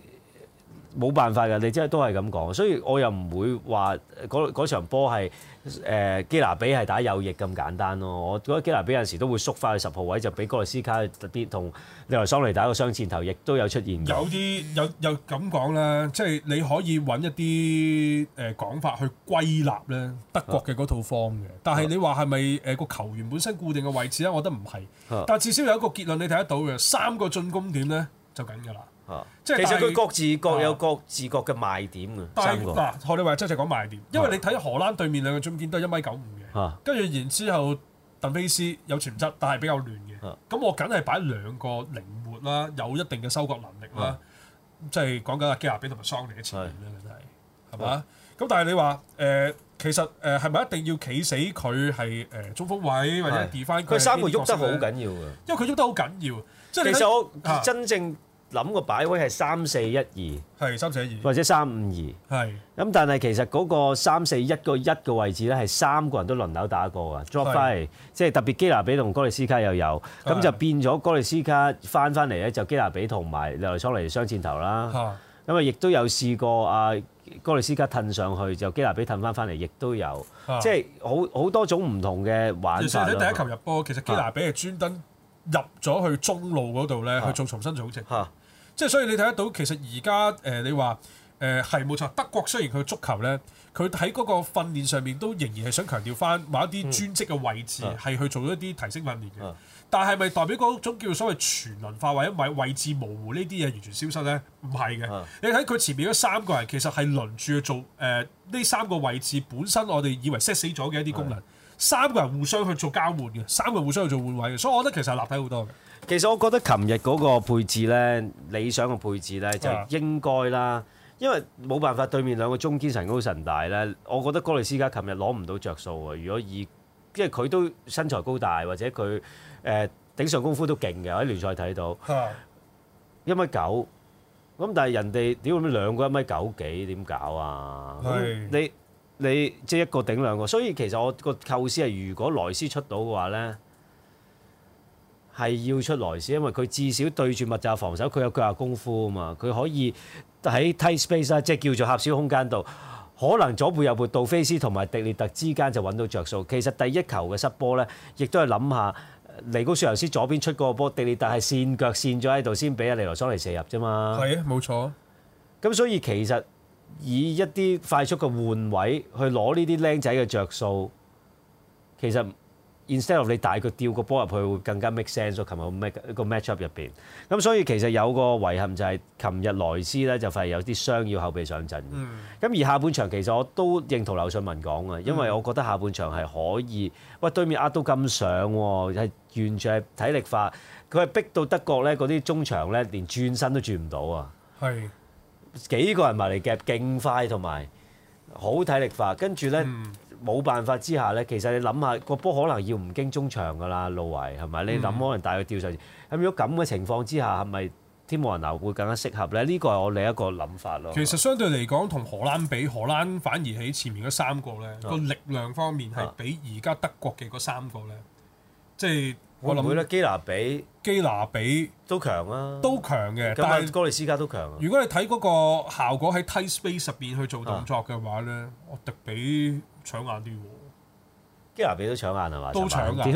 冇辦法㗎，你即係都係咁講，所以我又唔會話嗰場波係誒基拿比係打右翼咁簡單咯。我覺得基拿比有時都會縮翻去十號位，就俾哥斯卡特別同利萊桑尼打個雙箭頭，亦都有出現有。有啲有有咁講啦，即係你可以揾一啲誒、呃、講法去歸納咧德國嘅嗰套方嘅。啊、但係你話係咪誒個球員本身固定嘅位置咧？我覺得唔係。啊、但至少有一個結論你睇得到嘅，三個進攻點咧就緊㗎啦。即係其實佢各自各有各自各嘅賣點㗎。三個嗱，學你話齋就係講賣點。因為你睇荷蘭對面兩個中堅都係一米九五嘅。跟住然之後，鄧菲斯有潛質，但係比較亂嘅。咁我梗係擺兩個靈活啦，有一定嘅收割能力啦。即係講緊阿基亞比同埋桑尼嘅錢咁樣嘅真係係嘛？咁但係你話誒，其實誒係咪一定要企死佢係誒中鋒位或者 defend 佢三個喐得好緊要㗎？因為佢喐得好緊要。即係其實我真正諗個擺位係三四一二，係三四一二，或者三五二，係。咁但係其實嗰個三四一個一嘅位置咧，係三個人都輪流打過㗎，drop 翻嚟，即係特別基拿比同哥利斯卡又有，咁就變咗哥利斯卡翻翻嚟咧，就基拿比同埋劉友昌嚟雙箭頭啦。咁啊，亦都有試過啊，哥利斯卡褪上去就基拿比褪翻翻嚟，亦都有，即係好好多種唔同嘅玩法咯。其實喺第一球入波，其實基拿比係專登入咗去中路嗰度咧去做重新組織。即係所以你睇得到，其實而家誒你話誒係冇錯，德國雖然佢嘅足球咧，佢喺嗰個訓練上面都仍然係想強調翻某一啲專職嘅位置係去做一啲提升訓練嘅。嗯嗯、但係咪代表嗰種叫做所謂全能化或者位位置模糊呢啲嘢完全消失咧？唔係嘅。嗯、你睇佢前面嗰三個人，其實係輪住去做誒呢、呃、三個位置本身我哋以為 set 死咗嘅一啲功能，嗯、三個人互相去做交換嘅，三個人互相去做換位嘅，所以我覺得其實立體好多嘅。其實我覺得琴日嗰個配置呢，理想嘅配置呢，就應該啦，因為冇辦法對面兩個中堅神高神大呢，我覺得哥利斯卡琴日攞唔到着數啊！如果以，因為佢都身材高大，或者佢誒、呃、頂上功夫都勁嘅，喺聯賽睇到、啊、一米九，咁但係人哋點會兩個一米九幾點搞啊？是 你你即係、就是、一個頂兩個，所以其實我個構思係如果萊斯出到嘅話呢。係要出來先，因為佢至少對住密集防守，佢有腳下功夫啊嘛。佢可以喺 tight space 即係叫做狹小空間度，可能左撥右撥杜菲斯同埋迪列特之間就揾到着數。其實第一球嘅失波呢，亦都係諗下尼高舒尤斯左邊出嗰個波，迪列特係跣腳跣咗喺度，先俾阿尼羅桑尼射入啫嘛。係啊，冇錯。咁所以其實以一啲快速嘅換位去攞呢啲靚仔嘅着數，其實。Instead of 你帶佢掉個波入去會更加 make sense 咯，琴日好 make 一個 matchup 入邊，咁所以其實有個遺憾就係琴日萊斯咧就係有啲傷要後備上陣嘅，咁而下半場其實我都認同劉俊文講嘅，因為我覺得下半場係可以，喂對面壓到咁上喎，係完全係體力化，佢係逼到德國咧嗰啲中場咧連轉身都轉唔到啊，係幾個人埋嚟夾勁快同埋好體力化，跟住咧。冇辦法之下呢，其實你諗下，個波可能要唔經中場噶啦，路維係咪？你諗可能帶佢吊上去。咁、嗯、如果咁嘅情況之下，係咪天 e 人流會更加適合呢？呢個係我另一個諗法咯。其實相對嚟講，同荷蘭比，荷蘭反而喺前面嗰三個呢，個、啊、力量方面係比而家德國嘅嗰三個呢。即係、啊、我諗會咧。基拿比基拿比都強啊，都強嘅。但係高利斯卡都強、啊。如果你睇嗰個效果喺 tight space 入面去做動作嘅話呢，啊、我突比。搶眼啲喎，基拿比搶都搶眼係嘛？ 都搶眼，點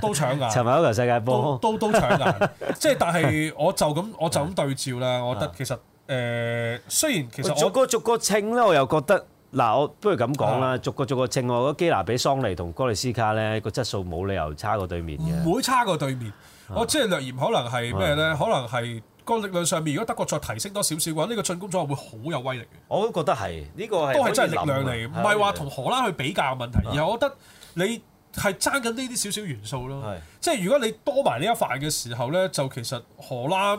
都搶眼。尋日嗰球世界波都都搶眼，即係但係我就咁我就咁對照啦。 我覺得其實誒、呃、雖然其實逐個逐個稱咧，我又覺得嗱，我不如咁講啦，啊、逐個逐個稱，我覺得基拿比桑尼同哥利斯卡咧個質素冇理由差過對面嘅，唔會差過對面。 我即係略嫌可能係咩咧？ 可能係。個力量上面，如果德國再提升多少少嘅話，呢、呢個進攻組合會好有威力嘅。我都覺得係，呢、呢個都係真係力量嚟，唔係話同荷蘭去比較嘅問題。而我覺得你係爭緊呢啲少少元素咯，是即係如果你多埋呢一塊嘅時候呢，就其實荷蘭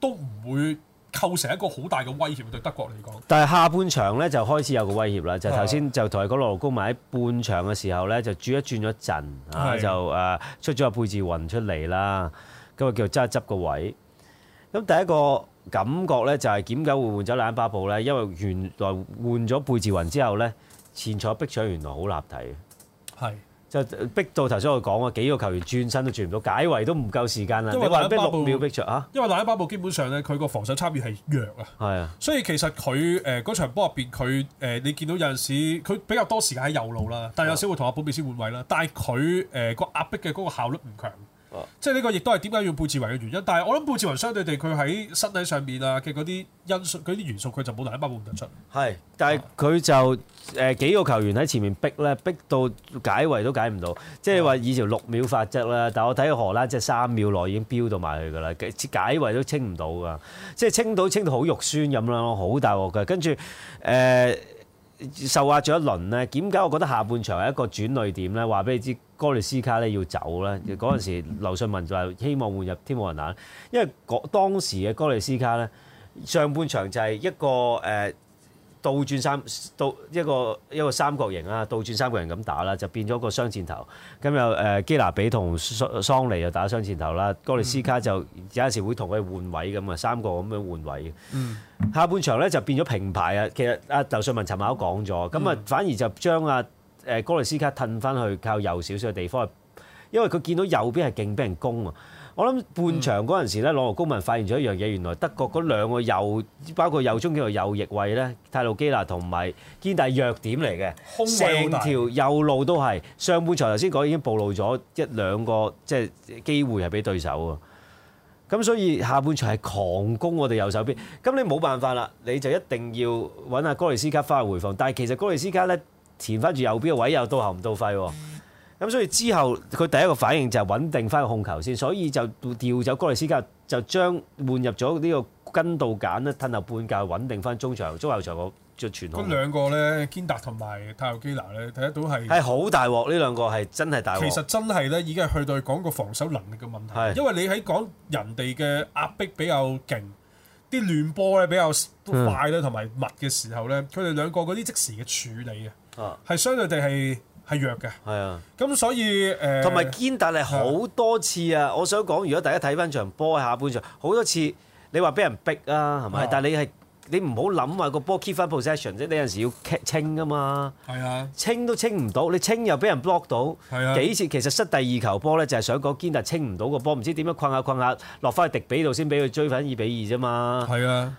都唔會構成一個好大嘅威脅對德國嚟講。但係下半場呢，就開始有個威脅啦，就頭、是、先就同你講羅高埋喺半場嘅時候呢，就轉一轉咗陣是啊，就誒出咗個配置，運出嚟啦，咁啊叫揸執個位。咁第一個感覺咧就係點解會換咗賴巴布咧？因為原來換咗貝治雲之後咧，前場逼搶原來好立體嘅。係是就逼到頭先我講喎，幾個球員轉身都轉唔到，解圍都唔夠時間啦。你話俾六秒逼搶啊？因為賴巴布基本上咧，佢個防守參與係弱啊。係啊，所以其實佢誒嗰場波入邊佢誒，你見到有陣時佢比較多時間喺右路啦，但有時會同阿保比斯換位啦。但係佢誒個壓迫嘅嗰個效率唔強。即係呢個亦都係點解要貝治雲嘅原因，但係我諗貝治雲相對地佢喺身體上面啊嘅嗰啲因素、嗰啲元素，佢就冇第一班冇突出。係，但係佢就誒、呃、幾個球員喺前面逼咧，逼到解圍都解唔到。即係話以條六秒法則啦，但我睇荷蘭即係三秒內已經飆到埋去㗎啦，解解圍都清唔到㗎。即係清到清到好肉酸咁啦，好大鑊㗎。跟住誒。呃受壓咗一輪呢，點解我覺得下半場係一個轉捩點呢？話俾你知，哥利斯卡咧要走呢。嗰陣時劉信文就係希望換入天人冷，因為嗰當時嘅哥利斯卡呢，上半場就係一個誒。呃倒轉三倒一個一個三角形啦，倒轉三角形咁打啦，就變咗個雙箭頭。咁又誒基拿比同桑尼又打雙箭頭啦。哥利斯卡就有陣時會同佢換位咁啊，三個咁樣換位。嗯，下半場咧就變咗平排啊。其實阿劉順文尋晚都講咗咁啊，反而就將阿誒哥利斯卡褪翻去靠右少少嘅地方，因為佢見到右邊係勁俾人攻啊。我諗半場嗰陣時咧，朗豪公民發現咗一樣嘢，原來德國嗰兩個右，包括右中叫做右翼位咧，泰路基娜同埋堅，大弱點嚟嘅，空位好大，成條右路都係上半場頭先講已經暴露咗一兩個即係機會係俾對手喎。咁所以下半場係狂攻我哋右手邊，咁你冇辦法啦，你就一定要揾阿哥利斯卡翻去回防，但係其實哥利斯卡咧填翻住右邊嘅位又到喉唔到肺喎。咁所以之後，佢第一個反應就係穩定翻個控球先，所以就調走哥利斯加，就將換入咗呢個根度簡呢褪後半教穩定翻中場，中後場個嘅全控。兩個咧，堅達同埋泰奧基娜咧，睇得到係係好大鑊，呢兩個係真係大鑊。其實真係咧，已經係去到講個防守能力嘅問題，是因為你喺講人哋嘅壓迫比較勁，啲亂波咧比較快咧，同埋、嗯、密嘅時候咧，佢哋兩個嗰啲即時嘅處理啊，係相對地係。係弱嘅，係啊，咁所以誒，同、呃、埋堅達係好多次啊。啊我想講，如果大家睇翻場波喺下半場，好多次你話俾人逼啊，係咪？啊、但係你係你唔好諗話個波 keep 翻 possession 啫。你有陣時要清㗎嘛，係啊，清都清唔到，你清又俾人 block 到，啊、幾次其實失第二球波咧，就係想講堅達清唔到個波，唔知點樣困下困下，困下落翻去迪比度先俾佢追翻二比二啫嘛，係啊。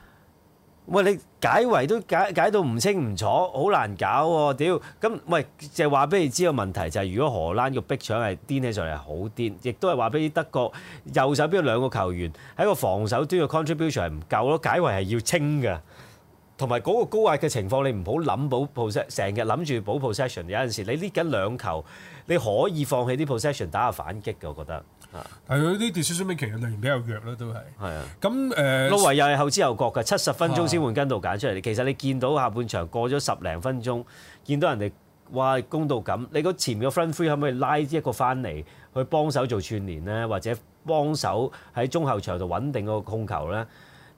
喂，你解圍都解解到唔清唔楚，好難搞喎，啊！屌，咁喂，就係話俾你知個問題就係、是，如果荷蘭個逼搶係癲起上嚟係好癲，亦都係話俾德國右手邊兩個球員喺個防守端嘅 contribution 係唔夠咯，解圍係要清嘅，同埋嗰個高壓嘅情況你，你唔好諗保成日諗住保 possession，有陣時你呢緊兩球，你可以放棄啲 possession 打下反擊嘅，我覺得。係佢啲點少少咩？其實仍然比較弱啦，都係。係啊的，咁誒、嗯，路維又係後知後覺嘅，七十分鐘先換根度揀出嚟。的其實你見到下半場過咗十零分鐘，見到人哋哇攻到咁，你個前面個 front three 可唔可以拉一個翻嚟去幫手做串聯咧，或者幫手喺中後場度穩定嗰個控球咧？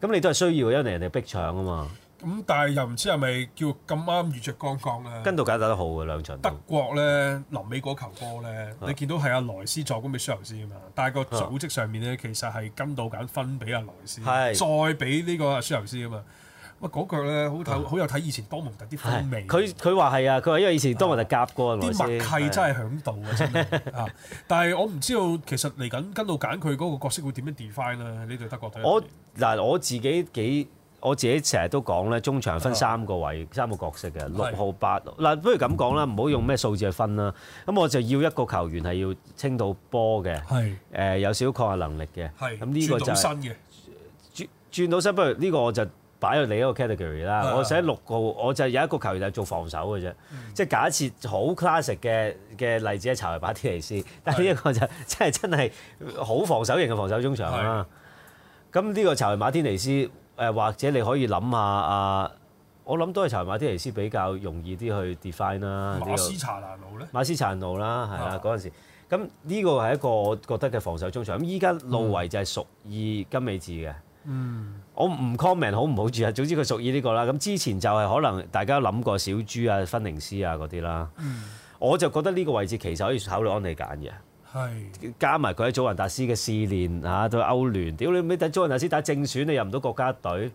咁你都係需要，因為人哋逼搶啊嘛。咁但係又唔知係咪叫咁啱遇着剛剛啦？跟度簡打得好嘅兩場。德國咧，臨尾嗰球波咧，的你見到係阿萊斯助攻俾舒尤斯啊嘛，但係個組織上面咧，其實係跟度簡分俾阿萊斯，的再俾呢個阿舒尤斯啊嘛。哇，嗰句咧好透，好有睇以前多蒙特啲風味。佢，佢話係啊，佢話因為以前多蒙特夾過啊嘛。啲的默契真係響度啊！真係啊，但係我唔知道，其實嚟緊跟度簡佢嗰個角色會點樣 define 啊？呢隊德國隊。我，嗱我自己幾。嗯我自己成日都講咧，中場分三個位三個角色嘅六、oh. 號、八嗱，不如咁講啦，唔好用咩數字去分啦。咁我就要一個球員係要清到波嘅，誒是、呃、有少抗壓能力嘅。咁呢是個就是、轉轉到身。不如呢個我就擺入你一個 category 啦。的我寫六號，我就有一個球員就做防守嘅啫。的即係假設好 classic 嘅嘅例子係查維馬天尼斯，但係呢個就真係真係好防守型嘅防守中場啦。咁呢的個查維馬天尼斯。誒或者你可以諗下啊，我諗都係查馬天尼斯比較容易啲去 define 啦。馬斯查拿魯咧？馬斯查拿魯啦，係啊的，嗰陣時，咁呢個係一個我覺得嘅防守中場。咁依家路維就係屬意金美治嘅。嗯，我唔 comment 好唔好住啊，總之佢屬意呢個啦。咁之前就係可能大家諗過小豬啊、芬寧斯啊嗰啲啦。嗯，我就覺得呢個位置其實可以考慮安利揀嘅。係加埋佢喺祖雲達斯嘅試練嚇，對歐聯。屌你，你睇祖雲達斯打正選，你入唔到國家隊。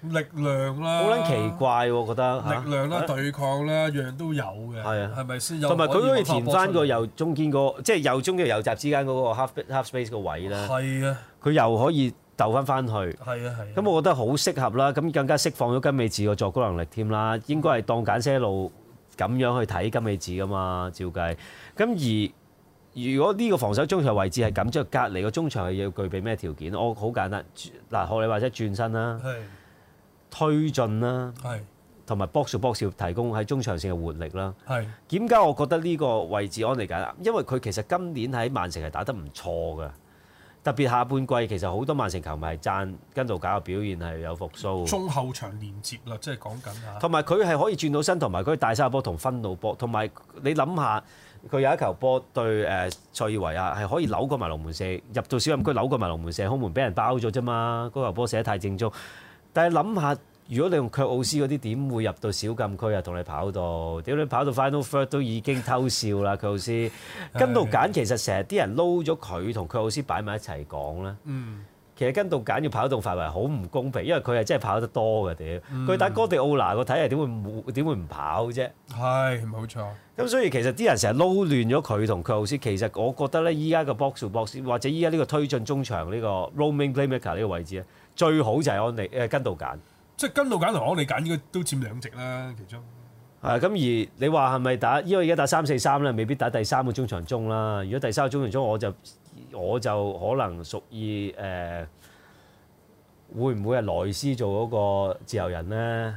力量啦，好撚奇怪，我覺得力量啦，對抗啦，樣樣都有嘅。係啊，係咪先？同埋佢可以填翻個由中間個，即係由中嘅右閘之間嗰個 half half space 個位啦。係啊，佢又可以鬥翻翻去。係啊係。咁我覺得好適合啦，咁更加釋放咗金美智嘅助攻能力添啦。應該係當簡些路咁樣去睇金美智噶嘛，照計。咁而如果呢個防守中場位置係咁，嗯、即係隔離個中場係要具備咩條件？我好簡單，嗱學你話齋轉身啦，是推進啦，同埋是 box box 提供喺中場線嘅活力啦。點解是我覺得呢個位置安嚟簡單？因為佢其實今年喺曼城係打得唔錯嘅，特別下半季其實好多曼城球迷係贊根度假嘅表現係有復甦。中後場連接啦，即係講緊啊。同埋佢係可以轉到身，同埋佢大殺波同分路博，同埋你諗下。佢有一球波對誒塞爾維亞係可以扭過埋龍門射入到小禁區，扭過埋龍門射空門俾人包咗啫嘛！嗰球波射得太正宗，但係諗下如果你用卻奧斯嗰啲點會入到小禁區啊？同你，你跑到屌你跑到 final third 都已經偷笑啦！卻 奧斯跟到揀其實成日啲人撈咗佢同卻奧斯擺埋一齊講啦。嗯其實根度簡要跑動範圍好唔公平，因為佢係真係跑得多嘅屌。佢打哥迪奧拿個體係點會冇點會唔跑啫？係、嗯、冇錯。咁所以其實啲人成日撈亂咗佢同佢奧斯。其實我覺得咧，依家個 box to box 或者依家呢個推進中場呢、呢個 roaming playmaker 呢個位置咧，最好就係安利誒根度簡。即係根度簡同我，安利簡應該都佔兩席啦，其中。係咁而你話係咪打？因為而家打三四三咧，未必打第三個中場中啦。如果第三個中場中我就。我就可能屬意誒，會唔會係萊斯做嗰個自由人咧？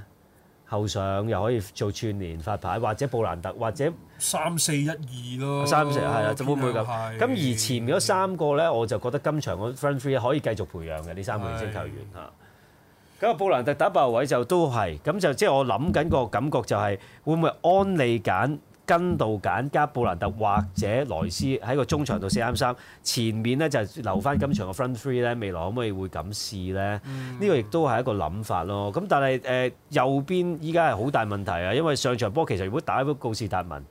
後上又可以做串連發牌，或者布蘭特，或者三四一二咯。三四係啊，會唔會咁？咁而前面嗰三個咧，我就覺得今場個 front three 可以繼續培養嘅呢三個明星球員嚇。咁啊，布蘭特打爆位就都係，咁就即係我諗緊個感覺就係會唔會安利簡？跟到簡加布蘭特或者萊斯喺個中場度四三三前面呢就係，留翻今場個 front three 呢。未來可唔可以會咁試呢？呢、嗯、個亦都係一個諗法咯。咁但係誒、呃、右邊依家係好大問題啊！因為上場波其實如果打一翻告示打文，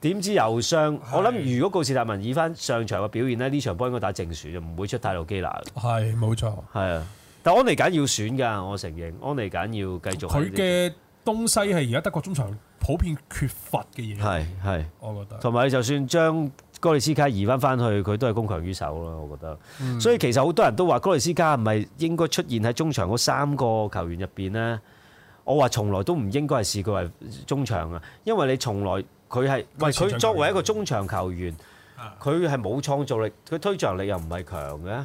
點知又傷？是我諗如果告示打文以翻上場嘅表現呢，呢場波應該打正選就唔會出泰路基拿。係冇錯，係啊！但安迪簡要選㗎，我承認安迪簡要繼續佢嘅。東西係而家德國中場普遍缺乏嘅嘢，係係，我覺得同埋就算將哥列斯卡移翻翻去，佢都係攻強於守咯，我覺得。嗯、所以其實好多人都話哥列斯卡唔係應該出現喺中場嗰三個球員入邊呢？我話從來都唔應該係視佢為中場啊，因為你從來佢係唔佢作為一個中場球員，佢係冇創造力，佢推進力又唔係強嘅。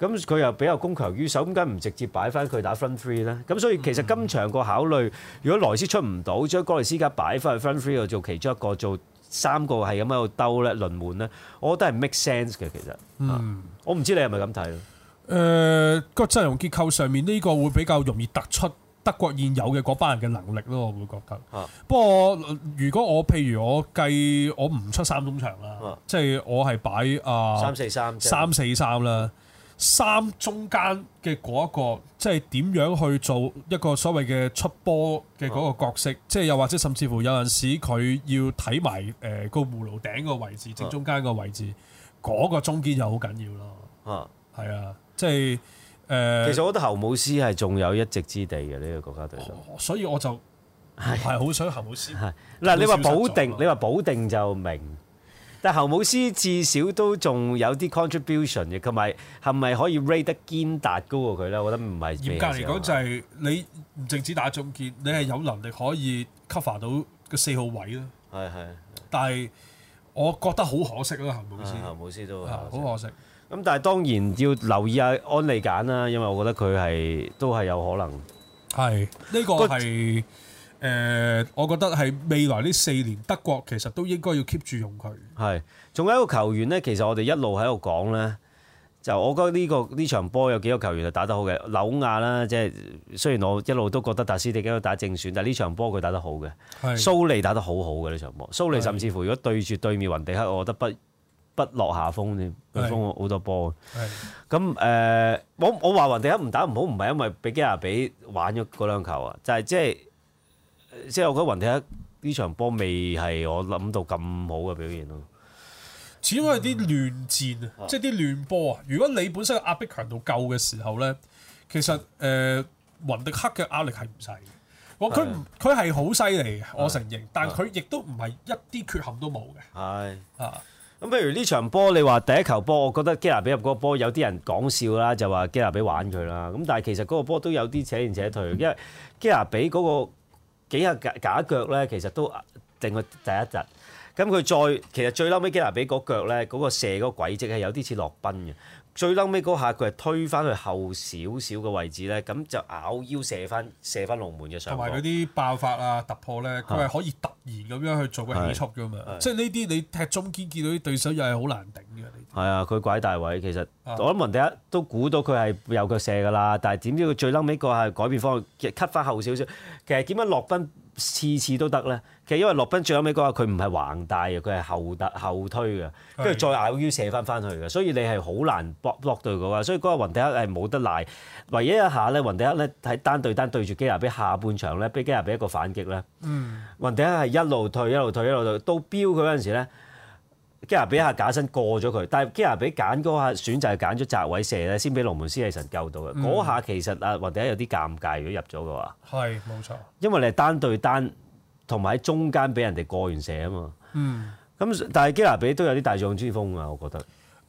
咁佢又比較攻強於守，咁梗唔直接擺翻佢打 front three 呢。咁所以其實今場個考慮，如果萊斯出唔到，將哥倫斯卡擺翻去 front three，又做其中一個做三個，係咁喺度兜咧輪換呢，我覺得係 make sense 嘅。其實，嗯，我唔知你係咪咁睇咯。誒，個陣容結構上面呢個會比較容易突出德國現有嘅嗰班人嘅能力咯。我會覺得。不過如果我譬如我計我唔出三中場啦，即係我係擺啊三四三三四三啦。三中堅嘅嗰一個，即係點樣去做一個所謂嘅出波嘅嗰個角色，啊、即係又或者甚至乎有陣時佢要睇埋誒個葫蘆頂個位置，啊、正中間個位置，嗰、那個中堅就好緊要咯。啊，係啊，即係誒。呃、其實我覺得侯姆斯係仲有一席之地嘅呢、這個國家隊、哦。所以我就係好想侯姆斯。嗱，你話保定，你話保定就明。但係侯姆斯至少都仲有啲 contribution 嘅，同埋係咪可以 rate 得堅達高過佢咧？我覺得唔係。嚴格嚟講，就係你唔淨止打中堅，你係有能力可以 cover 到個四號位咯。係係。但係我覺得好可惜啊，侯姆斯。侯姆斯都好可惜。咁但係當然要留意下安利簡啦，因為我覺得佢係都係有可能。係呢個係。誒、呃，我覺得係未來呢四年，德國其實都應該要 keep 住用佢。係，仲有一個球員呢，其實我哋一路喺度講呢，就我覺得呢、呢個呢場波有幾個球員就打得好嘅，紐亞啦，即、就、係、是、雖然我一路都覺得達斯蒂幾好打正選，但係呢場波佢打得好嘅，是蘇利打得好好嘅呢場波，蘇利甚至乎如果對住對面雲地克，我覺得不不落下風添，封好多波。咁誒是、呃，我我話雲地克唔打唔好，唔係因為俾基亞比玩咗嗰兩球啊，就係即係。就是就是即係我覺得雲迪克呢場波未係我諗到咁好嘅表現咯。始終係啲亂戰、嗯、亂啊，即係啲亂波啊。如果你本身嘅壓迫強度夠嘅時候咧，其實誒、呃、雲迪克嘅壓力係唔細嘅。佢佢係好犀利，啊、我承認，但係佢亦都唔係一啲缺陷都冇嘅。係的啊，咁譬如呢場波，你話第一球波，我覺得基拿比入嗰個波，有啲人講笑啦，就話基拿比玩佢啦。咁但係其實嗰個波都有啲且戰且退，因為基拿比嗰、那個。幾日夾夾腳咧，其實都定佢第一日。咁佢再，其實最嬲尾基拿比嗰腳咧，嗰、嗰個射嗰軌跡係有啲似洛賓嘅。最撚尾嗰下，佢係推翻去後少少嘅位置咧，咁就咬腰射翻射翻龍門嘅上角。同埋嗰啲爆發啊、突破咧，佢係是可以突然咁樣去做個起速噶嘛。是即係呢啲你踢中堅見到啲對手又係好難頂嘅。係啊，佢拐大位，其實是我諗人哋第一都估到佢係右腳射噶啦，但係點知佢最撚尾嗰下改變方向，cut 翻後少少。其實點解洛賓次次都得咧？因為洛賓最後尾嗰下佢唔係橫帶嘅，佢係後突後推嘅，跟住的再拗腰射翻翻去嘅，所以你係好難博博對佢嘅。所以嗰下雲迪克係冇得賴，唯一一下咧，雲迪克咧喺單對單對住基拿比下半場咧，俾基拿比一個反擊咧。嗯，雲迪克係一路退一路退一路退到標佢嗰陣時咧，基拿比下假身過咗佢，但係基拿比揀嗰下選擇係揀咗窄位射咧，先俾龍門斯氣神救到嘅。嗰下、嗯、其實啊雲迪克有啲尷尬，如果入咗嘅話，係冇錯，因為你係單對單。同埋喺中間俾人哋過完射啊嘛，咁但係基拿比都有啲大將之風啊，我覺得。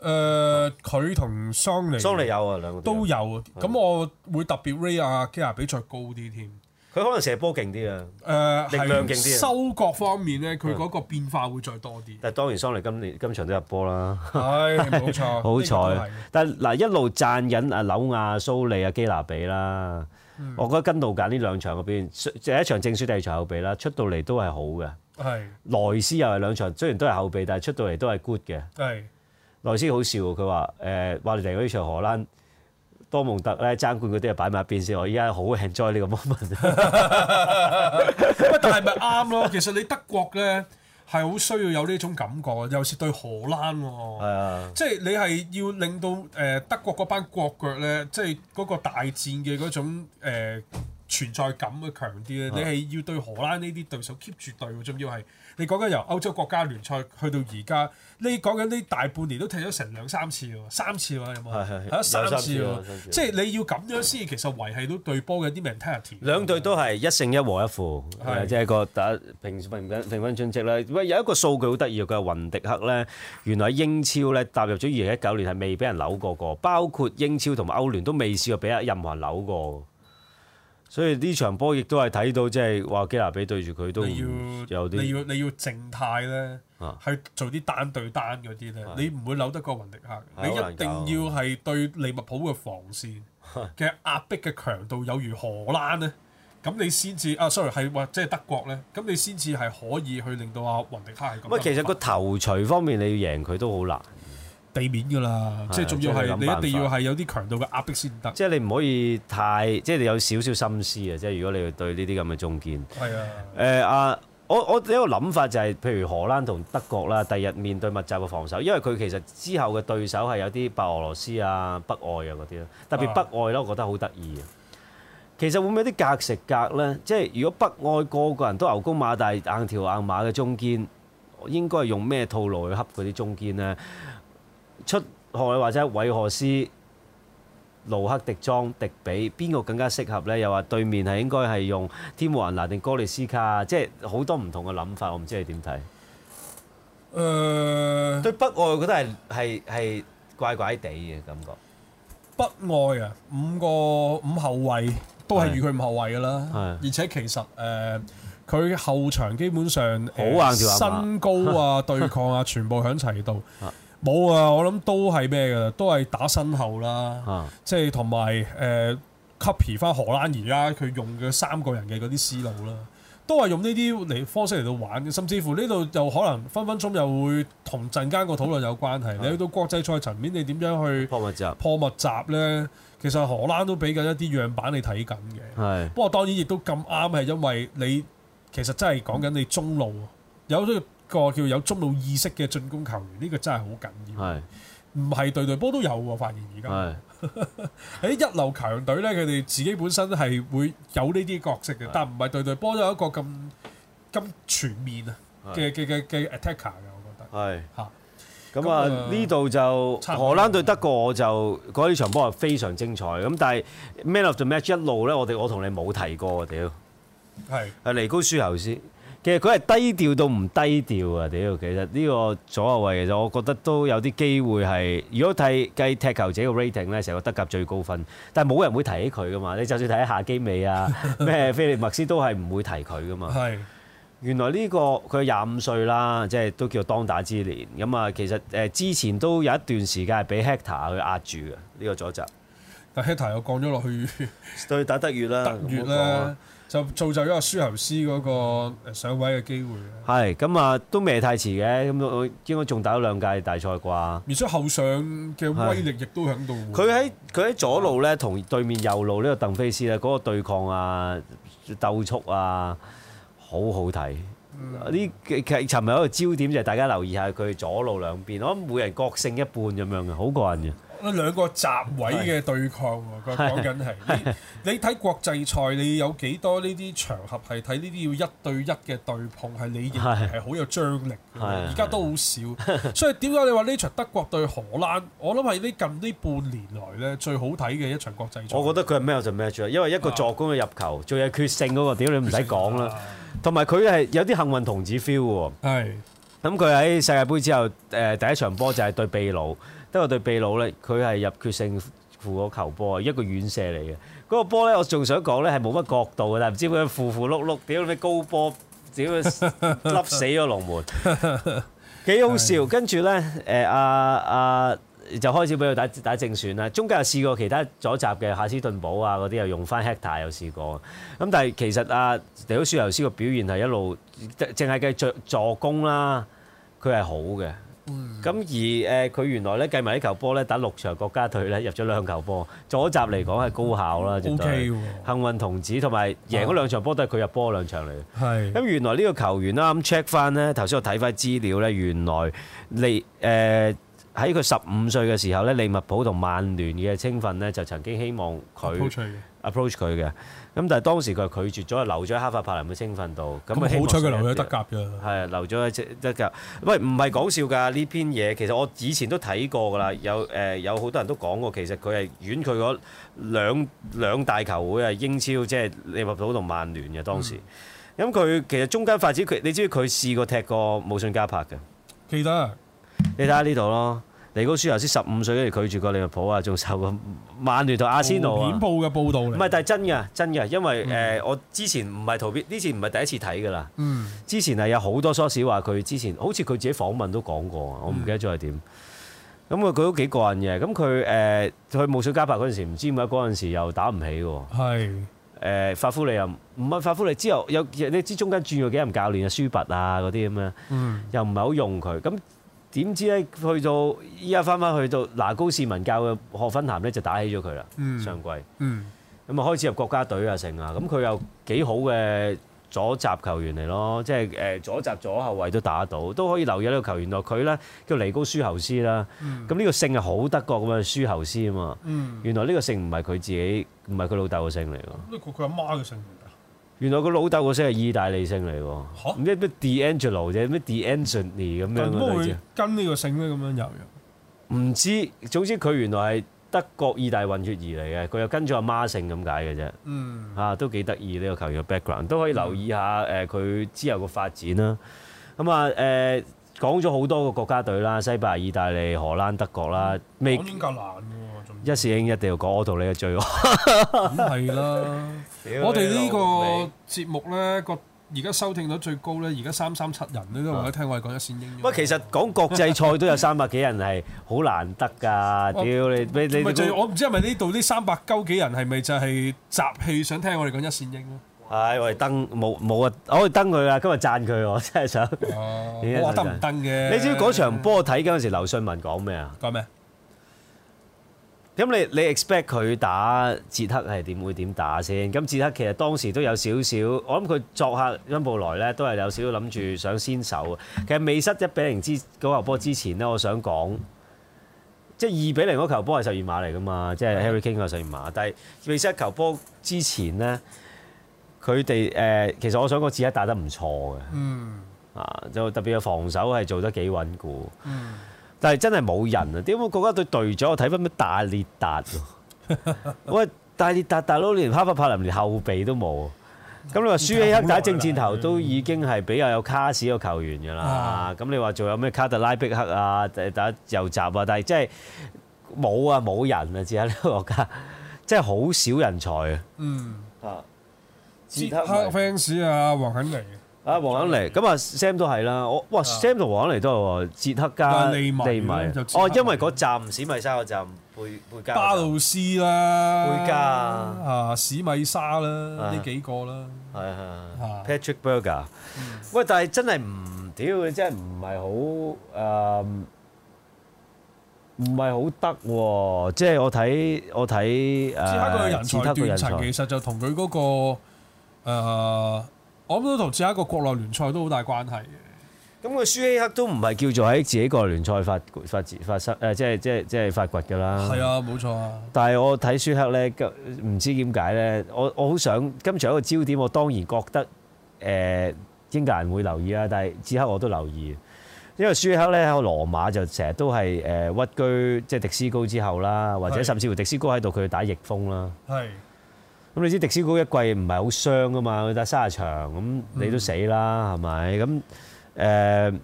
誒，佢同桑尼桑尼有啊兩個都有，咁我會特別 Rate 啊基拿比再高啲添。佢可能射波勁啲啊，力量勁啲啊。收角方面咧，佢嗰個變化會再多啲。但係當然桑尼今年今場都入波啦，係冇錯。好彩，但嗱一路讚緊啊紐亞、蘇利啊基拿比啦。我覺得跟到揀呢兩場嗰邊，第一場正選第二場後備啦，出到嚟都係好嘅。係是萊斯又係兩場，雖然都係後備，但係出到嚟都係 good 嘅。係是萊斯好笑，佢話誒話你嚟嗰啲場荷蘭多蒙特咧爭冠嗰啲係擺埋一邊先，我依家好 enjoy 呢個 moment。咁但係咪啱咯？其實你德國咧，係好需要有呢種感覺嘅，尤其是對荷蘭喎、哦，Yeah. 即係你係要令到誒、呃、德國嗰班國腳呢，即係嗰個大戰嘅嗰種、呃、存在感嘅強啲咧，Yeah. 你係要對荷蘭呢啲對手 keep 住對喎，仲要係。你講緊由歐洲國家聯賽去到而家，你講緊呢大半年都踢咗成兩三次喎，三次喎有冇？係係係。三次喎，即係你要咁樣先，其實維係到對波嘅啲 mentality 兩隊都係一勝一和一負，的即係個打平平分平分秋色啦。喂，有一個數據好得意嘅，雲迪克咧，原來喺英超咧踏入咗二零一九年係未俾人扭過過，包括英超同埋歐聯都未試過俾阿任何人扭過。所以呢場波亦都係睇到，即係話基拿比對住佢都要有啲點，你要你要靜態咧，去、啊、做啲單對單嗰啲咧，啊、你唔會扭得過雲迪克。你一定要係對利物浦嘅防線嘅壓迫嘅強度、啊、有如荷蘭咧，咁你先至啊，sorry 係或即係德國咧，咁你先至係可以去令到阿雲迪克。係咁。咁其實個頭槌方面，你要贏佢都好難。避免噶啦，即係仲要係你一定要係有啲強度嘅壓迫先得。即係你唔可以太，即係你有少少心思啊！即係如果你對呢啲咁嘅中堅。係啊的。誒啊、呃！我我有一個諗法就係、是，譬如荷蘭同德國啦，第日面對密集嘅防守，因為佢其實之後嘅對手係有啲白俄羅斯啊、北愛啊嗰啲啦，特別北愛啦、啊，我覺得好得意啊。其實會唔會有啲格食格呢？即係如果北愛個個人都牛高馬大、硬條硬馬嘅中堅，應該係用咩套路去恰嗰啲中堅呢？出害或者韋何斯、盧克迪莊、迪比，邊個更加適合呢？又話對面係應該係用天皇拿定哥利斯卡，即係好多唔同嘅諗法。我唔知你點睇。誒、呃、對北愛，我覺得係係怪怪地嘅感覺。北愛啊，五個五後衞，都係預佢五後衞噶啦，的而且其實誒佢、呃、後場基本上好硬淨，身高啊、對抗啊，全部喺齊度。 冇啊！我諗都係咩噶，都係打身後啦，啊、即係同埋誒、呃、copy 翻荷蘭而家佢用嘅三個人嘅嗰啲思路啦，都係用呢啲嚟方式嚟到玩，甚至乎呢度又可能分分鐘又會同陣間個討論有關係。啊、你去到國際賽層面，你點樣去破密集？破密集呢，其實荷蘭都俾緊一啲樣板你睇緊嘅。係、啊，不過當然亦都咁啱係，因為你其實真係講緊你中路有個叫有中路意識嘅進攻球員，呢個真係好緊要。唔係隊隊波都有喎，發現而家。喺一流強隊咧，佢哋自己本身係會有呢啲角色嘅，但唔係隊隊波都有一個咁咁全面啊嘅嘅嘅嘅 attacker 嘅，我覺得。係。嚇。咁啊，呢度就荷蘭對德國，我就嗰呢場波係非常精彩。咁但係 Man of the Match 一路咧，我哋我同你冇提過啊屌。係。阿尼高舒侯斯。其實佢係低調到唔低調啊！屌，其實呢個左右位其實我覺得都有啲機會係，如果睇計踢球者嘅 rating 咧，成個德甲最高分，但係冇人會提起佢㗎嘛。你就算睇下基美啊，咩菲利麥斯都係唔會提佢㗎嘛。係， 原來呢、這個佢廿五歲啦，即係都叫當打之年。咁啊，其實誒之前都有一段時間係俾 Hector 去壓住嘅呢、這個左側，但 Hector 又降咗落去，對 打德越啦，越啦。就造就咗阿舒侯斯嗰個上位嘅機會。係、嗯，咁啊都未太遲嘅，咁我應該仲打咗兩屆大賽啩。而且後上嘅威力亦是都響度。佢喺佢喺左路咧，同對面右路呢、呢個鄧飛斯啊，嗰、嗰個對抗啊、鬥速啊，好好睇。呢其實尋日一個焦點就係大家留意下佢左路兩邊，我諗每人各勝一半咁樣嘅，好過癮嘅。兩個閘位嘅對抗，講緊係你睇國際賽，你有幾多呢啲場合係睇呢啲要一對一嘅對碰，係你認為係好有張力？而家是都好少，所以點解你話呢場德國對荷蘭？我諗係呢近呢半年來咧最好睇嘅一場國際賽。我覺得佢係咩就咩，因為一個助攻嘅入球，仲有決勝嗰個點，屌你唔使講啦，同埋佢係有啲幸運童子 feel 喎。係咁是，佢喺世界盃之後誒第一場波就係對秘魯，都係對秘魯咧，佢係入決勝負個球波啊，一個遠射嚟嘅。嗰、嗰個波咧，我仲想講咧係冇乜角度嘅，但係唔知點解扶扶碌碌，屌咩高波，屌佢笠死咗龍門，幾好笑。 跟住咧，誒阿阿就開始俾佢打打正選啦。中間又試過其他左閘嘅夏斯頓堡啊嗰啲，又用翻 Hector 又試過。咁但係其實阿、啊、迪奧書頭先個表現係一路淨淨係計著助攻啦，佢係好嘅。咁、嗯、而誒佢原來咧計埋呢球波咧，打六場國家隊咧入咗兩球波，左閘嚟講係高效啦，嗯、絕對。Okay、的幸運童子同埋贏嗰兩場波都係佢入波兩場嚟嘅。係、嗯。咁、嗯、原來呢個球員啦，咁 check 翻呢頭先我睇翻資料呢。原來利誒喺佢十五歲嘅時候呢，利物浦同曼聯嘅青訓呢，就曾經希望佢 approach 佢嘅。咁但係當時佢拒絕咗，留咗喺哈法柏林嘅青訓度。咁啊，好彩佢留咗喺德甲㗎。係留咗喺德甲。喂，唔係講笑㗎，呢篇嘢其實我以前都睇過㗎啦。有誒、呃，有好多人都講過，其實佢係遠佢嗰兩,兩大球會啊，英超即係、就是、利物浦同曼聯嘅當時。咁佢、嗯、其實中間發展佢，你知佢試過踢過慕遜加柏嘅。記得、啊、你睇下呢度咯。尼高舒頭先十五歲跟住拒絕過利物浦啊，仲受過曼聯同阿仙奴啊。圖片報嘅報導唔係，但係真嘅，真嘅，因為誒、嗯呃、我之前唔係圖片，呢次唔係第一次睇㗎啦。嗯。之前係有好多疏士話佢之前，好似佢自己訪問都講過我唔記得咗係點。咁佢佢都幾過癮嘅，咁佢誒去慕遜加柏嗰陣時，唔知點解嗰陣時又打唔起㗎喎係、呃。法夫利又唔係法夫利之後有，你知中間轉咗幾任教練書啊，舒拔啊嗰啲咁樣。又唔係好用佢咁。點知咧？去到依家翻翻去到拿高士文教嘅賀芬咸咧，就打起咗佢啦。上季，咁啊開始入國家隊啊，成啊，咁佢又幾好嘅左閘球員嚟咯，即係誒左閘左後衞都打得到，都可以留意呢個球員咯。佢咧叫做尼高舒侯斯啦，咁呢、嗯、個姓係好德國咁啊，舒侯斯啊嘛。嗯、原來呢個姓唔係佢自己，唔係佢老豆嘅姓嚟㗎。呢佢阿媽嘅姓。原來個老豆個姓係意大利姓嚟喎，唔知咩 D'Angelo e 啫，咩 D'Angeli e 咁樣，點解會跟呢個姓咧？咁樣入入。唔知，總之佢原來係德國、意大利混血兒嚟嘅，佢又跟住阿媽，媽姓咁解嘅啫。嗯。嚇、啊，都幾得意呢個球員嘅 background，都可以留意下誒佢、嗯呃、之後嘅發展啦。咁啊誒、呃、講咗好多個國家隊啦，西班牙、意大利、荷蘭、德國啦，未、嗯、講英格蘭一線英一定要講，我同你係最。咁係啦，我哋呢個節目咧，個而家收聽率最高咧，而家三三七人咧都嚟聽我哋講一線英。不過其實講國際賽都有三百幾人係好難得㗎。屌你你你唔係，仲要我唔知係咪呢度啲三百鳩幾人係咪就係集氣想聽我哋講一線英咧？係我哋登冇冇啊！我哋登佢啊！今日讚佢我真係想。我話登唔登嘅？你知嗰場波睇嗰陣時，劉信文講咩啊？講咩？咁你你 expect 佢打捷克係點會點打先？咁捷克其實當時都有少少，我諗佢作客溫布萊咧都係有少少諗住想先手啊。其實未失一比零之嗰球波之前咧，我想講，即係二比零嗰球波係十二碼嚟㗎嘛，即係 Harry Kane 嗰十二碼。但係未失球波之前咧，佢哋誒其實我想講個捷克打得唔錯嘅，嗯啊，就特別係防守係做得幾穩固，嗯。Mm. 但係真係冇人啊！點解個國家隊隊咗？睇翻咩大列達？ 喂，打達大列達大佬連哈帕帕林連後備都冇，啊。咁 你話舒起克打正箭頭都已經係比較有卡士個球員噶、啊、啦。咁， 啊，你話仲有咩卡特拉碧克啊？打右閘啊？但係真係冇啊！冇人啊！至喺呢個國家，真係好少人才啊！嗯啊，捷克 fans 啊，我肯定。啊，王恩利咁啊，Sam 都係啦。我哇，Sam 同王恩利都係捷克加利米哦，因為嗰站史米沙嗰站貝貝加巴魯斯啦，貝加啊史米沙啦，呢幾個啦。係啊，Patrick Berger，喂，但係真係唔屌，佢真係唔係好誒，唔係好得喎。即係我睇我睇誒，捷克嘅人才斷層，其實就同佢嗰個誒。我諗都同自己一個國內聯賽都好大關係嘅。咁個舒希克都唔係叫做喺自己國內聯賽發發,發,發,發,、呃、發掘發生誒，即係即係即係發掘㗎啦。係啊，冇錯啊但。但係我睇舒克咧，唔知點解咧，我我好想今場有一個焦點，我當然覺得誒、呃、英格蘭會留意啦。但係舒克我都留意，因為舒克咧喺羅馬就成日都係誒、呃、屈居即係迪斯高之後啦，或者甚至乎迪斯高喺度，佢打逆風啦。係。是的 咁你知迪斯高一季唔係好傷㗎嘛？佢打三廿場，咁你都死啦，係咪、嗯？咁誒，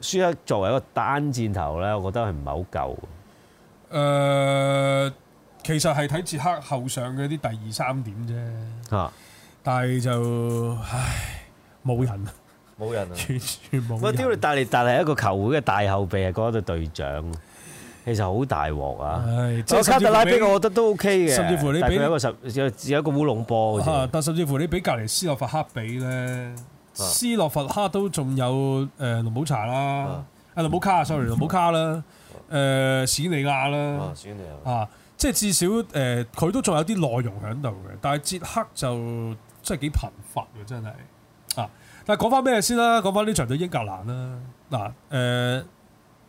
舒克、呃、一作為一個單箭頭咧，我覺得係唔係好夠？誒，其實係睇捷克後上嘅啲第二三點啫。嚇、啊！但係就唉，冇人，人啊，冇人啊你你，完全冇人。我屌你大利，但係一個球會嘅大後備，係嗰個隊長。其實好大鑊啊！有卡特拉比，我覺得都 O K 嘅。甚至乎你俾一個烏龍波。但甚至乎你俾隔籬斯洛伐克比咧，斯洛伐克都仲有誒盧寶查啦，阿盧寶卡，sorry，盧寶卡啦，誒史尼亞啦，啊，即係至少誒佢都仲有啲內容喺度嘅。但係捷克就真係幾貧乏嘅，真係啊！但係講翻咩先啦？講翻呢場對英格蘭啦，嗱誒。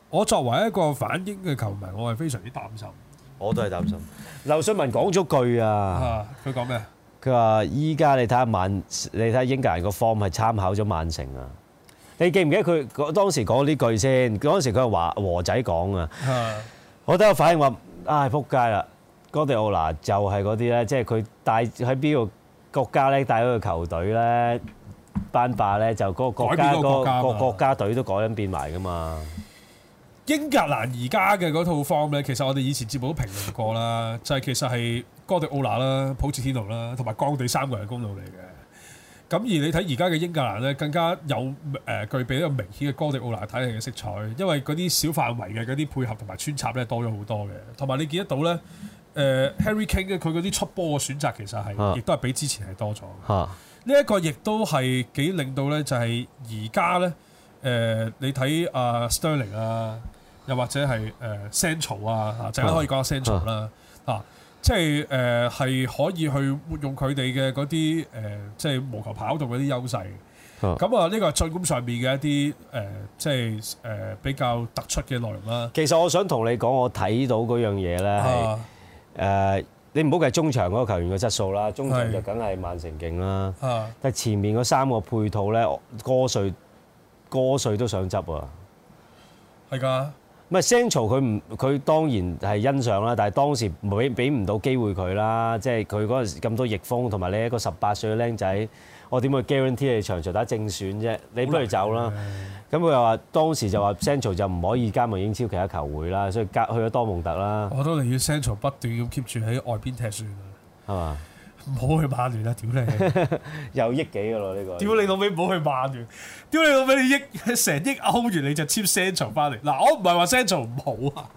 我作為一個反英嘅球迷，我係非常之擔心。我都係擔心。劉瑞文講咗句啊，佢講咩？佢話：依家你睇下曼，你睇下英格蘭個 form 係參考咗曼城啊！你記唔記得佢當時講呢句先？嗰陣時佢係話和仔講啊，我都有反應話：唉，撲街啦！哥迪奧拿就係嗰啲咧，即係佢帶喺邊個國家咧，帶嗰個球隊咧，班霸咧，就嗰個國家個國家隊都改緊變埋噶嘛。英格蘭而家嘅嗰套方 o 咧，其實我哋以前接目都評論過啦，就係、是、其實係哥迪奧拿啦、普治天奴啦，同埋鋼地三個人工路嚟嘅。咁而你睇而家嘅英格蘭咧，更加有誒、呃，具備一個明顯嘅哥迪奧拿體型嘅色彩，因為嗰啲小範圍嘅嗰啲配合同埋穿插咧多咗好多嘅。同埋你見得到咧，誒、呃、Harry k i n g 咧，佢嗰啲出波嘅選擇其實係亦都係比之前係多咗。呢一、啊、個亦都係幾令到咧，就係而家咧，誒、呃、你睇阿 Stirling 啊。又或者係誒 central 啊，大家可以講下 central 啦、啊，啊，即係誒係可以去活用佢哋嘅嗰啲誒，即係無球跑道嗰啲優勢。咁啊，呢個係進攻上面嘅一啲誒、呃，即係誒、呃、比較突出嘅內容啦。其實我想同你講，我睇到嗰樣嘢咧係誒，你唔好計中場嗰個球員嘅質素啦，中場就梗係曼城勁啦。的但係前面嗰三個配套咧，哥帥哥帥都想執啊，係㗎。唔係 Central 佢唔佢當然係欣賞啦，但係當時俾俾唔到機會佢啦，即係佢嗰陣時咁多逆風，同埋你一個十八歲嘅僆仔，我點會 guarantee 你長場打正選啫？你不如走啦。咁佢又話當時就話 Central 就唔可以加盟英超其他球會啦，所以隔去咗多蒙特啦。我都寧願 Central 不斷咁 keep 住喺外邊踢算啦，係嘛？唔好去曼聯啦，屌你，又 億幾嘅咯呢個？屌你老尾，唔好去曼聯！屌你老尾，億成億歐元你就簽 Central 翻嚟。嗱，我唔係話 Central 唔好啊，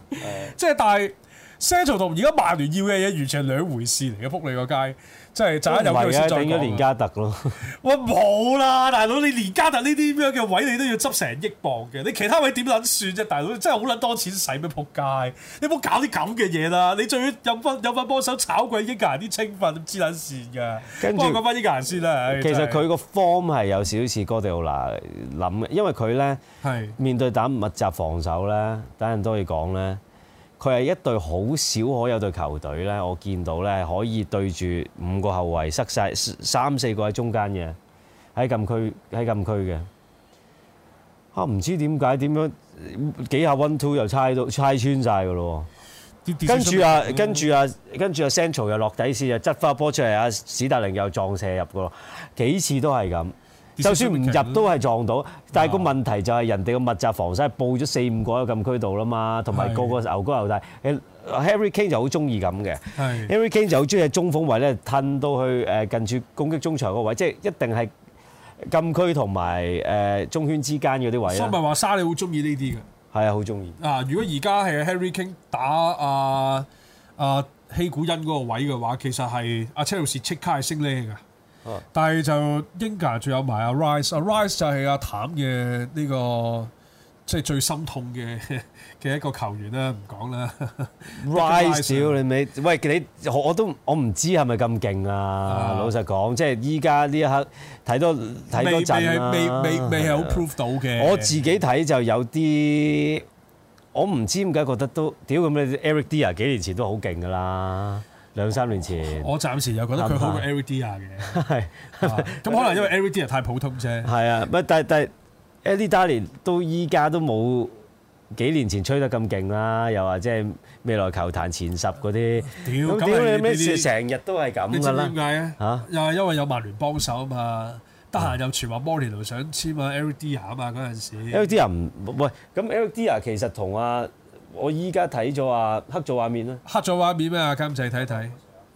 即係、欸、 但係 Central 同而家曼聯要嘅嘢完全係兩回事嚟嘅，仆你個街。真係就一入去先頂咗連加特咯！我冇啦，大佬，你連加特呢啲咁樣嘅位你都要執成億磅嘅，你其他位點撚算啫，大佬！你真係好撚多錢使咩？仆街！你唔好搞啲咁嘅嘢啦！你仲要有翻入翻幫手炒貴英格蘭啲青訓，都黐撚線㗎。跟住講翻英格蘭先啦。其實佢個 form 係有少少似哥迪奧拿諗嘅，因為佢咧是面對打密集防守咧，等人多嘢講咧。佢係一隊好少可有隊球隊咧，我見到咧可以對住五個後衞塞晒三四個喺中間嘅，喺禁區喺禁區嘅。啊，唔知點解點樣幾下 one two 又猜到猜穿晒嘅咯。跟住啊，啊，啊，跟住啊，跟住啊 Central 又落底線啊，執翻波出嚟啊，史達寧又撞射入嘅咯，幾次都係咁。就算唔入都係撞到，但係個問題就係人哋個密集防守係佈咗四五個喺禁區度啦嘛，同埋個個牛高牛大，Harry Kane 就好中意咁嘅。Harry Kane 就好中意喺中鋒位咧，褪到去誒近處攻擊中場個位，即係一定係禁區同埋誒中圈之間嗰啲位。所以咪話沙你好中意呢啲嘅，係啊，好中意。嗱，如果而家係 Harry Kane 打阿阿希古恩嗰個位嘅話，其實係阿車路士即刻係升呢㗎。但係就英格仲有埋阿 Rice，阿 Rice 就係阿譚嘅呢個即係最心痛嘅嘅一個球員啦，唔講啦。Rice 少 你咪，喂，你我都我唔知係咪咁勁啊！啊老實講，即係依家呢一刻睇、啊、到睇到陣啦，未未未未係好 prove 到嘅。我自己睇就有啲，我唔知點解覺得都屌咁你 Eric Dier 幾年前都好勁噶啦。兩三年前，我暫時又覺得佢好過 Ardia 嘅，係咁可能因為 Ardia 太普通啫。係啊，乜但係但係 Ardia 連到依家都冇幾年前吹得咁勁啦，又話即係未來球壇前十嗰啲。屌，咁你咩事成日都係咁㗎啦？點解啊？吓？又係因為有曼聯幫手啊嘛，得閒又傳話摩連奴想簽啊 Ardia 啊嘛，嗰陣時。Ardia 唔，喂，咁 Ardia 其實同啊。我依家睇咗啊黑咗畫面啦，黑咗畫面啊，監製睇睇，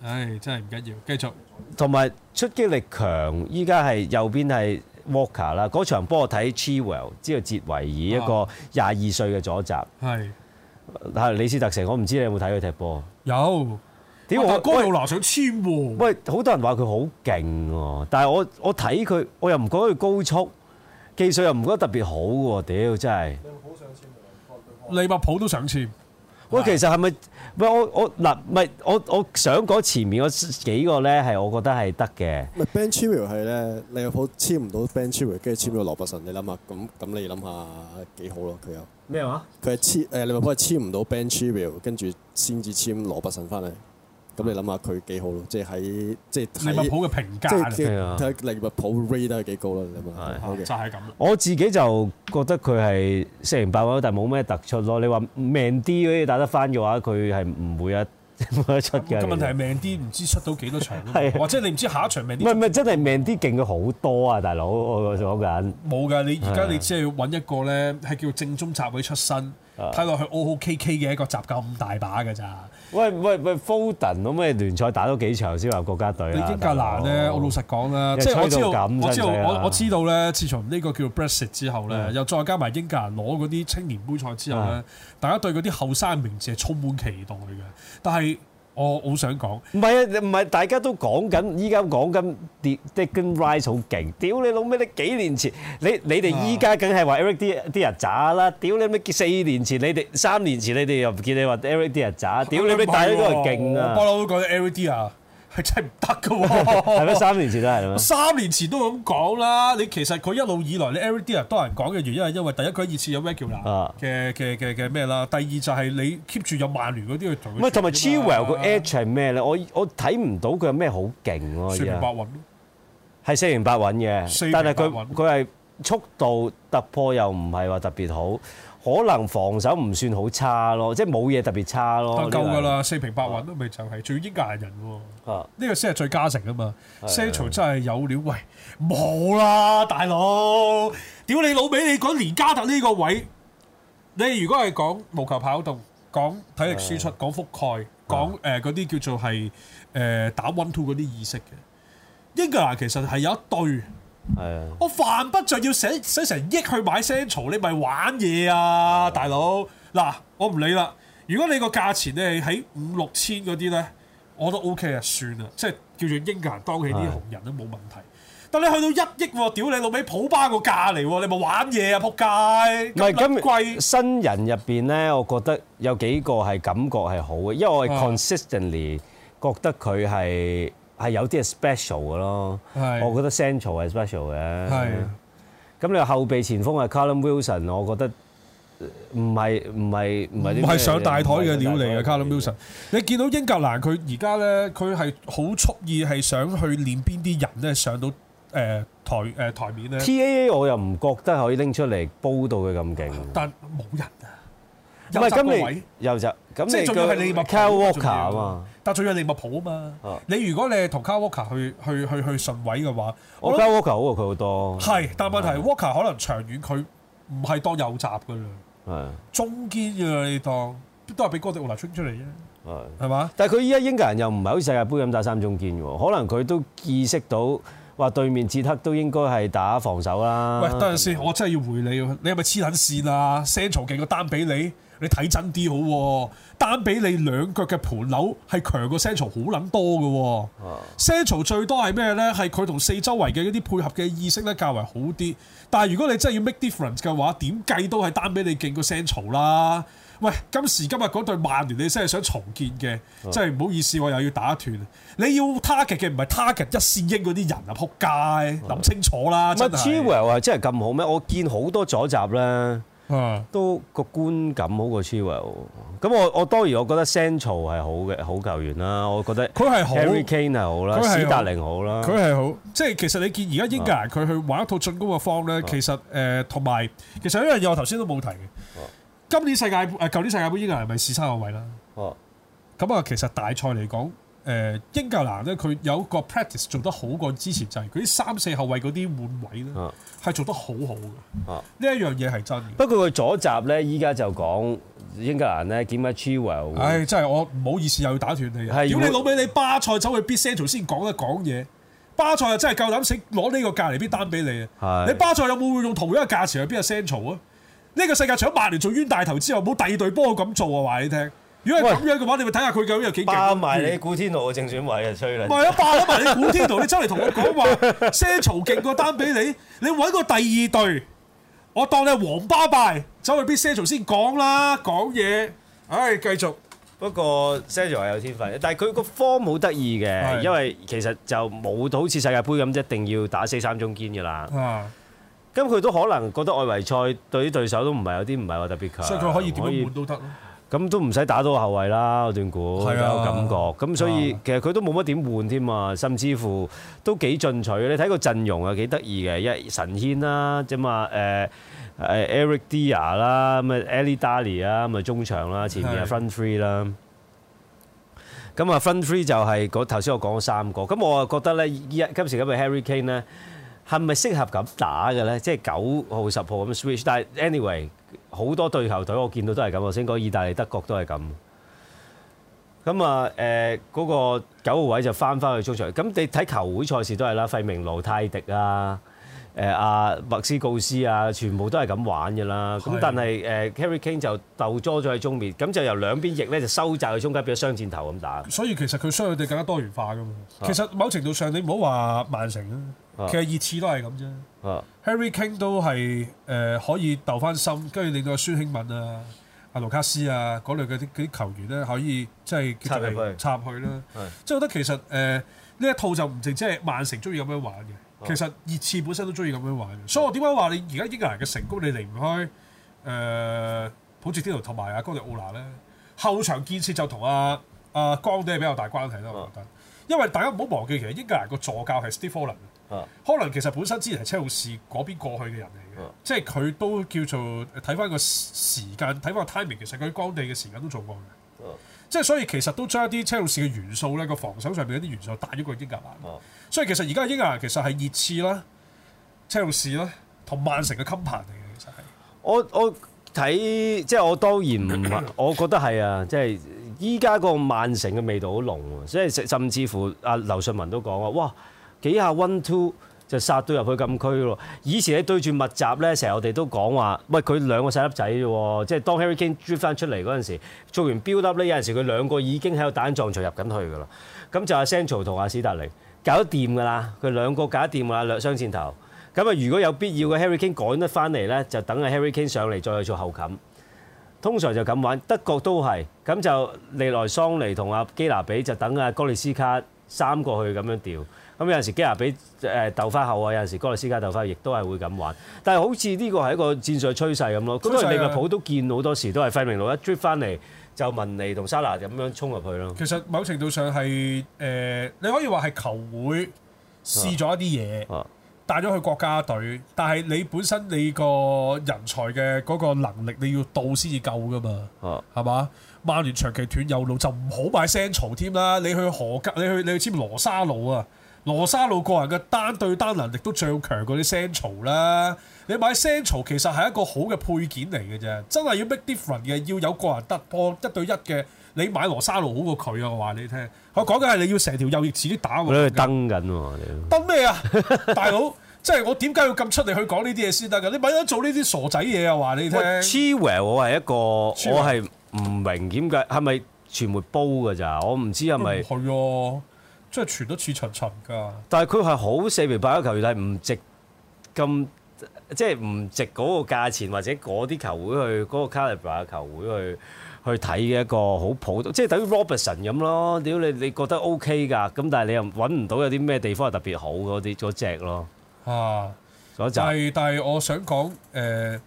唉、哎、真係唔緊要，繼續。同埋出擊力強，依家係右邊係 Walker 啦，嗰場波我睇 Chilwell 知道捷維爾一個廿二歲嘅左閘。係、啊，係是李斯特城，我唔知你有冇睇佢踢波？有，屌麼、啊、我哥迪奧拿想簽喎。啊、喂，好多人話佢好勁喎，但係我我睇佢，我又唔覺得佢高速，技術又唔覺得特別好喎，屌真係。利物浦都想簽，喂，是其實係咪？喂，我我嗱，唔係我我，我，我想講前面嗰幾個咧，係我覺得係得嘅。Ben Chilwell 係咧，利物浦簽唔到 Ben Chilwell，跟住簽咗羅伯臣，你諗下，咁咁你諗下幾好咯？佢又咩話？佢係簽誒利物浦係簽唔到 Ben Chilwell，跟住先至簽羅伯臣翻嚟。咁你諗下佢幾好咯？即係喺即係利物浦嘅評價，即係睇利物浦 rate 得幾高咯？你的 okay. 就係咁我自己就覺得佢係四平八穩，但係冇咩突出咯。你話命啲可以打得翻嘅話，佢係唔會一出嘅。個問題係命啲唔知出到幾多場， 的或者你唔知下一場命啲。 唔係唔係，真係命啲勁咗好多啊！大佬的我講緊冇㗎，你而家你即係揾一個咧，係叫正宗閘位出身。的睇落去 O O、OK、K K 嘅一個集咁大把㗎咋？喂喂喂，Foden 咁咪聯賽打咗幾場先話國家隊啦，啊。你英格蘭咧，我老實講啦，即係我，我知道，我知道，我我知道咧，自從呢個叫 Brexit 之後咧，的又再加埋英格蘭攞嗰啲青年杯賽之後咧，的大家對嗰啲後生名字係充滿期待嘅，但係。我好想講，唔係啊！唔係大家都講緊，依家講緊 Declan Rice 好勁。屌你老咩！你幾年前，你你哋依家梗係話 Eric Dier 人渣啦！屌你老咩！四年前你哋，三年前你哋又唔見你話 Eric Dier 人渣。屌你老！大家都係勁啊！不嬲都講 Eric Dier。係真唔得噶喎！係咩？ 三年前都係 三年前都咁講啦。你其實佢一路以來，你 Eric Dier 啲人多人講嘅原因係因為第一，佢熱刺有咩叫嘅嘅嘅嘅咩啦。第二就係你 keep 住、啊、有曼聯嗰啲去同佢。唔係同埋 Chilwell 個 edge 係咩咧？我我睇唔到佢有咩好勁喎、啊。四平八穩係四平八穩嘅，穩但係佢佢係速度突破又唔係話特別好。可能防守唔算好差咯，即係冇嘢特別差咯。夠㗎啦，四平八穩咯，咪就係最英格蘭人喎。啊，呢個先係最加成啊嘛。Seto 真係有料，喂，冇啦，大佬，屌你老味，你講連加特呢個位，你如果係講無球跑動、講體力輸出、講覆蓋、講誒嗰啲叫做係誒打 one two 嗰啲意識嘅英格蘭其實係有一對。係啊！我犯不着要使使成億去買 central，你咪玩嘢啊，的大佬！嗱，我唔理啦。如果你個價錢你係喺五六千嗰啲咧，我都 OK 啊，算啦，即係叫做英格蘭當起啲紅人都冇問題。的但你去到一億喎，屌你老味，普巴個價嚟喎，你咪玩嘢啊，仆街！唔係咁貴。那新人入邊咧，我覺得有幾個係感覺係好嘅，因為我係 consistently 覺得佢係。係有啲係 special 嘅咯，我覺得 central 係 special 嘅。係，咁你後備前鋒係 Callum Wilson，我覺得唔係唔係唔係上大台嘅料嚟嘅 Callum Wilson。你見到英格蘭佢而家咧，佢係好蓄意係想去練邊啲人咧上到誒台誒台面咧。TAA 我又唔覺得可以拎出嚟煲到佢咁勁。但冇人啊，唔係今年又就咁，你，係仲要係你話 Kyle Walker 啊嘛。但仲有利物浦啊嘛！啊你如果你係同卡沃卡去去去去順位嘅話，啊、我卡沃卡好啊，佢好多。係，但問題，沃卡是的 可能長遠佢唔係當右閘噶啦，是的 中堅嘅你當，都係俾哥迪奧拿出出嚟啫，係嘛？但係佢依家英格蘭又唔係好似世界盃咁打三中堅嘅喎，可能佢都意識到話對面捷克都應該係打防守啦。喂，等陣先，我真係要回你喎、啊，你係咪黐撚線啊？Central 寄個單俾你。你睇真啲好、啊，單比你兩腳嘅盤扭係強過 Sancho 好撚多嘅、啊。Sancho、uh. 最多係咩呢？係佢同四周圍嘅一啲配合嘅意識咧較為好啲。但係如果你真係要 make difference 嘅話，點計都係單比你勁過 Sancho 啦。喂，今時今日嗰對曼聯，你真係想重建嘅，uh. 真係唔好意思，我又要打斷。你要 target 嘅唔係 target 一線英嗰啲人啊扑街，諗、uh. 清楚啦。乜 c h i 真係咁、uh. well, 好咩？我見好多阻集呢。嗯，啊、都個觀感好過 c h 咁我我當然我覺得 s 聲嘈係好嘅好球員啦。我覺得。佢係好。k a v n Kane 係好啦。好史達寧好啦。佢係好，即係其實你見而家英格蘭佢去玩一套進攻嘅方咧、啊呃，其實誒同埋其實呢一樣嘢我頭先都冇提嘅。啊、今年世界誒舊、啊、年世界盃英格蘭係咪試差個位啦？咁啊，其實大賽嚟講。誒英格蘭咧，佢有個 practice 做得好過之前，就係佢啲三四後衞嗰啲換位咧，係、啊、做得好好嘅。呢一樣嘢係真嘅，不過佢左閘咧，依家就講英格蘭咧，點解 Chewell？唉，真係我唔好意思，又要打斷你。如果是你老味？你巴塞走去必 central 先講一講嘢。巴塞又真係夠膽死，攞呢個價嚟必單俾你啊？是你巴塞有冇會用同一個價錢去邊個 central 啊？呢個世界除咗曼聯做冤大頭之後，冇第二隊波咁做啊！話你聽。如果係咁樣嘅話，你咪睇下佢究竟有幾勁？霸埋你古天樂嘅正選位啊！衰啦！唔係啊，霸咗埋你古天樂，你出嚟同我講話，set 潮勁過丹比你？你揾個第二隊，我當你黃巴拜，走去邊 set 潮先講啦，講嘢。唉、哎，繼續。不過 set 潮係有天分，但係佢個 form 好得意嘅，是因為其實就冇到好似世界盃咁，一定要打四三中堅嘅啦。咁佢、啊、都可能覺得外圍賽對啲對手都唔係有啲唔係話特別強。所以佢可以點換都得。咁都唔使打到後衞啦，我斷估有感覺。咁所以其實佢都冇乜點換添啊，甚至乎都幾進取。你睇個陣容啊，幾得意嘅，一神軒啦，啫嘛，誒誒 Eric Dier 啦，咁啊 Dele Alli 啊，咁啊中場啦，前面啊 Front Three 啦。咁啊 Front Three 就係嗰頭先我講咗三個。咁我啊覺得咧，依家今時今日 Harry Kane 咧，係咪適合咁打嘅咧？即係九號十號咁 switch，但係 anyway。好多對球隊我見到都係咁，我先講意大利、德國都係咁。咁啊，誒、呃、嗰、那個九號位就返返去操場。咁你睇球會賽事都係啦，費明奴、泰迪啊。誒阿麥斯告斯啊，全部都係咁玩嘅啦。咁但係誒 Harry Kane 就鬥咗咗喺中面，咁就由兩邊翼咧就收窄喺中間，變咗雙箭頭咁打。所以其實佢需要佢哋更加多元化噶嘛。其實某程度上你唔好話曼城啊，其實熱刺都係咁啫。Harry Kane 都係誒可以鬥翻心，跟住令到孫興慜啊、阿盧卡斯啊嗰類嘅啲球員咧可以即係插去、啦。即我覺得其實誒呢一套就唔淨即係曼城中意咁樣玩嘅，其實熱刺本身都中意咁樣玩，所以我點解話你而家英格蘭嘅成功你離唔開誒，好似普捷天奴同埋阿哥迪奧拿咧後場建設就同阿阿干地係比較大關係啦，啊、我覺得，因為大家唔好忘記其實英格蘭個助教係 Steve Holland，可能其實本身之前係車路士嗰邊過去嘅人嚟嘅，啊、即係佢都叫做睇返個時間，睇返個 timing，其實佢喺干地嘅時間都做過嘅，啊、即係所以其實都將一啲車路士嘅元素咧個防守上邊一啲元素帶咗過英格蘭。啊。所以其實而家英啊，其實係熱刺啦、車路士啦，同曼城嘅金盆嚟嘅。其實係我我睇即係我當然唔，我覺得係啊，即係依家個曼城嘅味道好濃喎、啊。即係甚至乎阿、啊、劉順文都講話哇，幾下 one two 就殺到入去禁區咯。以前你對住密集咧，成日我哋都講話，喂，佢兩個細粒仔啫，即係當 Harry Kane drift 翻出嚟嗰陣時，做完 build up 咧，有陣時佢兩個已經喺度彈撞撞入緊去㗎啦。咁就阿、啊、s a n t 同阿史特尼。搞得掂㗎啦，佢兩個搞得掂啊，兩雙箭頭。咁啊，如果有必要嘅 Harry Kane 趕得翻嚟咧，就等阿 Harry Kane 上嚟再去做後冚。通常就咁玩，德國都係，咁就利來桑尼同阿基拿比就等阿哥利斯卡三個去咁樣調。咁有陣時基拿比誒豆花後啊，有陣時哥利斯卡豆花後亦都係會咁玩。但係好似呢個係一個戰術趨勢咁咯。咁啊，利物浦都見好多時都係費明路一 drift 翻嚟。就文尼同沙拿就咁樣衝入去咯。其實某程度上係誒、呃，你可以話係球會試咗一啲嘢，啊啊、帶咗去國家隊。但係你本身你個人才嘅嗰個能力，你要到先至夠㗎嘛？係嘛、啊？曼聯長期斷右路就唔好買聲嘈添啦。你去荷格，你去你去，你去簽羅沙路啊！羅沙路個人嘅單對單能力都最強過啲 central 啦，你買 central 其實係一個好嘅配件嚟嘅啫，真係要 make difference 嘅，要有個人得多，一對一嘅，你買羅沙路好過佢 啊！我話你聽，G well、我講緊係你要成條右翼前啲打喎。你登緊喎，登咩啊，大佬？即係我點解要咁出嚟去講呢啲嘢先得㗎？你咪得做呢啲傻仔嘢啊？話你聽。Chee 我係一個，我係唔明點解係咪傳媒煲㗎咋？我唔知係咪、嗯。即係傳得似塵塵㗎，但係佢係好四面八方球員，但係唔值咁即係唔值嗰個價錢，或者嗰啲球會去嗰、嗰個 calibre 嘅球會去去睇嘅一個好普通，即係等於 Robertson 咁咯。屌你你覺得 OK 㗎，咁但係你又揾唔到有啲咩地方係特別好嗰啲嗰隻咯。啊，嗰隻集。但係但係我想講誒。呃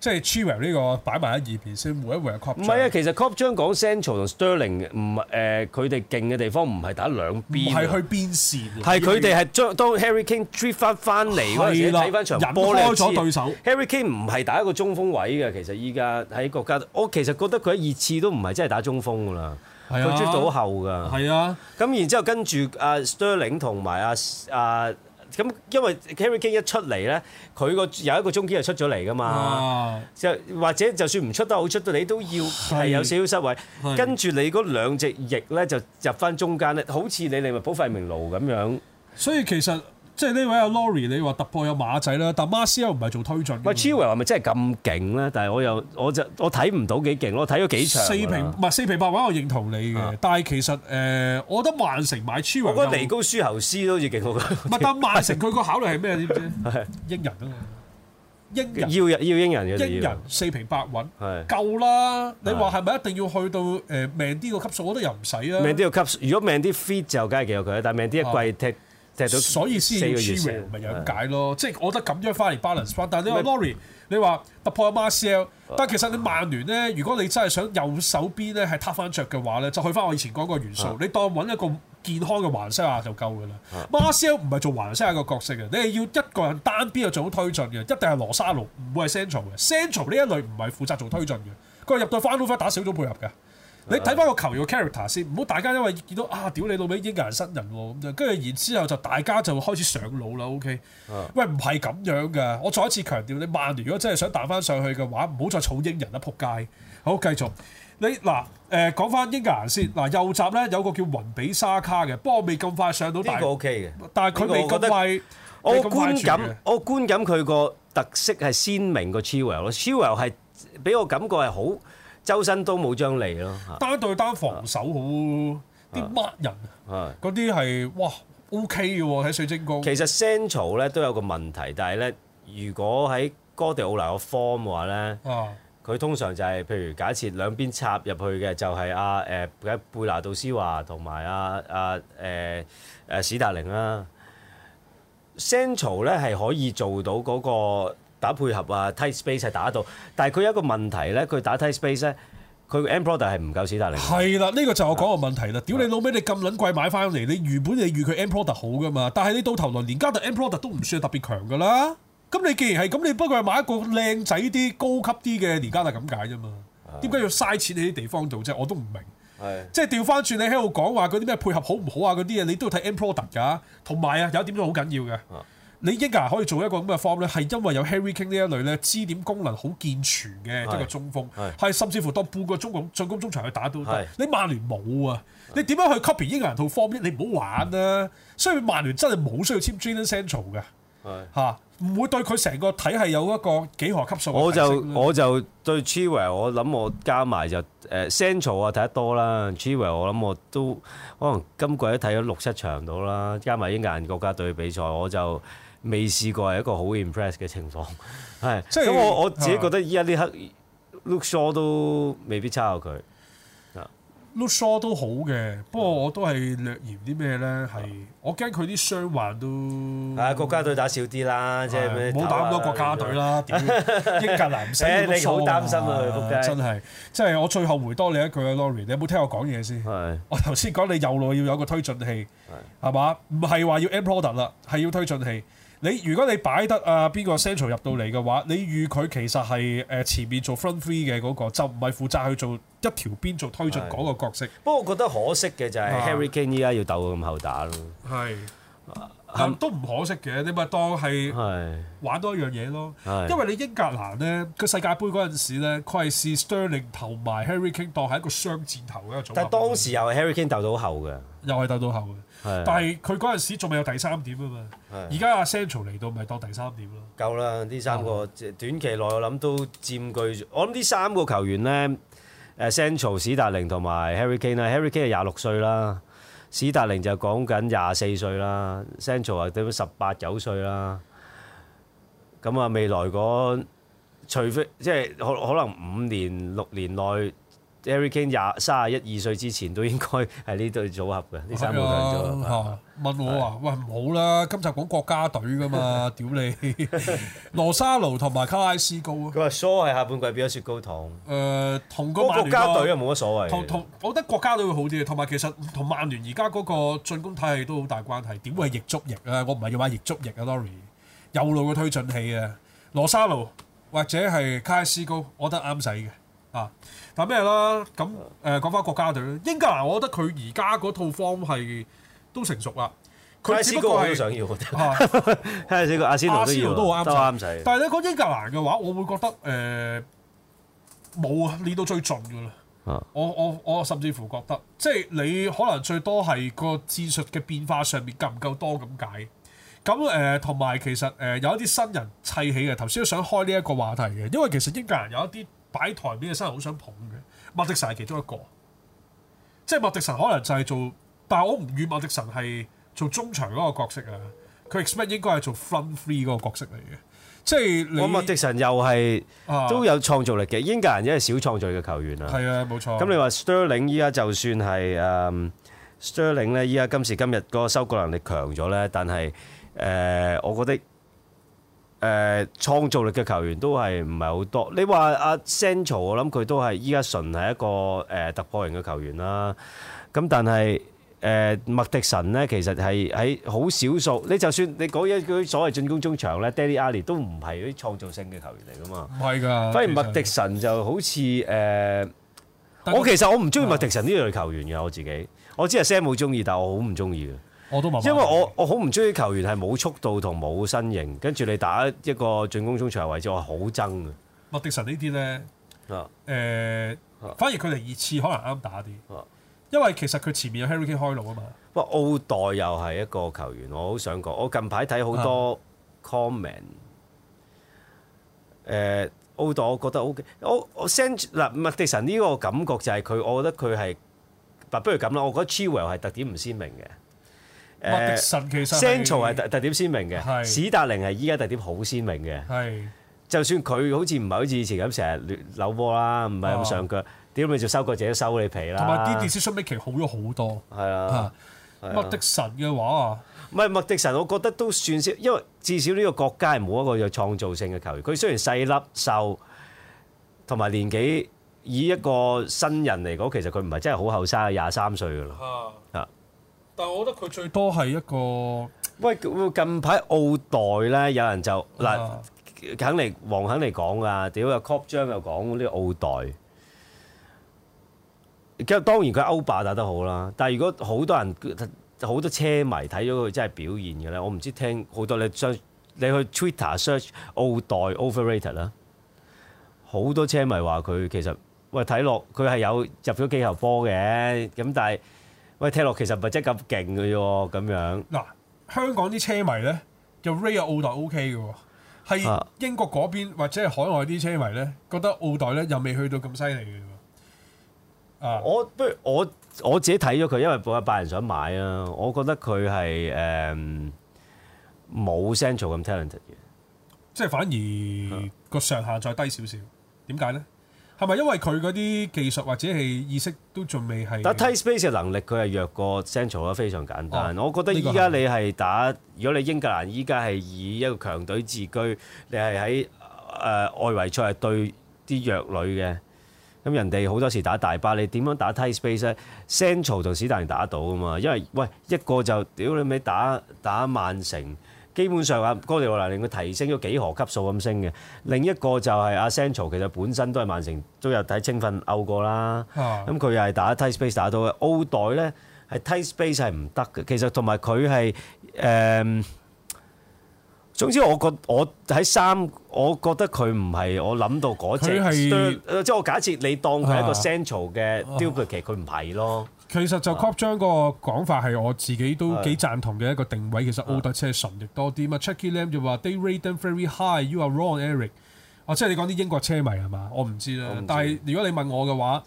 即係 triumph 呢個擺埋喺二邊先每一回個 cup。唔係啊，其實 cup 將講 central 同 Sterling 唔誒佢、呃、哋勁嘅地方唔係打兩邊，唔係去邊線，係佢哋係將當 Harry Kane drift 翻翻嚟嗰陣時睇翻場波咧，引開咗對手。Harry Kane 唔係打一個中鋒位嘅，其實依家喺國家，我其實覺得佢喺二次都唔係真係打中鋒噶啦，佢 drift 到後噶。係啊的，咁的然之後跟住阿 Sterling 同埋阿阿。Uh, 咁因為 Kerry King 一出嚟咧，佢個有一個中堅係出咗嚟噶嘛，哇 就或者就算唔出得好出到，你都要係有少少失位，是 跟住你嗰兩隻翼咧就入翻中間咧，好似你利物浦費明奴咁樣。所以其實。即係呢位阿 Laurie，你話突破有馬仔啦，但 m a r i e l 唔係做推進。咪 c e w 又係咪真係咁勁咧？但係我又我就我睇唔到幾勁，我睇咗幾場四平四平八穩，我認同你嘅。但係其實誒，我覺得曼城買 c e w，我覺得尼高舒侯斯都好似幾好。咪但係曼城佢個考慮係咩？英人啊嘛，英人要人要英人英人四平八穩係夠啦。你話係咪一定要去到誒命啲個級數？我覺得又唔使啊。命啲個級，如果命啲 fit 就梗係贏過佢，但係命啲一季踢。所以先要 transfer 咪有解咯，寫即係我覺得咁樣翻嚟 balance 翻。嗯、但係你話 Laurie，麼你話突破阿 Marcel，、啊、但係其實你曼聯咧，如果你真係想右手邊咧係攤翻着嘅話咧，就去翻我以前講個元素。啊、你當揾一個健康嘅環西亞就夠㗎啦。啊、Marcel 唔係做環西亞個角色嘅，你係要一個人單邊又做好推進嘅，一定係羅沙龍，唔會係 central 嘅。central 呢一類唔係負責做推進嘅，佢入到 final 打小組配合嘅。你睇翻個球員個 character 先，唔好大家因為見到啊，屌你老味英格蘭新人喎咁樣，跟住然之後就大家就開始上腦啦。OK，、uh, 喂，唔係咁樣噶。我再一次強調，你曼聯如果真係想彈翻上去嘅話，唔好再湊英人啦，撲街。好，繼續你嗱誒、呃、講翻英格蘭先嗱，右閘咧有個叫雲比沙卡嘅，不過我未咁快上到大。個 OK 嘅，但係佢未覺得。我觀感，我觀感佢個特色係鮮明個 Chewy 咯，Chewy 係俾我感覺係好。周身都冇張脷咯，單對單防守好，啲乜、啊、人，嗰啲係哇 O.K. 嘅喎喺水晶宮。其實 Central 咧都有個問題，但係咧如果喺哥迪奧拉個 form 嘅話咧，佢、啊、通常就係、係、譬如假設兩邊插入去嘅就係阿誒嘅貝拿杜斯華同埋阿阿誒誒史達寧啦、啊、，Central 咧係可以做到嗰、嗰個。打配合啊 t a s t e space 係打得到，但係佢有一個問題咧，佢打 t a s t e space 咧，佢 end product 係唔夠史達利。係啦，呢、呢個就我講個問題啦。的屌你老味，你咁撚貴買翻嚟，你原本你預佢 end product 好噶嘛，但係你到頭來連加特 end product 都唔算特別強噶啦。咁你既然係咁，你不過係買一個靚仔啲、高級啲嘅連加特咁解啫嘛。點解的要嘥錢喺啲地方做啫？我都唔明。的即係調翻轉你喺度講話嗰啲咩配合好唔好啊嗰啲嘢，你都要睇 end product 㗎。同埋啊，有一點都好緊要嘅。你英格蘭可以做一個咁嘅 form 咧，係因為有 Harry Kane 呢一類咧，支點功能好健全嘅一個中鋒，係是甚至乎當半個中攻進攻中場去打都得。你曼聯冇啊，你點樣去 copy 英格蘭套 form 你唔好玩啊！所以曼聯真係冇需要簽 Jadon Sancho 嘅，嚇唔是是會對佢成個體係有一個幾何級數嘅提升。我就我就對 Chiew 我諗我加埋就誒 Sancho 啊睇得多啦 Chiew 我諗我都可能今季都睇咗六七場到啦，加埋英格蘭國家隊比賽我就。我就未試過係一個好 impress 嘅情況，係咁、嗯嗯、我我自己覺得依家呢刻 Luke Shaw 都未必差過佢 Luke Shaw 都好嘅，不過我都係略嫌啲咩咧，係我驚佢啲傷患都係啊國家隊打少啲啦，嗯、即係唔好打咁多國家隊啦，嗯、麼英格蘭死都錯喎，真係，即係我最後回多你一句啊，Lori，你有冇聽我講嘢先？係是， 我頭先講你右路要有一個推進器，係，係嘛？唔係話要 ending product 啦，係要推進器。你如果你擺得啊邊個 Central 入到嚟嘅話，你預佢其實係誒、呃、前面做 front three 嘅嗰個，就唔係負責去做一條邊做推進嗰個角色的。不過我覺得可惜嘅就係 Harry Kane 依家要鬥咁後打咯。係，都唔可惜嘅，你咪當係玩多一樣嘢咯。的因為你英格蘭呢個世界盃嗰陣時咧，佢係試 Sterling 投埋 Harry Kane 當係一個雙箭頭嘅一種。但係當時又係 Harry Kane 鬥到後嘅，又係鬥到後嘅。但係佢嗰陣時仲未有第三點啊嘛，而家阿 Central 嚟到咪當第三點咯。的夠啦，呢三個短期內我諗都佔據住。我諗呢三個球員咧，誒 Central、史達寧同埋 Harry Kane 啦，Harry Kane 係廿六歲啦，史達寧就講緊廿四歲啦，Central 係點樣十八九歲啦。咁啊，未來講除非即係可可能五年六年內。Eric King 廿三、廿一、二歲之前都應該係呢對組合嘅，呢三個組合。啊、吧問我話對喂唔好啦，今集講國家隊㗎嘛， 屌你羅沙奴同埋卡拉斯高啊。佢話蘇係下半季比較雪糕糖。誒、呃，同個國家隊又冇乜所謂。同同，我覺得國家隊會好啲同埋其實同曼聯而家嗰個進攻體系都好大關係。點會係逆足翼咧、啊？我唔係要買逆足翼啊，Lory 右路嘅推進器啊，羅沙奴或者係卡拉斯高，我覺得啱使嘅。啊！但咩啦？咁誒、呃、講翻國家隊咧，英格蘭，我覺得佢而家嗰套方式都成熟啦。佢、啊、 阿仙奴都想要，我哋睇阿仙奴都好啱，都啱。但係咧講英格蘭嘅話，我會覺得誒冇啊，呃、練到最盡㗎啦、啊！我我我甚至乎覺得，即係你可能最多係個戰術嘅變化上面夠唔夠多咁解？咁誒同埋其實誒、呃、有一啲新人砌起嘅，頭先都想開呢一個話題嘅，因為其實英格蘭有一啲。擺台面嘅新人好想捧嘅，麥迪神係其中一個，即係麥迪神可能就係做，但係我唔預麥迪神係做中場嗰個角色啊，佢 expect 應該係做 front three 嗰個角色嚟嘅，即係你。我麥迪神又係、啊、都有創造力嘅，英格蘭真係少創造嘅球員啊。係啊，冇錯。咁你話 Stirling 依家就算係誒 Stirling 咧，依、嗯、家今時今日個收割能力強咗咧，但係誒、呃、我覺得。誒創造力嘅球員都係唔係好多？你話阿 Central，我諗佢都係依家純係一個誒突破型嘅球員啦。咁但係誒麥迪神咧，其實係喺好少數。你就算你講一啲所謂進攻中場咧，Daddy Ali 都唔係嗰啲創造性嘅球員嚟噶嘛。係㗎。反而麥迪神就好似誒，我其實我唔中意麥迪神呢類球員嘅我自己。我知阿 Sam 好中意，但我好唔中意嘅。因為我我好唔中意球員係冇速度同冇身形。跟住你打一個進攻中場位置，我好憎啊。麥迪臣呢啲咧，誒，反而佢哋熱刺可能啱打啲，啊、因為其實佢前面有 Harry Kane 開路啊嘛。不過奧代又係一個球員，我好想講，我近排睇好多 comment，誒，奧代我覺得 O、OK, K，我我嗱麥迪臣呢個感覺就係佢，我覺得佢係，不如咁啦，我覺得 Chilwell 係特點唔鮮明嘅。麥迪神其實，Central 係特特點鮮明嘅，是的 史達寧係依家特點好鮮明嘅。係，是的 就算佢好似唔係好似以前咁成日扭波啦，唔係咁上腳，點你是的 就收割者收你皮啦。同埋啲啲斯舒比奇好咗好多。係啊，麥迪神嘅話，唔係麥迪神我覺得都算少，因為至少呢個國家係冇一個有創造性嘅球員。佢雖然細粒瘦，同埋年紀以一個新人嚟講，其實佢唔係真係好後生，廿三歲㗎啦。嗯我覺得佢最多係一個喂，近排澳代咧，有人就嗱、啊、肯嚟黃肯嚟講噶，屌又 Cobb 張又講嗰啲澳代。而家當然佢歐霸打得好啦，但係如果好多人好多車迷睇咗佢真係表現嘅咧，我唔知聽好多你 search 你去 Twitter search 澳代 overrated 啦，好多車迷話佢其實喂睇落佢係有入咗幾球波嘅，咁但係。喂，聽落其實唔係真咁勁嘅啫喎，咁樣。嗱，香港啲車迷咧就 Ray 有奧迪 OK 嘅喎，係英國嗰邊或者海外啲車迷咧覺得奧迪咧又未去到咁犀利嘅喎。啊，我不如我我自己睇咗佢，因為我有百人想買啊，我覺得佢係誒冇 Central 咁 talented 嘅，即係反而個上限再低少少。點解咧？係咪因為佢嗰啲技術或者係意識都仲未係？打 tie space 嘅能力佢係弱過 central 啊，非常簡單。哦，我覺得依家你係打，如果你英格蘭依家係以一個強隊自居，你係喺誒外圍賽係對啲弱女嘅，咁人哋好多時打大巴，你點樣打 tie space 咧？central 同史大人打到啊嘛，因為喂一個就屌你咪打打曼城。基本上哥嗰條嗱令佢提升咗幾何級數咁升嘅。另一個就係、是、阿 Central，其實本身都係曼城，都有睇青訓 o u 啦。咁佢又係打 t a s h t space 打到嘅。O 代咧，係 t a s h t space 係唔得嘅。其實同埋佢係誒，總之我覺我喺三，我覺得佢唔係我諗到嗰隻。即係是我假設你當佢一個 Central 嘅雕刻期，佢唔係咯。其實就 copy 將個講法係我自己都幾贊同嘅一個定位。的其實奧特車純亦多啲嘛。Checky Lam 的就話：They rate them very high. You are wrong, Eric。哦，即係你講啲英國車迷係嘛？我唔知啦。知，但係如果你問我嘅話，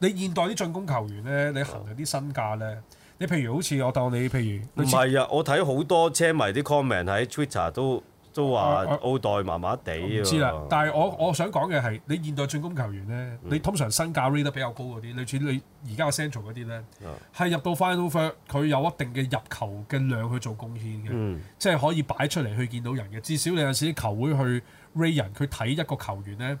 你現代啲進攻球員咧，你行啲身價咧，你譬如好似我當你譬如唔係啊，我睇好多車迷啲 comment 喺 Twitter 都。都話歐代麻麻地知啦，但係我我想講嘅係，你現代進攻球員呢，嗯、你通常身價 rate 得比較高嗰啲，類似你而家嘅 centre 嗰啲呢，係、嗯、入到 final third 佢有一定嘅入球嘅量去做貢獻嘅，嗯、即係可以擺出嚟去見到人嘅。至少你有陣時啲球會去 rate 人，去睇一個球員呢。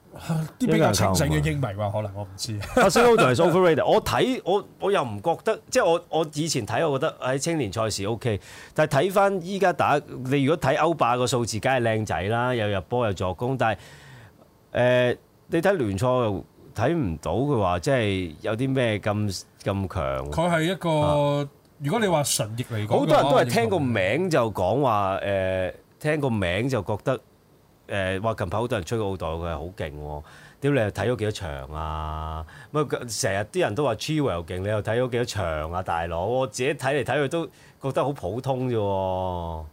啲比較清醒嘅英迷話：可能我唔知。阿，我睇我我又唔覺得，即係我我以前睇我覺得喺青年賽事 O K，但係睇翻依家打你如果睇歐霸個數字，梗係靚仔啦，又入波又助攻，但係誒你睇聯賽又睇唔到佢話，即係有啲咩咁咁強。佢係一個，如果你話純益嚟講，好多人都係聽個名就講話誒，聽個名就覺得。誒話近排好多人吹個奧代，佢係好勁喎。屌你又睇咗幾多場啊？乜成日啲人都話 Grealish 又勁，你又睇咗幾多場啊？大佬，我自己睇嚟睇去都覺得好普通啫。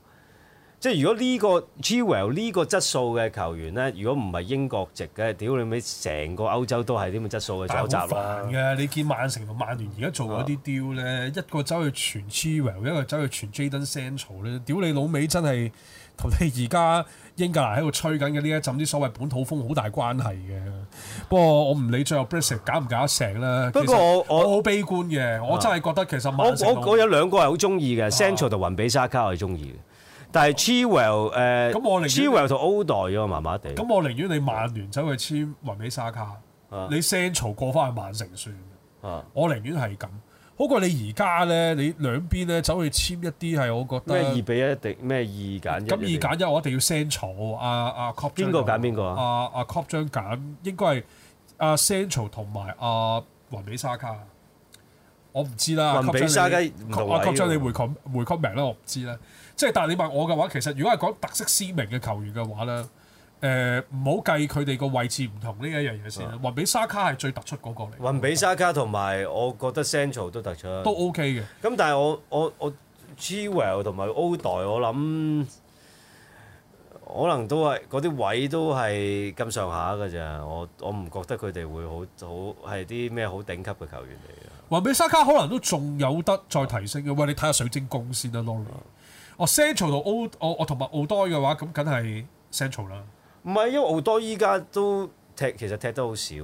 即係如果呢個 Grealish 呢個質素嘅球員咧，如果唔係英國籍嘅，屌你咪成個歐洲都係啲咁嘅質素嘅走雜攞。但係煩嘅，你見曼城同曼聯而家做嗰啲雕咧，啊、一個走去傳 Grealish，一個走去傳 Jadon Sancho 咧，屌你老味真係～同你而家英格蘭喺度吹緊嘅呢一陣啲所謂本土風好大關係嘅，不過我唔理最後 Brexit 搞唔搞得成啦。不過我我好悲觀嘅，我真係覺得其實我我我有兩個係好中意嘅，Central 同雲比沙卡我係中意嘅，但係 Chilwell 誒 Chilwell 同 O 代我麻麻地。咁 well、我寧願你曼聯走去簽雲比沙卡， 你 Central 過翻去曼城算。我寧願係咁。好過你而家咧，你兩邊咧走去簽一啲係我覺得咩二比一定咩二揀一，咁二揀一我一定要 Central 阿阿 Captain 邊個揀邊個啊？阿阿 Captain 揀應該係阿 Central 同埋阿雲比沙卡，我唔知啦。雲比沙卡，阿 Captain 你回 confirm 回 confirm、啊、我唔知啦。即係但係你問我嘅話，其實如果係講特色鮮明嘅球員嘅話咧。誒唔好計佢哋個位置唔同呢一樣嘢先啦。的雲比沙卡係最突出嗰個嚟。雲比沙卡同埋我覺得 central 都突出。都 OK 嘅。咁但係我我我 Gwell 同埋 Old 代，我諗可能都係嗰啲位都係咁上下㗎啫。我我唔覺得佢哋會好好係啲咩好頂級嘅球員嚟嘅。雲比沙卡可能都仲有得再提升嘅。的喂，你睇下水晶宮先啦、啊、Laurie 的、oh, central ai, 我 central 同 Old 我我同埋 Old 代嘅話，咁梗係 central 啦。唔係，因為奧多依家都踢，其實踢得好少。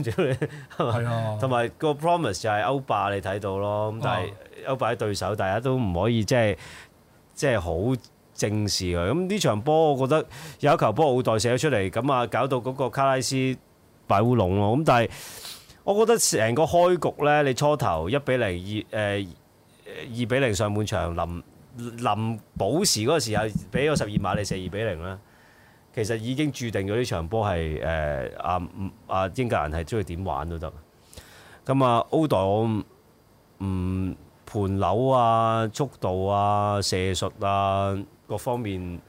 咁 吧，同埋個 promise 就係歐霸，你睇到咯。咁但係歐霸啲對手，大家都唔可以即係即係好正視佢。咁呢場波，我覺得有一球波奧代射咗出嚟，咁啊搞到嗰個卡拉斯擺烏龍咯。咁但係我覺得成個開局咧，你初頭一比零二誒二比零上半場臨臨補時嗰個時候，俾個十二碼你射二比零啦。其實已經註定咗呢場波係誒啊啊英格蘭係鍾意點玩都得，咁啊歐盃我唔盤樓啊，速度啊、射術啊各方面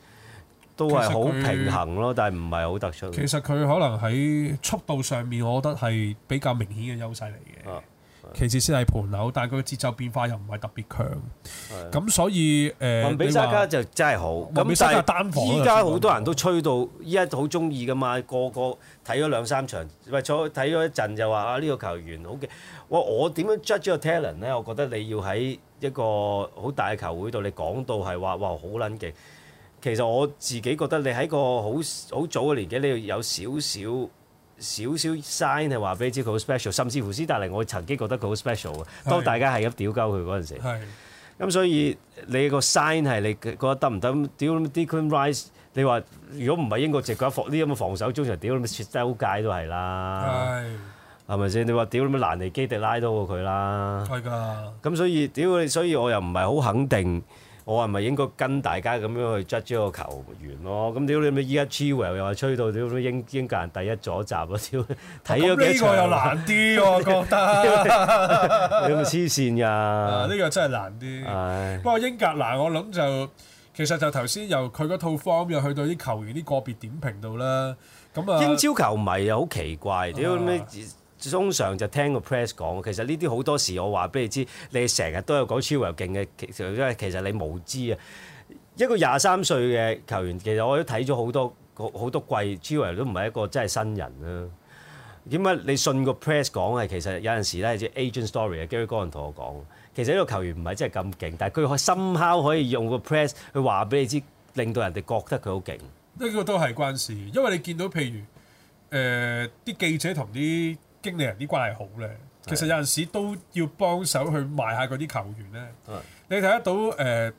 都係好平衡咯，但係唔係好突出。其實佢可能喺速度上面，我覺得係比較明顯嘅優勢嚟嘅。其次先係盤樓，但係佢嘅節奏變化又唔係特別強，咁的所以誒，蒙比沙加就真係好。蒙比沙加單防又，依家好多人都吹到，依家好中意噶嘛，個個睇咗兩三場，唔係坐睇咗一陣就話啊呢個球員好嘅。我我點樣 judge 咗個 talent 呢？我覺得你要喺一個好大嘅球會度，你講到係話哇好撚勁。其實我自己覺得你喺個好好早嘅年紀，你要有少少。少少 sign 係話俾你知佢好 special，甚至乎斯特林，我曾經覺得佢好 special 嘅。當大家係咁屌鳩佢嗰陣時，咁所以你個 sign 係你覺得得唔得？咁屌啲 Declan Rice，你話如果唔係英國籍，佢一防啲咁防守中場，屌你咪蝕兜街都係啦，係咪先？你話屌你咪蘭尼基迪拉多過佢啦，係㗎。咁所以屌你，所以我又唔係好肯定。我係咪應該跟大家咁樣去質咗個球員咯、啊，咁屌你咩依家 Chew 又話吹到屌。英英格蘭第一組集啊，啲睇咗呢個又難啲、啊， 我覺得 你咪黐線噶？啊，呢、啊呢個真係難啲。唉不過英格蘭我諗就其實就頭先由佢嗰套 form 又去到啲球員啲個別點評度啦。咁啊，英超球迷又好奇怪，屌你、啊！通常就聽個 press 講，其實呢啲好多時我話俾你知，你成日都有講 Chivo 又勁嘅，其實因為其實你無知啊。一個廿三歲嘅球員，其實我都睇咗好多好多季，Chivo 都唔係一個真係新人啦。點解你信個 press 講係？其實有陣時咧，即 agent story 啊，幾多個人同我講，其實呢個球員唔係真係咁勁，但係佢可 somehow 可以用個 press 去話俾你知，令到人哋覺得佢好勁。呢個都係關事，因為你見到譬如誒啲記者同啲。經理人啲關係好咧，其實有陣時都要幫手去賣下嗰啲球員咧。 你睇得到誒，佢、呃、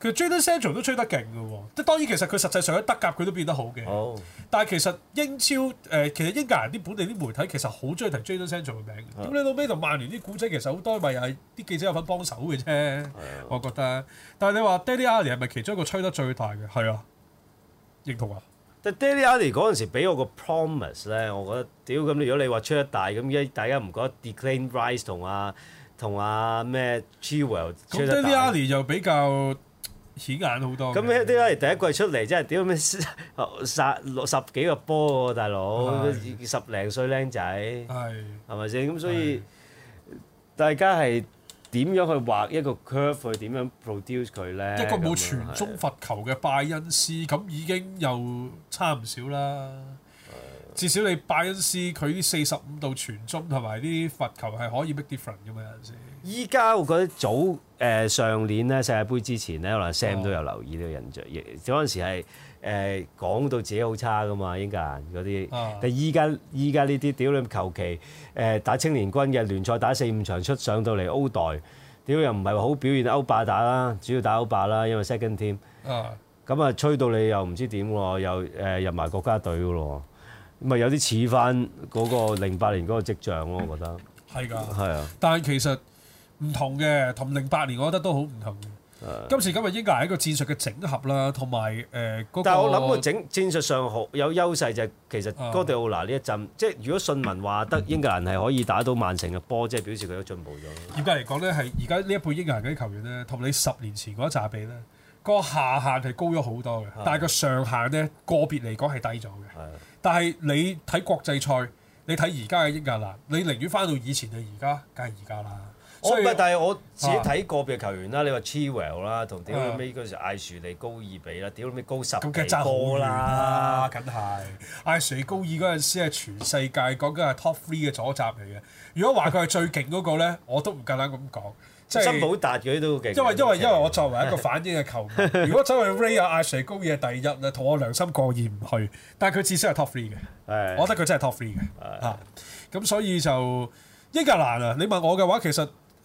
Jadon Sancho 都吹得勁嘅喎，即係當然其實佢實際上喺德甲佢都變得好嘅。Oh. 但係其實英超誒、呃，其實英格蘭啲本地啲媒體其實好中意提 Jadon Sancho 嘅名。咁、oh. 你到尾同曼聯啲古仔其實好多咪又係啲記者有份幫手嘅啫。Oh. 我覺得，但係你話 Daddy Ali 係咪其中一個吹得最大嘅？係啊，認同啊。但 Dele Alli 嗰陣時俾我個 promise 咧，我覺得屌咁！如果你話出得大咁，而家大家唔覺得 Declan Rice 同阿同阿咩 Chilwell 出得大，大？即係 Dele Alli 就比較顯眼好多。咁咩 Dele Alli 第一季出嚟真係屌咩？十六十幾個波喎，大佬是的 十零歲靚仔，係係咪先？咁是的 所以大家係。點樣去畫一個 curve 去點樣 produce 佢咧？一個冇傳中罰球嘅拜恩斯，咁的已經又差唔少啦。的至少你拜恩斯佢四十五度傳中同埋啲罰球係可以 make different 噶嘛？有陣時，依家我覺得早誒、呃、上年咧世界盃之前咧，可能 Sam 都有留意呢個印象，亦嗰陣時係。誒講到自己好差噶嘛，英格蘭嗰啲，啊、但係依家依家呢啲屌你求其誒打青年軍嘅聯賽打四五場出上到嚟歐代，屌、呃、又唔係好表現歐霸打啦，主要打歐霸啦，因為 second team，咁啊吹到你又唔知點喎，又誒、呃、入埋國家隊噶咯喎，咪有啲似翻嗰個零八年嗰個跡象咯，我覺得。係㗎。係啊。但係其實唔同嘅，同零八年我覺得都好唔同。今時今日英格蘭係一個戰術嘅整合啦，同埋誒但係我諗個整戰術上好有優勢就係其實哥迪奧拿呢一陣，即係如果信民話得英格蘭係可以打到曼城嘅波，即係表示佢有進步咗。嚴格嚟講咧，係而家呢一輩英格蘭嗰啲球員咧，同你十年前嗰一紮比咧，個下限係高咗好多嘅，但係個上限咧個別嚟講係低咗嘅。但係你睇國際賽，你睇而家嘅英格蘭，你寧願翻到以前嘅而家，梗係而家啦。我唔係，但係我自己睇個別球員啦。啊、你話 Chilwell 啦、啊，同屌尾嗰時艾殊利高爾比啦，屌尾高十咁，幾好啦，梗係艾殊利高爾嗰陣時係全世界講緊係 top three 嘅左閘嚟嘅。如果話佢係最勁嗰個咧，我都唔夠膽咁講。即係身冇達嗰啲都勁。因為因為因為我作為一個反應嘅球迷，如果走去 Ray 阿艾殊利高爾嘅第一入同我良心過意唔去。但係佢至少係 top three 嘅，我覺得佢真係 top three 嘅嚇。咁所以就，所以就英格蘭啊，你問我嘅話，其實。誒，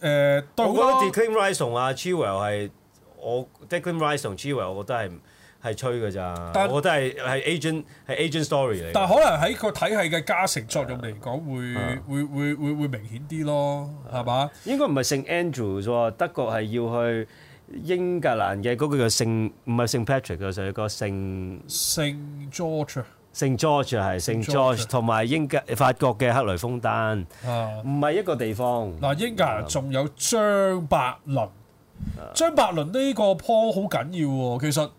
我覺得 Declan Rice 同阿，Chewell 係我 Declan Rice 同 Chewell 我覺得係係吹嘅咋，我覺得係係 agent 係 agent story 嚟。但可能喺個體系嘅加成作用嚟講，會會會會會明顯啲咯，係嘛？應該唔係聖 Andrew 啫，德國係要去英格蘭嘅嗰個叫聖，唔係聖 Patrick 嘅，就係個聖。聖 George。聖 George 係聖 George，同埋英格法國嘅克雷風丹，唔係、啊、一個地方。嗱，英格仲有張伯倫，啊、張伯倫呢個波好緊要喎。其實，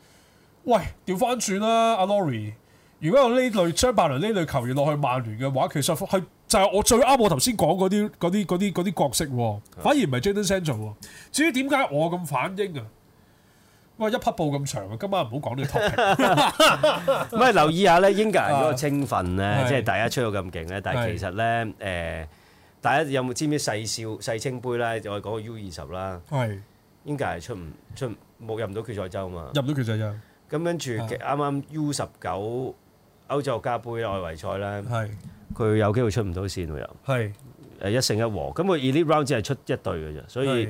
喂，調翻轉啦，阿 Lory，如果有呢類張伯倫呢類球員落去曼聯嘅話，其實係就係我最啱我頭先講嗰啲啲啲啲角色，反而唔係 Jadon Sancho。至於點解我咁反應啊？哇！一匹布咁長啊，今晚唔好講呢個 topic。咁啊，留意下咧，英格蘭嗰個青訓咧，即係大家吹到咁勁咧，但係其實咧，誒，大家有冇知唔知世少世青杯咧，就係講個 U 二十啦。係英格蘭出唔出冇入唔到決賽周啊嘛，入唔到決賽周。咁跟住啱啱 U 十九歐洲國家杯外圍賽咧，係佢有機會出唔到線喎，又係誒，一勝一和，咁佢 Elite Round 只係出一隊嘅啫，所以。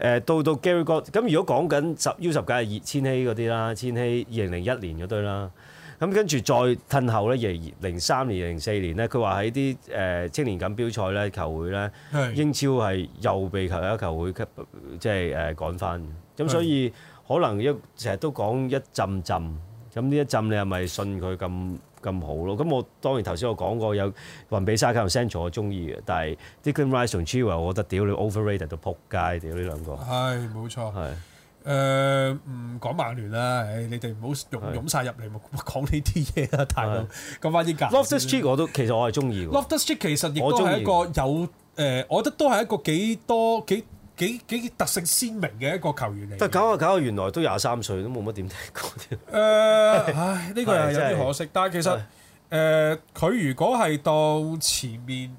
誒到到 Gary 哥，咁如果講緊十 U 十嘅係千禧嗰啲啦，千禧二零零一年嗰堆啦，咁跟住再褪後咧，二零零三年、零四年咧，佢話喺啲誒青年錦標賽咧，球會咧，英超係又被其他球會即係誒趕翻，咁所以可能一成日都講一浸浸，咁呢一浸你係咪信佢咁？咁好咯，咁我當然頭先我講過有雲比沙卡和 Central 我中意嘅，但係 Declan Rice 同 Chewer 我覺得屌你 overrated 到仆街，屌呢兩個。係冇錯。係。誒唔講曼聯啦，誒你哋唔好湧湧晒入嚟，唔講呢啲嘢啦，大佬。講翻啲價。Love the Street 我都其實我係中意。Love the Street 其實亦都係一個有誒，我覺得都係一個幾多幾。幾幾特色鮮明嘅一個球員嚟。但係搞下搞下，原來都廿三歲，都冇乜點聽過。誒、呃，是唉，呢、這個係有啲可惜。就是、但係其實誒，佢是、呃、如果係到前面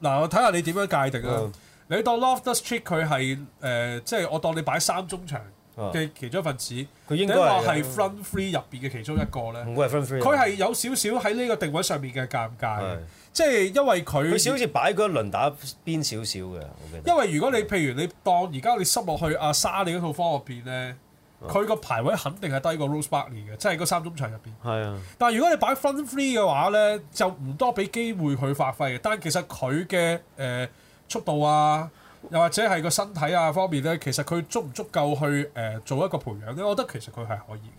嗱，我睇下你點樣界定啊？嗯、你當 Loftus-Cheek 佢係誒，即、呃、係、就是、我當你擺三中場嘅其中一份子。佢、嗯、應該話係 Front Three 入邊嘅其中一個咧。唔會係 Front Three。佢係有少少喺呢個定位上面嘅尷尬。嗯即係因為佢，佢先好似擺嗰一輪打邊少少嘅。因為如果你譬如你當而家你塞落去阿沙利嗰套方案入邊咧，佢個排位肯定係低過 Rose Barkley 嘅，即係嗰三中場入邊。係啊，但係如果你擺 Front Three 嘅話咧，就唔多俾機會佢去發揮嘅。但係其實佢嘅誒速度啊，又或者係個身體啊方面咧，其實佢足唔足夠去誒做一個培養咧？我覺得其實佢係可以。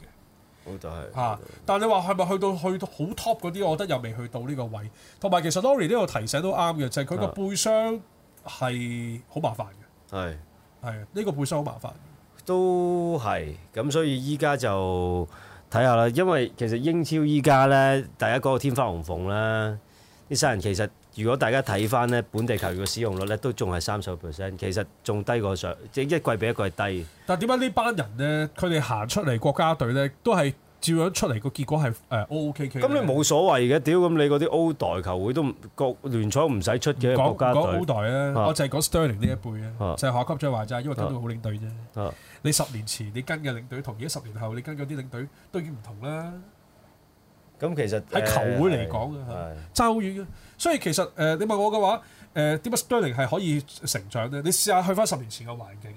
嚇！啊、但你話係咪去到去好 top 嗰啲，我覺得又未去到呢個位。同埋其實 Lori 呢個提醒都啱嘅，就係佢個背傷係好麻煩嘅。係係呢個背傷好麻煩。都係咁，所以依家就睇下啦。因為其實英超依家呢，第一講天花龍鳳啦，啲新人其實。如果大家睇翻咧，本地球員嘅使用率咧都仲係三十個 percent，其實仲低過上，即係一季比一季低。但係點解呢班人咧，佢哋行出嚟國家隊咧，都係照樣出嚟，個結果係誒 O、OK、K K。咁你冇所謂嘅，屌咁你嗰啲歐代球會都國聯賽唔使出嘅國家隊。歐代啊，啊我就係講 Stirling 呢一輩啊，啊就係下級再話齋，因為跟到好領隊啫。啊、你十年前你跟嘅領隊同而家十年後你跟嗰啲領隊都已經唔同啦。咁其實喺球會嚟講啊，差好遠嘅。所以其實誒、呃，你問我嘅話，誒，Dimitri n g 係可以成長咧。你試下去翻十年前嘅環境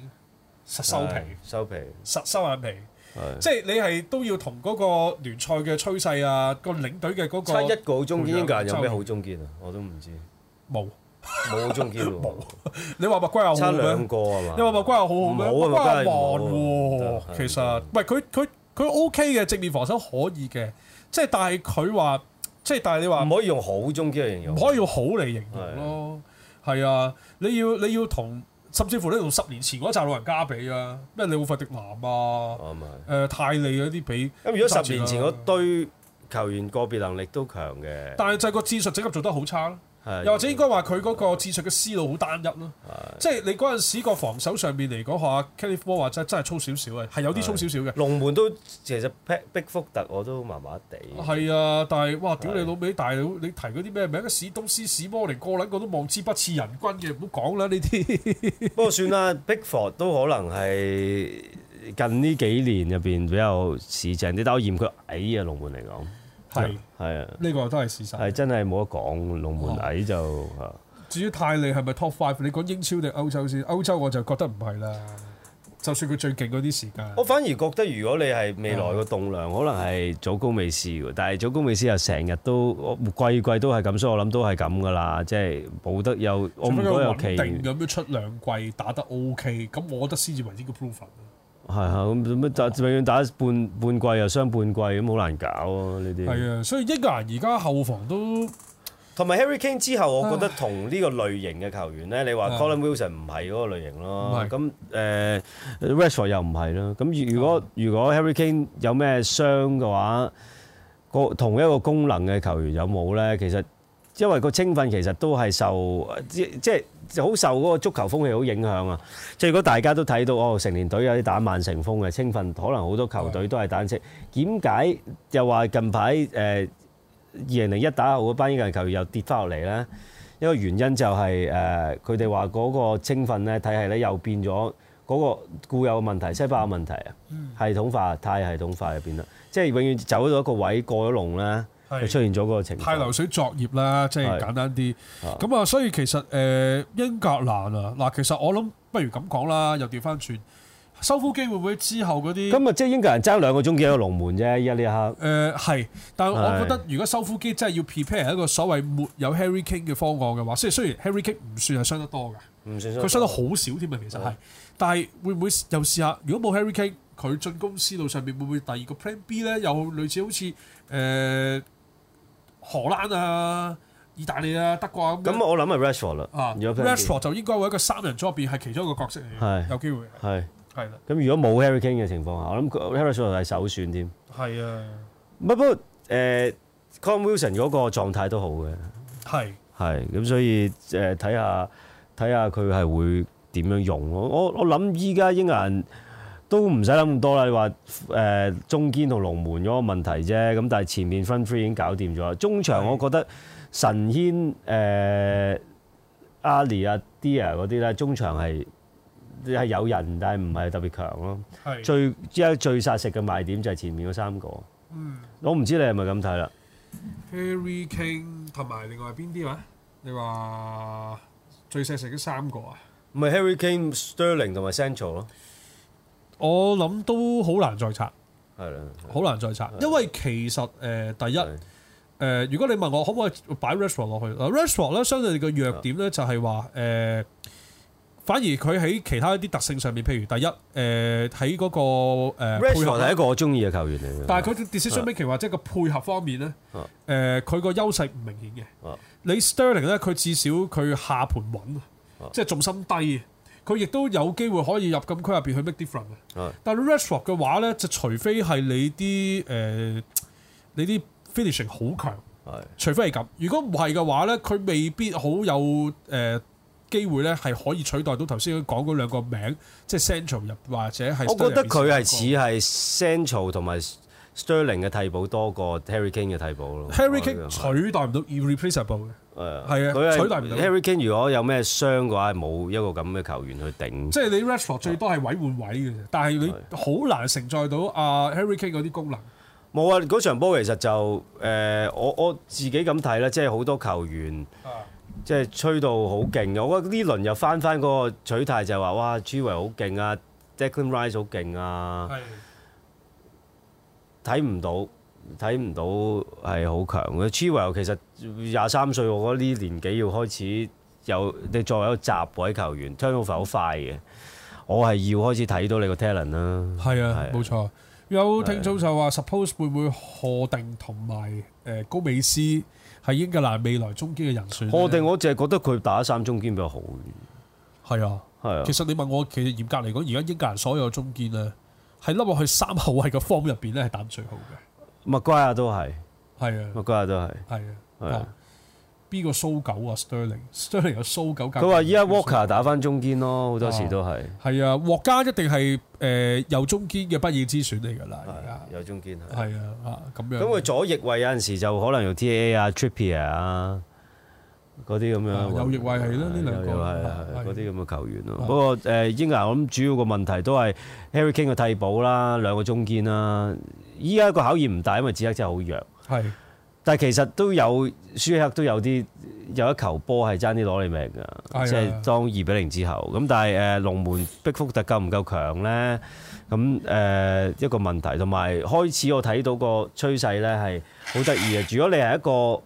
實收，收皮，收皮，收收眼皮，是即係你係都要同嗰個聯賽嘅趨勢啊，嗰個領隊嘅嗰、嗰個。差一個中堅，英格蘭有咩好中堅啊？我都唔知。冇冇沒有 中堅冇 。你話麥圭亞好咩？差兩個係嘛？你話麥圭亞好好咩？唔好話慢喎，麥麥其實唔係佢佢佢，OK 嘅，正面防守可以嘅。即係，但係佢話，即係但係你話，唔可以用好中嘅形容，唔可以用好嚟形容咯。係啊是的，你要你要同，甚至乎你同十年前嗰一紮老人家比人啊，咩李奧費迪南啊，誒泰、呃、利嗰啲比。咁、嗯、如果十年前嗰堆球員個別能力都強嘅，但係就個技術整合做得好差咯。又或者應該話佢嗰個戰術嘅思路好單一咯，的即係你嗰陣時個防守上面嚟講嚇，Kevin 波話真真係粗少少嘅，係有啲粗少少嘅。龍門都其實 Pickford 我都麻麻地。係啊，但係哇，屌你老味，的大佬，你提嗰啲咩名，史東斯、史波嚟過嚟，兩個都望之不似人君嘅，唔好講啦呢啲。 不過算啦 ，Pickford 都可能係近呢幾年入邊比較實淨啲，但係我嫌佢矮啊，龍門嚟講。係，係啊，呢的的個都係事實。係真係冇得講，龍門矮就嚇。哦、至於泰利係咪 Top Five？你講英超定歐洲先？歐洲我就覺得唔係啦。就算佢最勁嗰啲時間，我反而覺得如果你係未來個棟梁，的可能係祖高美斯喎。但係祖高美斯又成日都季季都係咁，所以我諗都係咁噶啦。即係保得又，我唔覺得有奇。咁出兩季打得 O K，咁我覺得先至為之個鋪飯。係啊，咁做乜打永遠打半半季又傷半季咁好難搞啊！呢啲係啊，所以一個人而家後防都同埋 Harry Kane 之後，我覺得同呢個類型嘅球員咧，唉唉你話 Colin Wilson 唔係嗰個類型咯，咁誒 Rashford 又唔係咯。咁如果是的 如果 Harry Kane 有咩傷嘅話，個同一個功能嘅球員有冇咧？其實因為個青訓其實都係受即即。就好受嗰個足球風氣好影響啊！即係如果大家都睇到哦，成年隊有啲打曼城風嘅青訓，清分可能好多球隊都係單色。點解的又話近排誒二零零一打後嗰班英個球員又跌翻落嚟呢？的一個原因就係誒佢哋話嗰個青訓呢體系呢又變咗嗰個固有問題，西化嘅問題啊，的系統化太系統化入邊啦，即係永遠走到一個位過咗龍啦。係出現咗嗰個情況，太流水作業啦，即、就、係、是、簡單啲。咁啊，所以其實誒、呃、英格蘭啊，嗱，其實我諗不如咁講啦，又調翻轉，收夫機會唔會之後嗰啲？咁啊，即係英格蘭爭兩個鐘幾有龍門啫，而家呢刻。誒係、呃，但係我覺得如果收夫機真係要 prepare 一個所謂沒有 Harry Kane 嘅方案嘅話，雖雖然 Harry Kane 唔算係傷得多㗎，佢傷得好少添啊，嗯、其實係。但係會唔會又試下？如果冇 Harry Kane 佢進攻思路上面會唔會第二個 Plan B 咧？又類似好似誒？呃.荷蘭啊、意大利啊、德國咁、啊，咁我諗係 Rashford 啦。Rashford 就應該會一個三人組入邊係其中一個角色嚟，是有機會。係是，係啦的。咁如果冇 Harry Kane 嘅情況下，我諗 Rashford 係首選添。係啊的。不過誒呃 Callum Wilson 嗰個狀態都好嘅。係的。係。咁所以誒，睇下睇下佢係會點樣用我我我諗依家英銀。都唔使諗咁多啦！你話誒中堅同龍門嗰個問題啫，咁但係前面 front three 已經搞掂咗啦。中場我覺得神軒誒 Ali 啊 Dear 嗰啲咧，中場係係有人，但係唔係特別強咯。係最即係最殺食嘅賣點就係前面嗰三個。嗯，我唔知你係咪咁睇啦。Harry Kane 同埋另外邊啲話？你話最殺食嗰三個啊？唔係 Harry Kane、Sterling 同埋 Central 咯。我諗都好難再拆，係啦，好難再拆，因為其實誒，第一誒，如果你問我可唔可以擺 restful 落去嗱，restful 咧相對嚟個弱點咧就係話誒，反而佢喺其他一啲特性上面，譬如第一誒喺嗰個誒配合係一個我中意嘅球員嚟嘅，但係佢嘅 decision making 或者個配合方面咧，誒佢個優勢唔明顯嘅，你 Sterling 咧佢至少佢下盤穩即係重心低。佢亦都有機會可以入禁區入邊去 make different 嘅，是的 但 restful 嘅話咧，就除非係你啲誒、呃、你啲 finishing 好強，是的 除非係咁。如果唔係嘅話咧，佢未必好有誒、呃、機會咧，係可以取代到頭先講嗰兩個名，即係 central 入或者係。我覺得佢係似係 central 同埋。Sterling 嘅替補多過 Harry Kane 嘅替補咯。Harry Kane 取代唔到，irreplaceable 嘅。係啊的，佢的取代唔到。Harry Kane 如果有咩傷嘅話，係冇一個咁嘅球員去頂。即係你 Rashford 最多係位換位嘅，的但係你好難承載到阿、uh, Harry Kane 嗰啲功能。冇啊！嗰場波其實就誒、呃，我我自己咁睇啦，即係好多球員即係的吹到好勁。我覺得呢輪又翻翻嗰個取態，就是，就係話哇，朱維好勁啊，Declan Rice 好勁啊。的的睇唔到，睇唔到係好強嘅。Chivo 其實廿三歲，我覺得呢年紀要開始有你作為一個集位球員。turnover 好快嘅，我係要開始睇到你個 talent 啦。係啊，冇、啊、錯。有聽眾就話，Suppose 會唔會賀定同埋誒高美斯係英格蘭未來中堅嘅人選？賀定我淨係覺得佢打三中堅比較好。係啊，係啊。啊其實你問我，其實嚴格嚟講，而家英格蘭所有中堅咧。係笠落去三後位嘅方入邊咧，係打最好嘅。麥圭亞都係，係啊，麥圭亞都係，係啊。邊個蘇九啊？Sterling，Sterling 有蘇狗。佢話依家 Walker 打翻中堅咯，好多時都係。係啊，沃加一定係誒右中堅嘅不二之選嚟㗎啦，而家右中堅。係啊，咁樣。咁佢左翼位有陣時就可能用 T A 啊 Trippier 啊。嗰啲咁樣，有翼衛係啦，呢兩個，嗰啲咁嘅球員咯。不過誒，英牙我諗主要個問題都係 Harry Kane 嘅替補啦，兩個中堅啦。依家個考驗唔大，因為指克真係好弱。係，但係其實都有，舒克都有啲有一球波係差啲攞你命㗎，即係當二比零之後。咁但係誒龍門逼福特夠唔夠強咧？咁誒一個問題，同埋開始我睇到個趨勢咧係好得意嘅。如果你係一個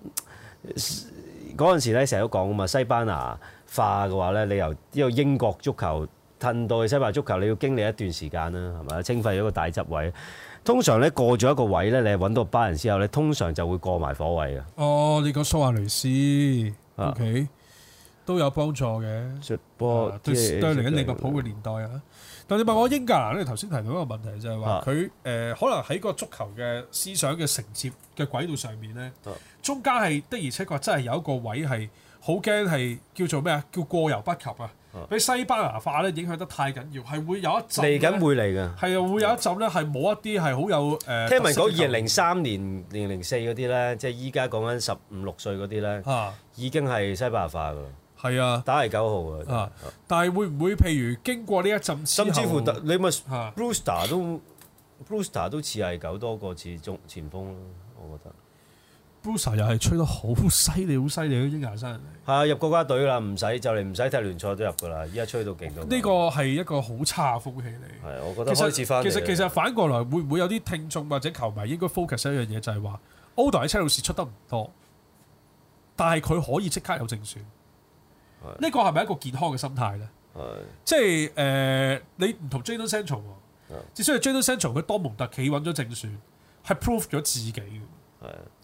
嗰陣時咧，成日都講㗎嘛，西班牙化嘅話咧，你由呢個英國足球褪到去西班牙足球，你要經歷一段時間啦，係咪啊？清廢咗個大執位，通常咧過咗一個位咧，你揾到個班人之後咧，通常就會過埋火位嘅。哦，你講蘇亞雷斯，O.K.、啊都有幫助嘅，直過對嚟緊利物浦嘅年代啊！但你問我英格蘭咧，頭先提到一個問題就係話佢誒可能喺個足球嘅思想嘅承接嘅軌道上面咧，中間係的而且確真係有一個位係好驚係叫做咩啊？叫過猶不及啊！俾西班牙化咧影響得太緊要，係會有一陣嚟緊會嚟嘅，係啊會有一陣咧係冇一啲係好有誒。呃、聽聞講二零零三年、二零零四嗰啲咧，即係依家講緊十五六歲嗰啲咧，啊、已經係西班牙化㗎。係啊，打係九號啊！但係會唔會譬如經過呢一陣甚至乎你咪 Brewster、啊、Brewster 都 Brewster 都似係九多過次中前鋒咯？我覺得 Brewster 又係吹得好犀利，好犀利咯！英牙山人係啊、嗯，入國家隊啦，唔使就嚟唔使踢聯賽都入噶啦！依家吹到勁多，呢個係一個好差風氣嚟、啊。我覺得開始翻其實其實反過來會唔會有啲聽眾或者球迷應該 focus 喺一樣嘢，就係話 Odo 喺車路士出得唔多，但係佢可以即刻有正選。呢個係咪一個健康嘅心態咧？即係誒，你唔同 Jadon Sancho，至少 Jadon Sancho 佢多蒙特企穩咗正選，係 proof 咗自己嘅。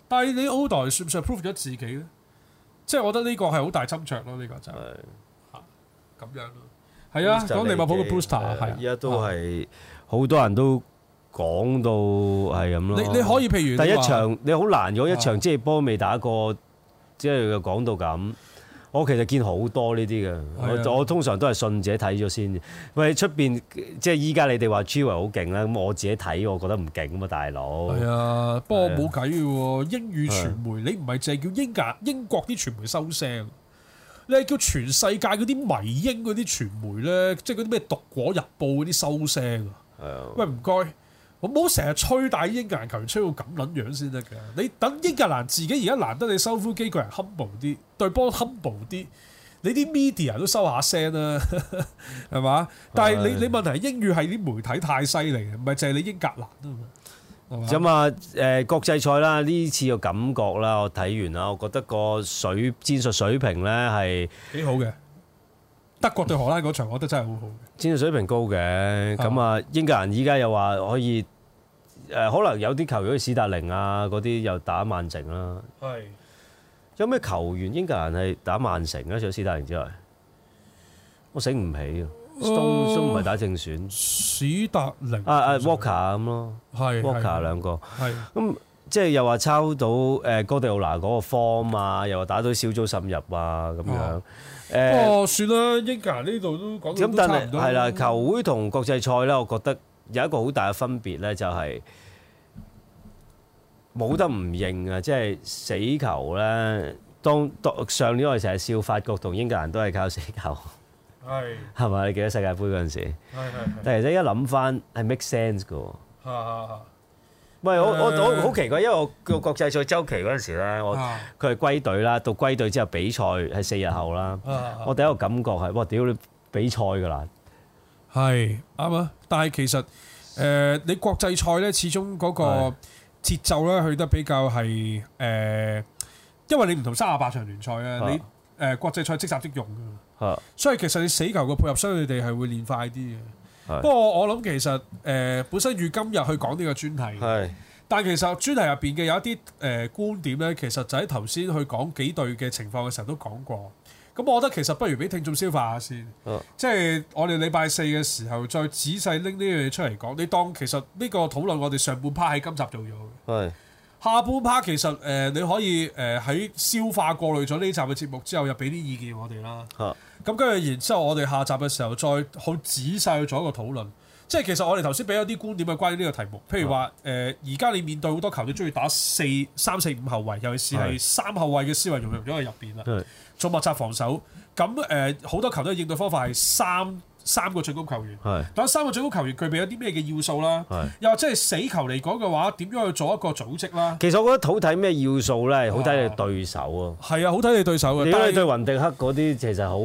但係你奧代算唔算 proof 咗自己咧？即係我覺得呢個係好大斟酌咯，呢個就係吓咁樣咯。係啊，講利物浦嘅 Booster 係，依家都係好多人都講到係咁咯。你你可以譬如第一場你好難，咗一場即係波未打過，即係又講到咁。我其實見好多呢啲嘅，啊、我我通常都係信自己睇咗先。喂，出邊即係依家你哋話《True》好勁啦，咁我自己睇，我覺得唔勁啊嘛，大佬。係啊，啊不過冇計嘅喎，英語傳媒你唔係淨係叫英格英國啲傳、啊、傳媒收聲，你係叫全世界嗰啲迷英嗰啲傳媒咧，即係嗰啲咩《毒果日報》嗰啲收聲啊。係啊。喂，唔該。我冇成日吹大英格蘭球，吹到咁撚樣先得㗎。你等英格蘭自己而家難得你收呼機個人 humble 啲，對波 humble 啲，你啲 media 都收下聲啦，係嘛？但係你你問題係英語係啲媒體太犀利，唔係淨係你英格蘭啊嘛。咁啊誒國際賽啦，呢次個感覺啦，我睇完啦，我覺得個水戰術水平咧係幾好嘅。德國對荷蘭嗰場，我覺得真係好好嘅。戰術水平高嘅，咁啊英格蘭依家又話可以。誒可能有啲球員，史達寧啊嗰啲又打曼城啦。係。有咩球員英格蘭係打曼城啊？除咗史達寧之外，我醒唔起啊。Stone 都唔係打正選。史達寧啊啊 Walker 咁咯。係。Walker 兩個。係。咁即係又話抄到誒哥迪奧拿嗰個 form 啊，又話打到小組深入啊咁樣。誒不過算啦，英格蘭呢度都講到差唔多。咁但係係啦，球會同國際賽咧，我覺得有一個好大嘅分別咧，就係。冇得唔認啊！即係死球咧。當當上年我哋成日笑法國同英格蘭都係靠死球，係係咪？你記得世界盃嗰陣時，係係係。但係而家一諗翻係 make sense 㗎喎。係係係。喂，我我我好奇怪，因為我個國際賽週期嗰陣時咧，我佢係歸隊啦，到歸隊之後比賽係四日後啦。我第一個感覺係：哇！屌你比賽㗎啦，係啱啊。但係其實誒，你國際賽咧，始終嗰個。節奏咧，去得比較係誒、呃，因為你唔同三十八場聯賽啊，你誒、呃、國際賽即插即用啊，所以其實你死球嘅配合相對地係會練快啲嘅。是不過我諗其實誒、呃、本身預今日去講呢個專題，是但其實專題入邊嘅有一啲誒、呃、觀點咧，其實就喺頭先去講幾隊嘅情況嘅時候都講過。咁我覺得其實不如俾聽眾消化下先，啊、即係我哋禮拜四嘅時候再仔細拎呢樣嘢出嚟講。你當其實呢個討論我哋上半 part 喺今集做咗嘅，是下半 part 其實誒你可以誒喺消化過濾咗呢集嘅節目之後，又俾啲意見、啊、然後然後我哋啦。咁跟住然之後，我哋下集嘅時候再好仔細去做一個討論。即係其實我哋頭先俾咗啲觀點去關於呢個題目，譬如話誒，而家、啊呃、你面對好多球隊鍾意打四三四五後衞，尤其是係三後衞嘅思維融入咗去入邊啦。是做密集防守，咁誒好多球隊嘅應對方法係三。三個最高球員，但三個最高球員具備有啲咩嘅要素啦？又或者係死球嚟講嘅話，點樣去做一個組織啦？其實我覺得好睇咩要素咧，好睇你對手啊。係啊，好睇你對手嘅。你對雲迪克嗰啲其實好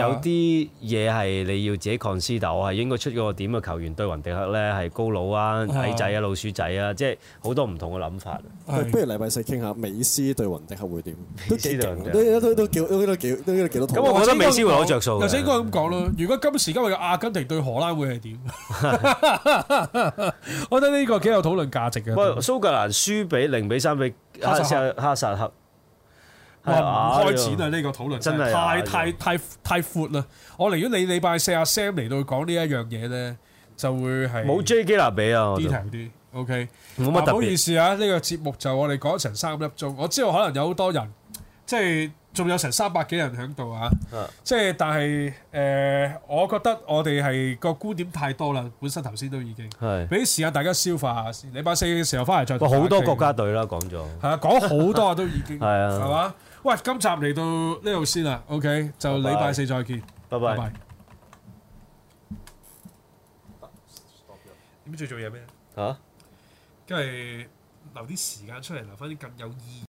有啲嘢係你要自己 consider 啊。應該出個點嘅球員對雲迪克咧係高佬啊、矮仔啊、老鼠仔啊，即係好多唔同嘅諗法。不如禮拜四傾下美斯對雲迪克會點？都幾強嘅，都幾都都，咁我覺得美斯會攞着數。頭先應該咁講咯，如果今時。而家咪阿根廷對荷蘭會係點？ 我覺得呢個幾有討論價值嘅。喂，蘇格蘭輸俾零比三比哈薩哈薩克，哇！唔、啊、開展啊呢個討論真係太真、啊、太太太，太闊啦。我寧願你禮拜四阿 Sam 嚟到講呢一樣嘢咧，就會係冇 J 基拿比啊。detail 啲 OK，冇乜特別唔好意思啊，呢、呢個節目就我哋講成三粒鐘。我知道可能有好多人即係。即仲有成三百幾人喺度啊！啊即係，但係誒、呃，我覺得我哋係個觀點太多啦。本身頭先都已經，俾啲時間大家消化下先。禮拜四嘅時候翻嚟再講。好多國家隊啦，講咗。係啊，講好多啊，都已經係 啊，係嘛？喂，今集嚟到呢度先啦。OK，就禮拜四再見。拜拜。點知做嘢咩？啊，即係留啲時間出嚟，留翻啲更有意義。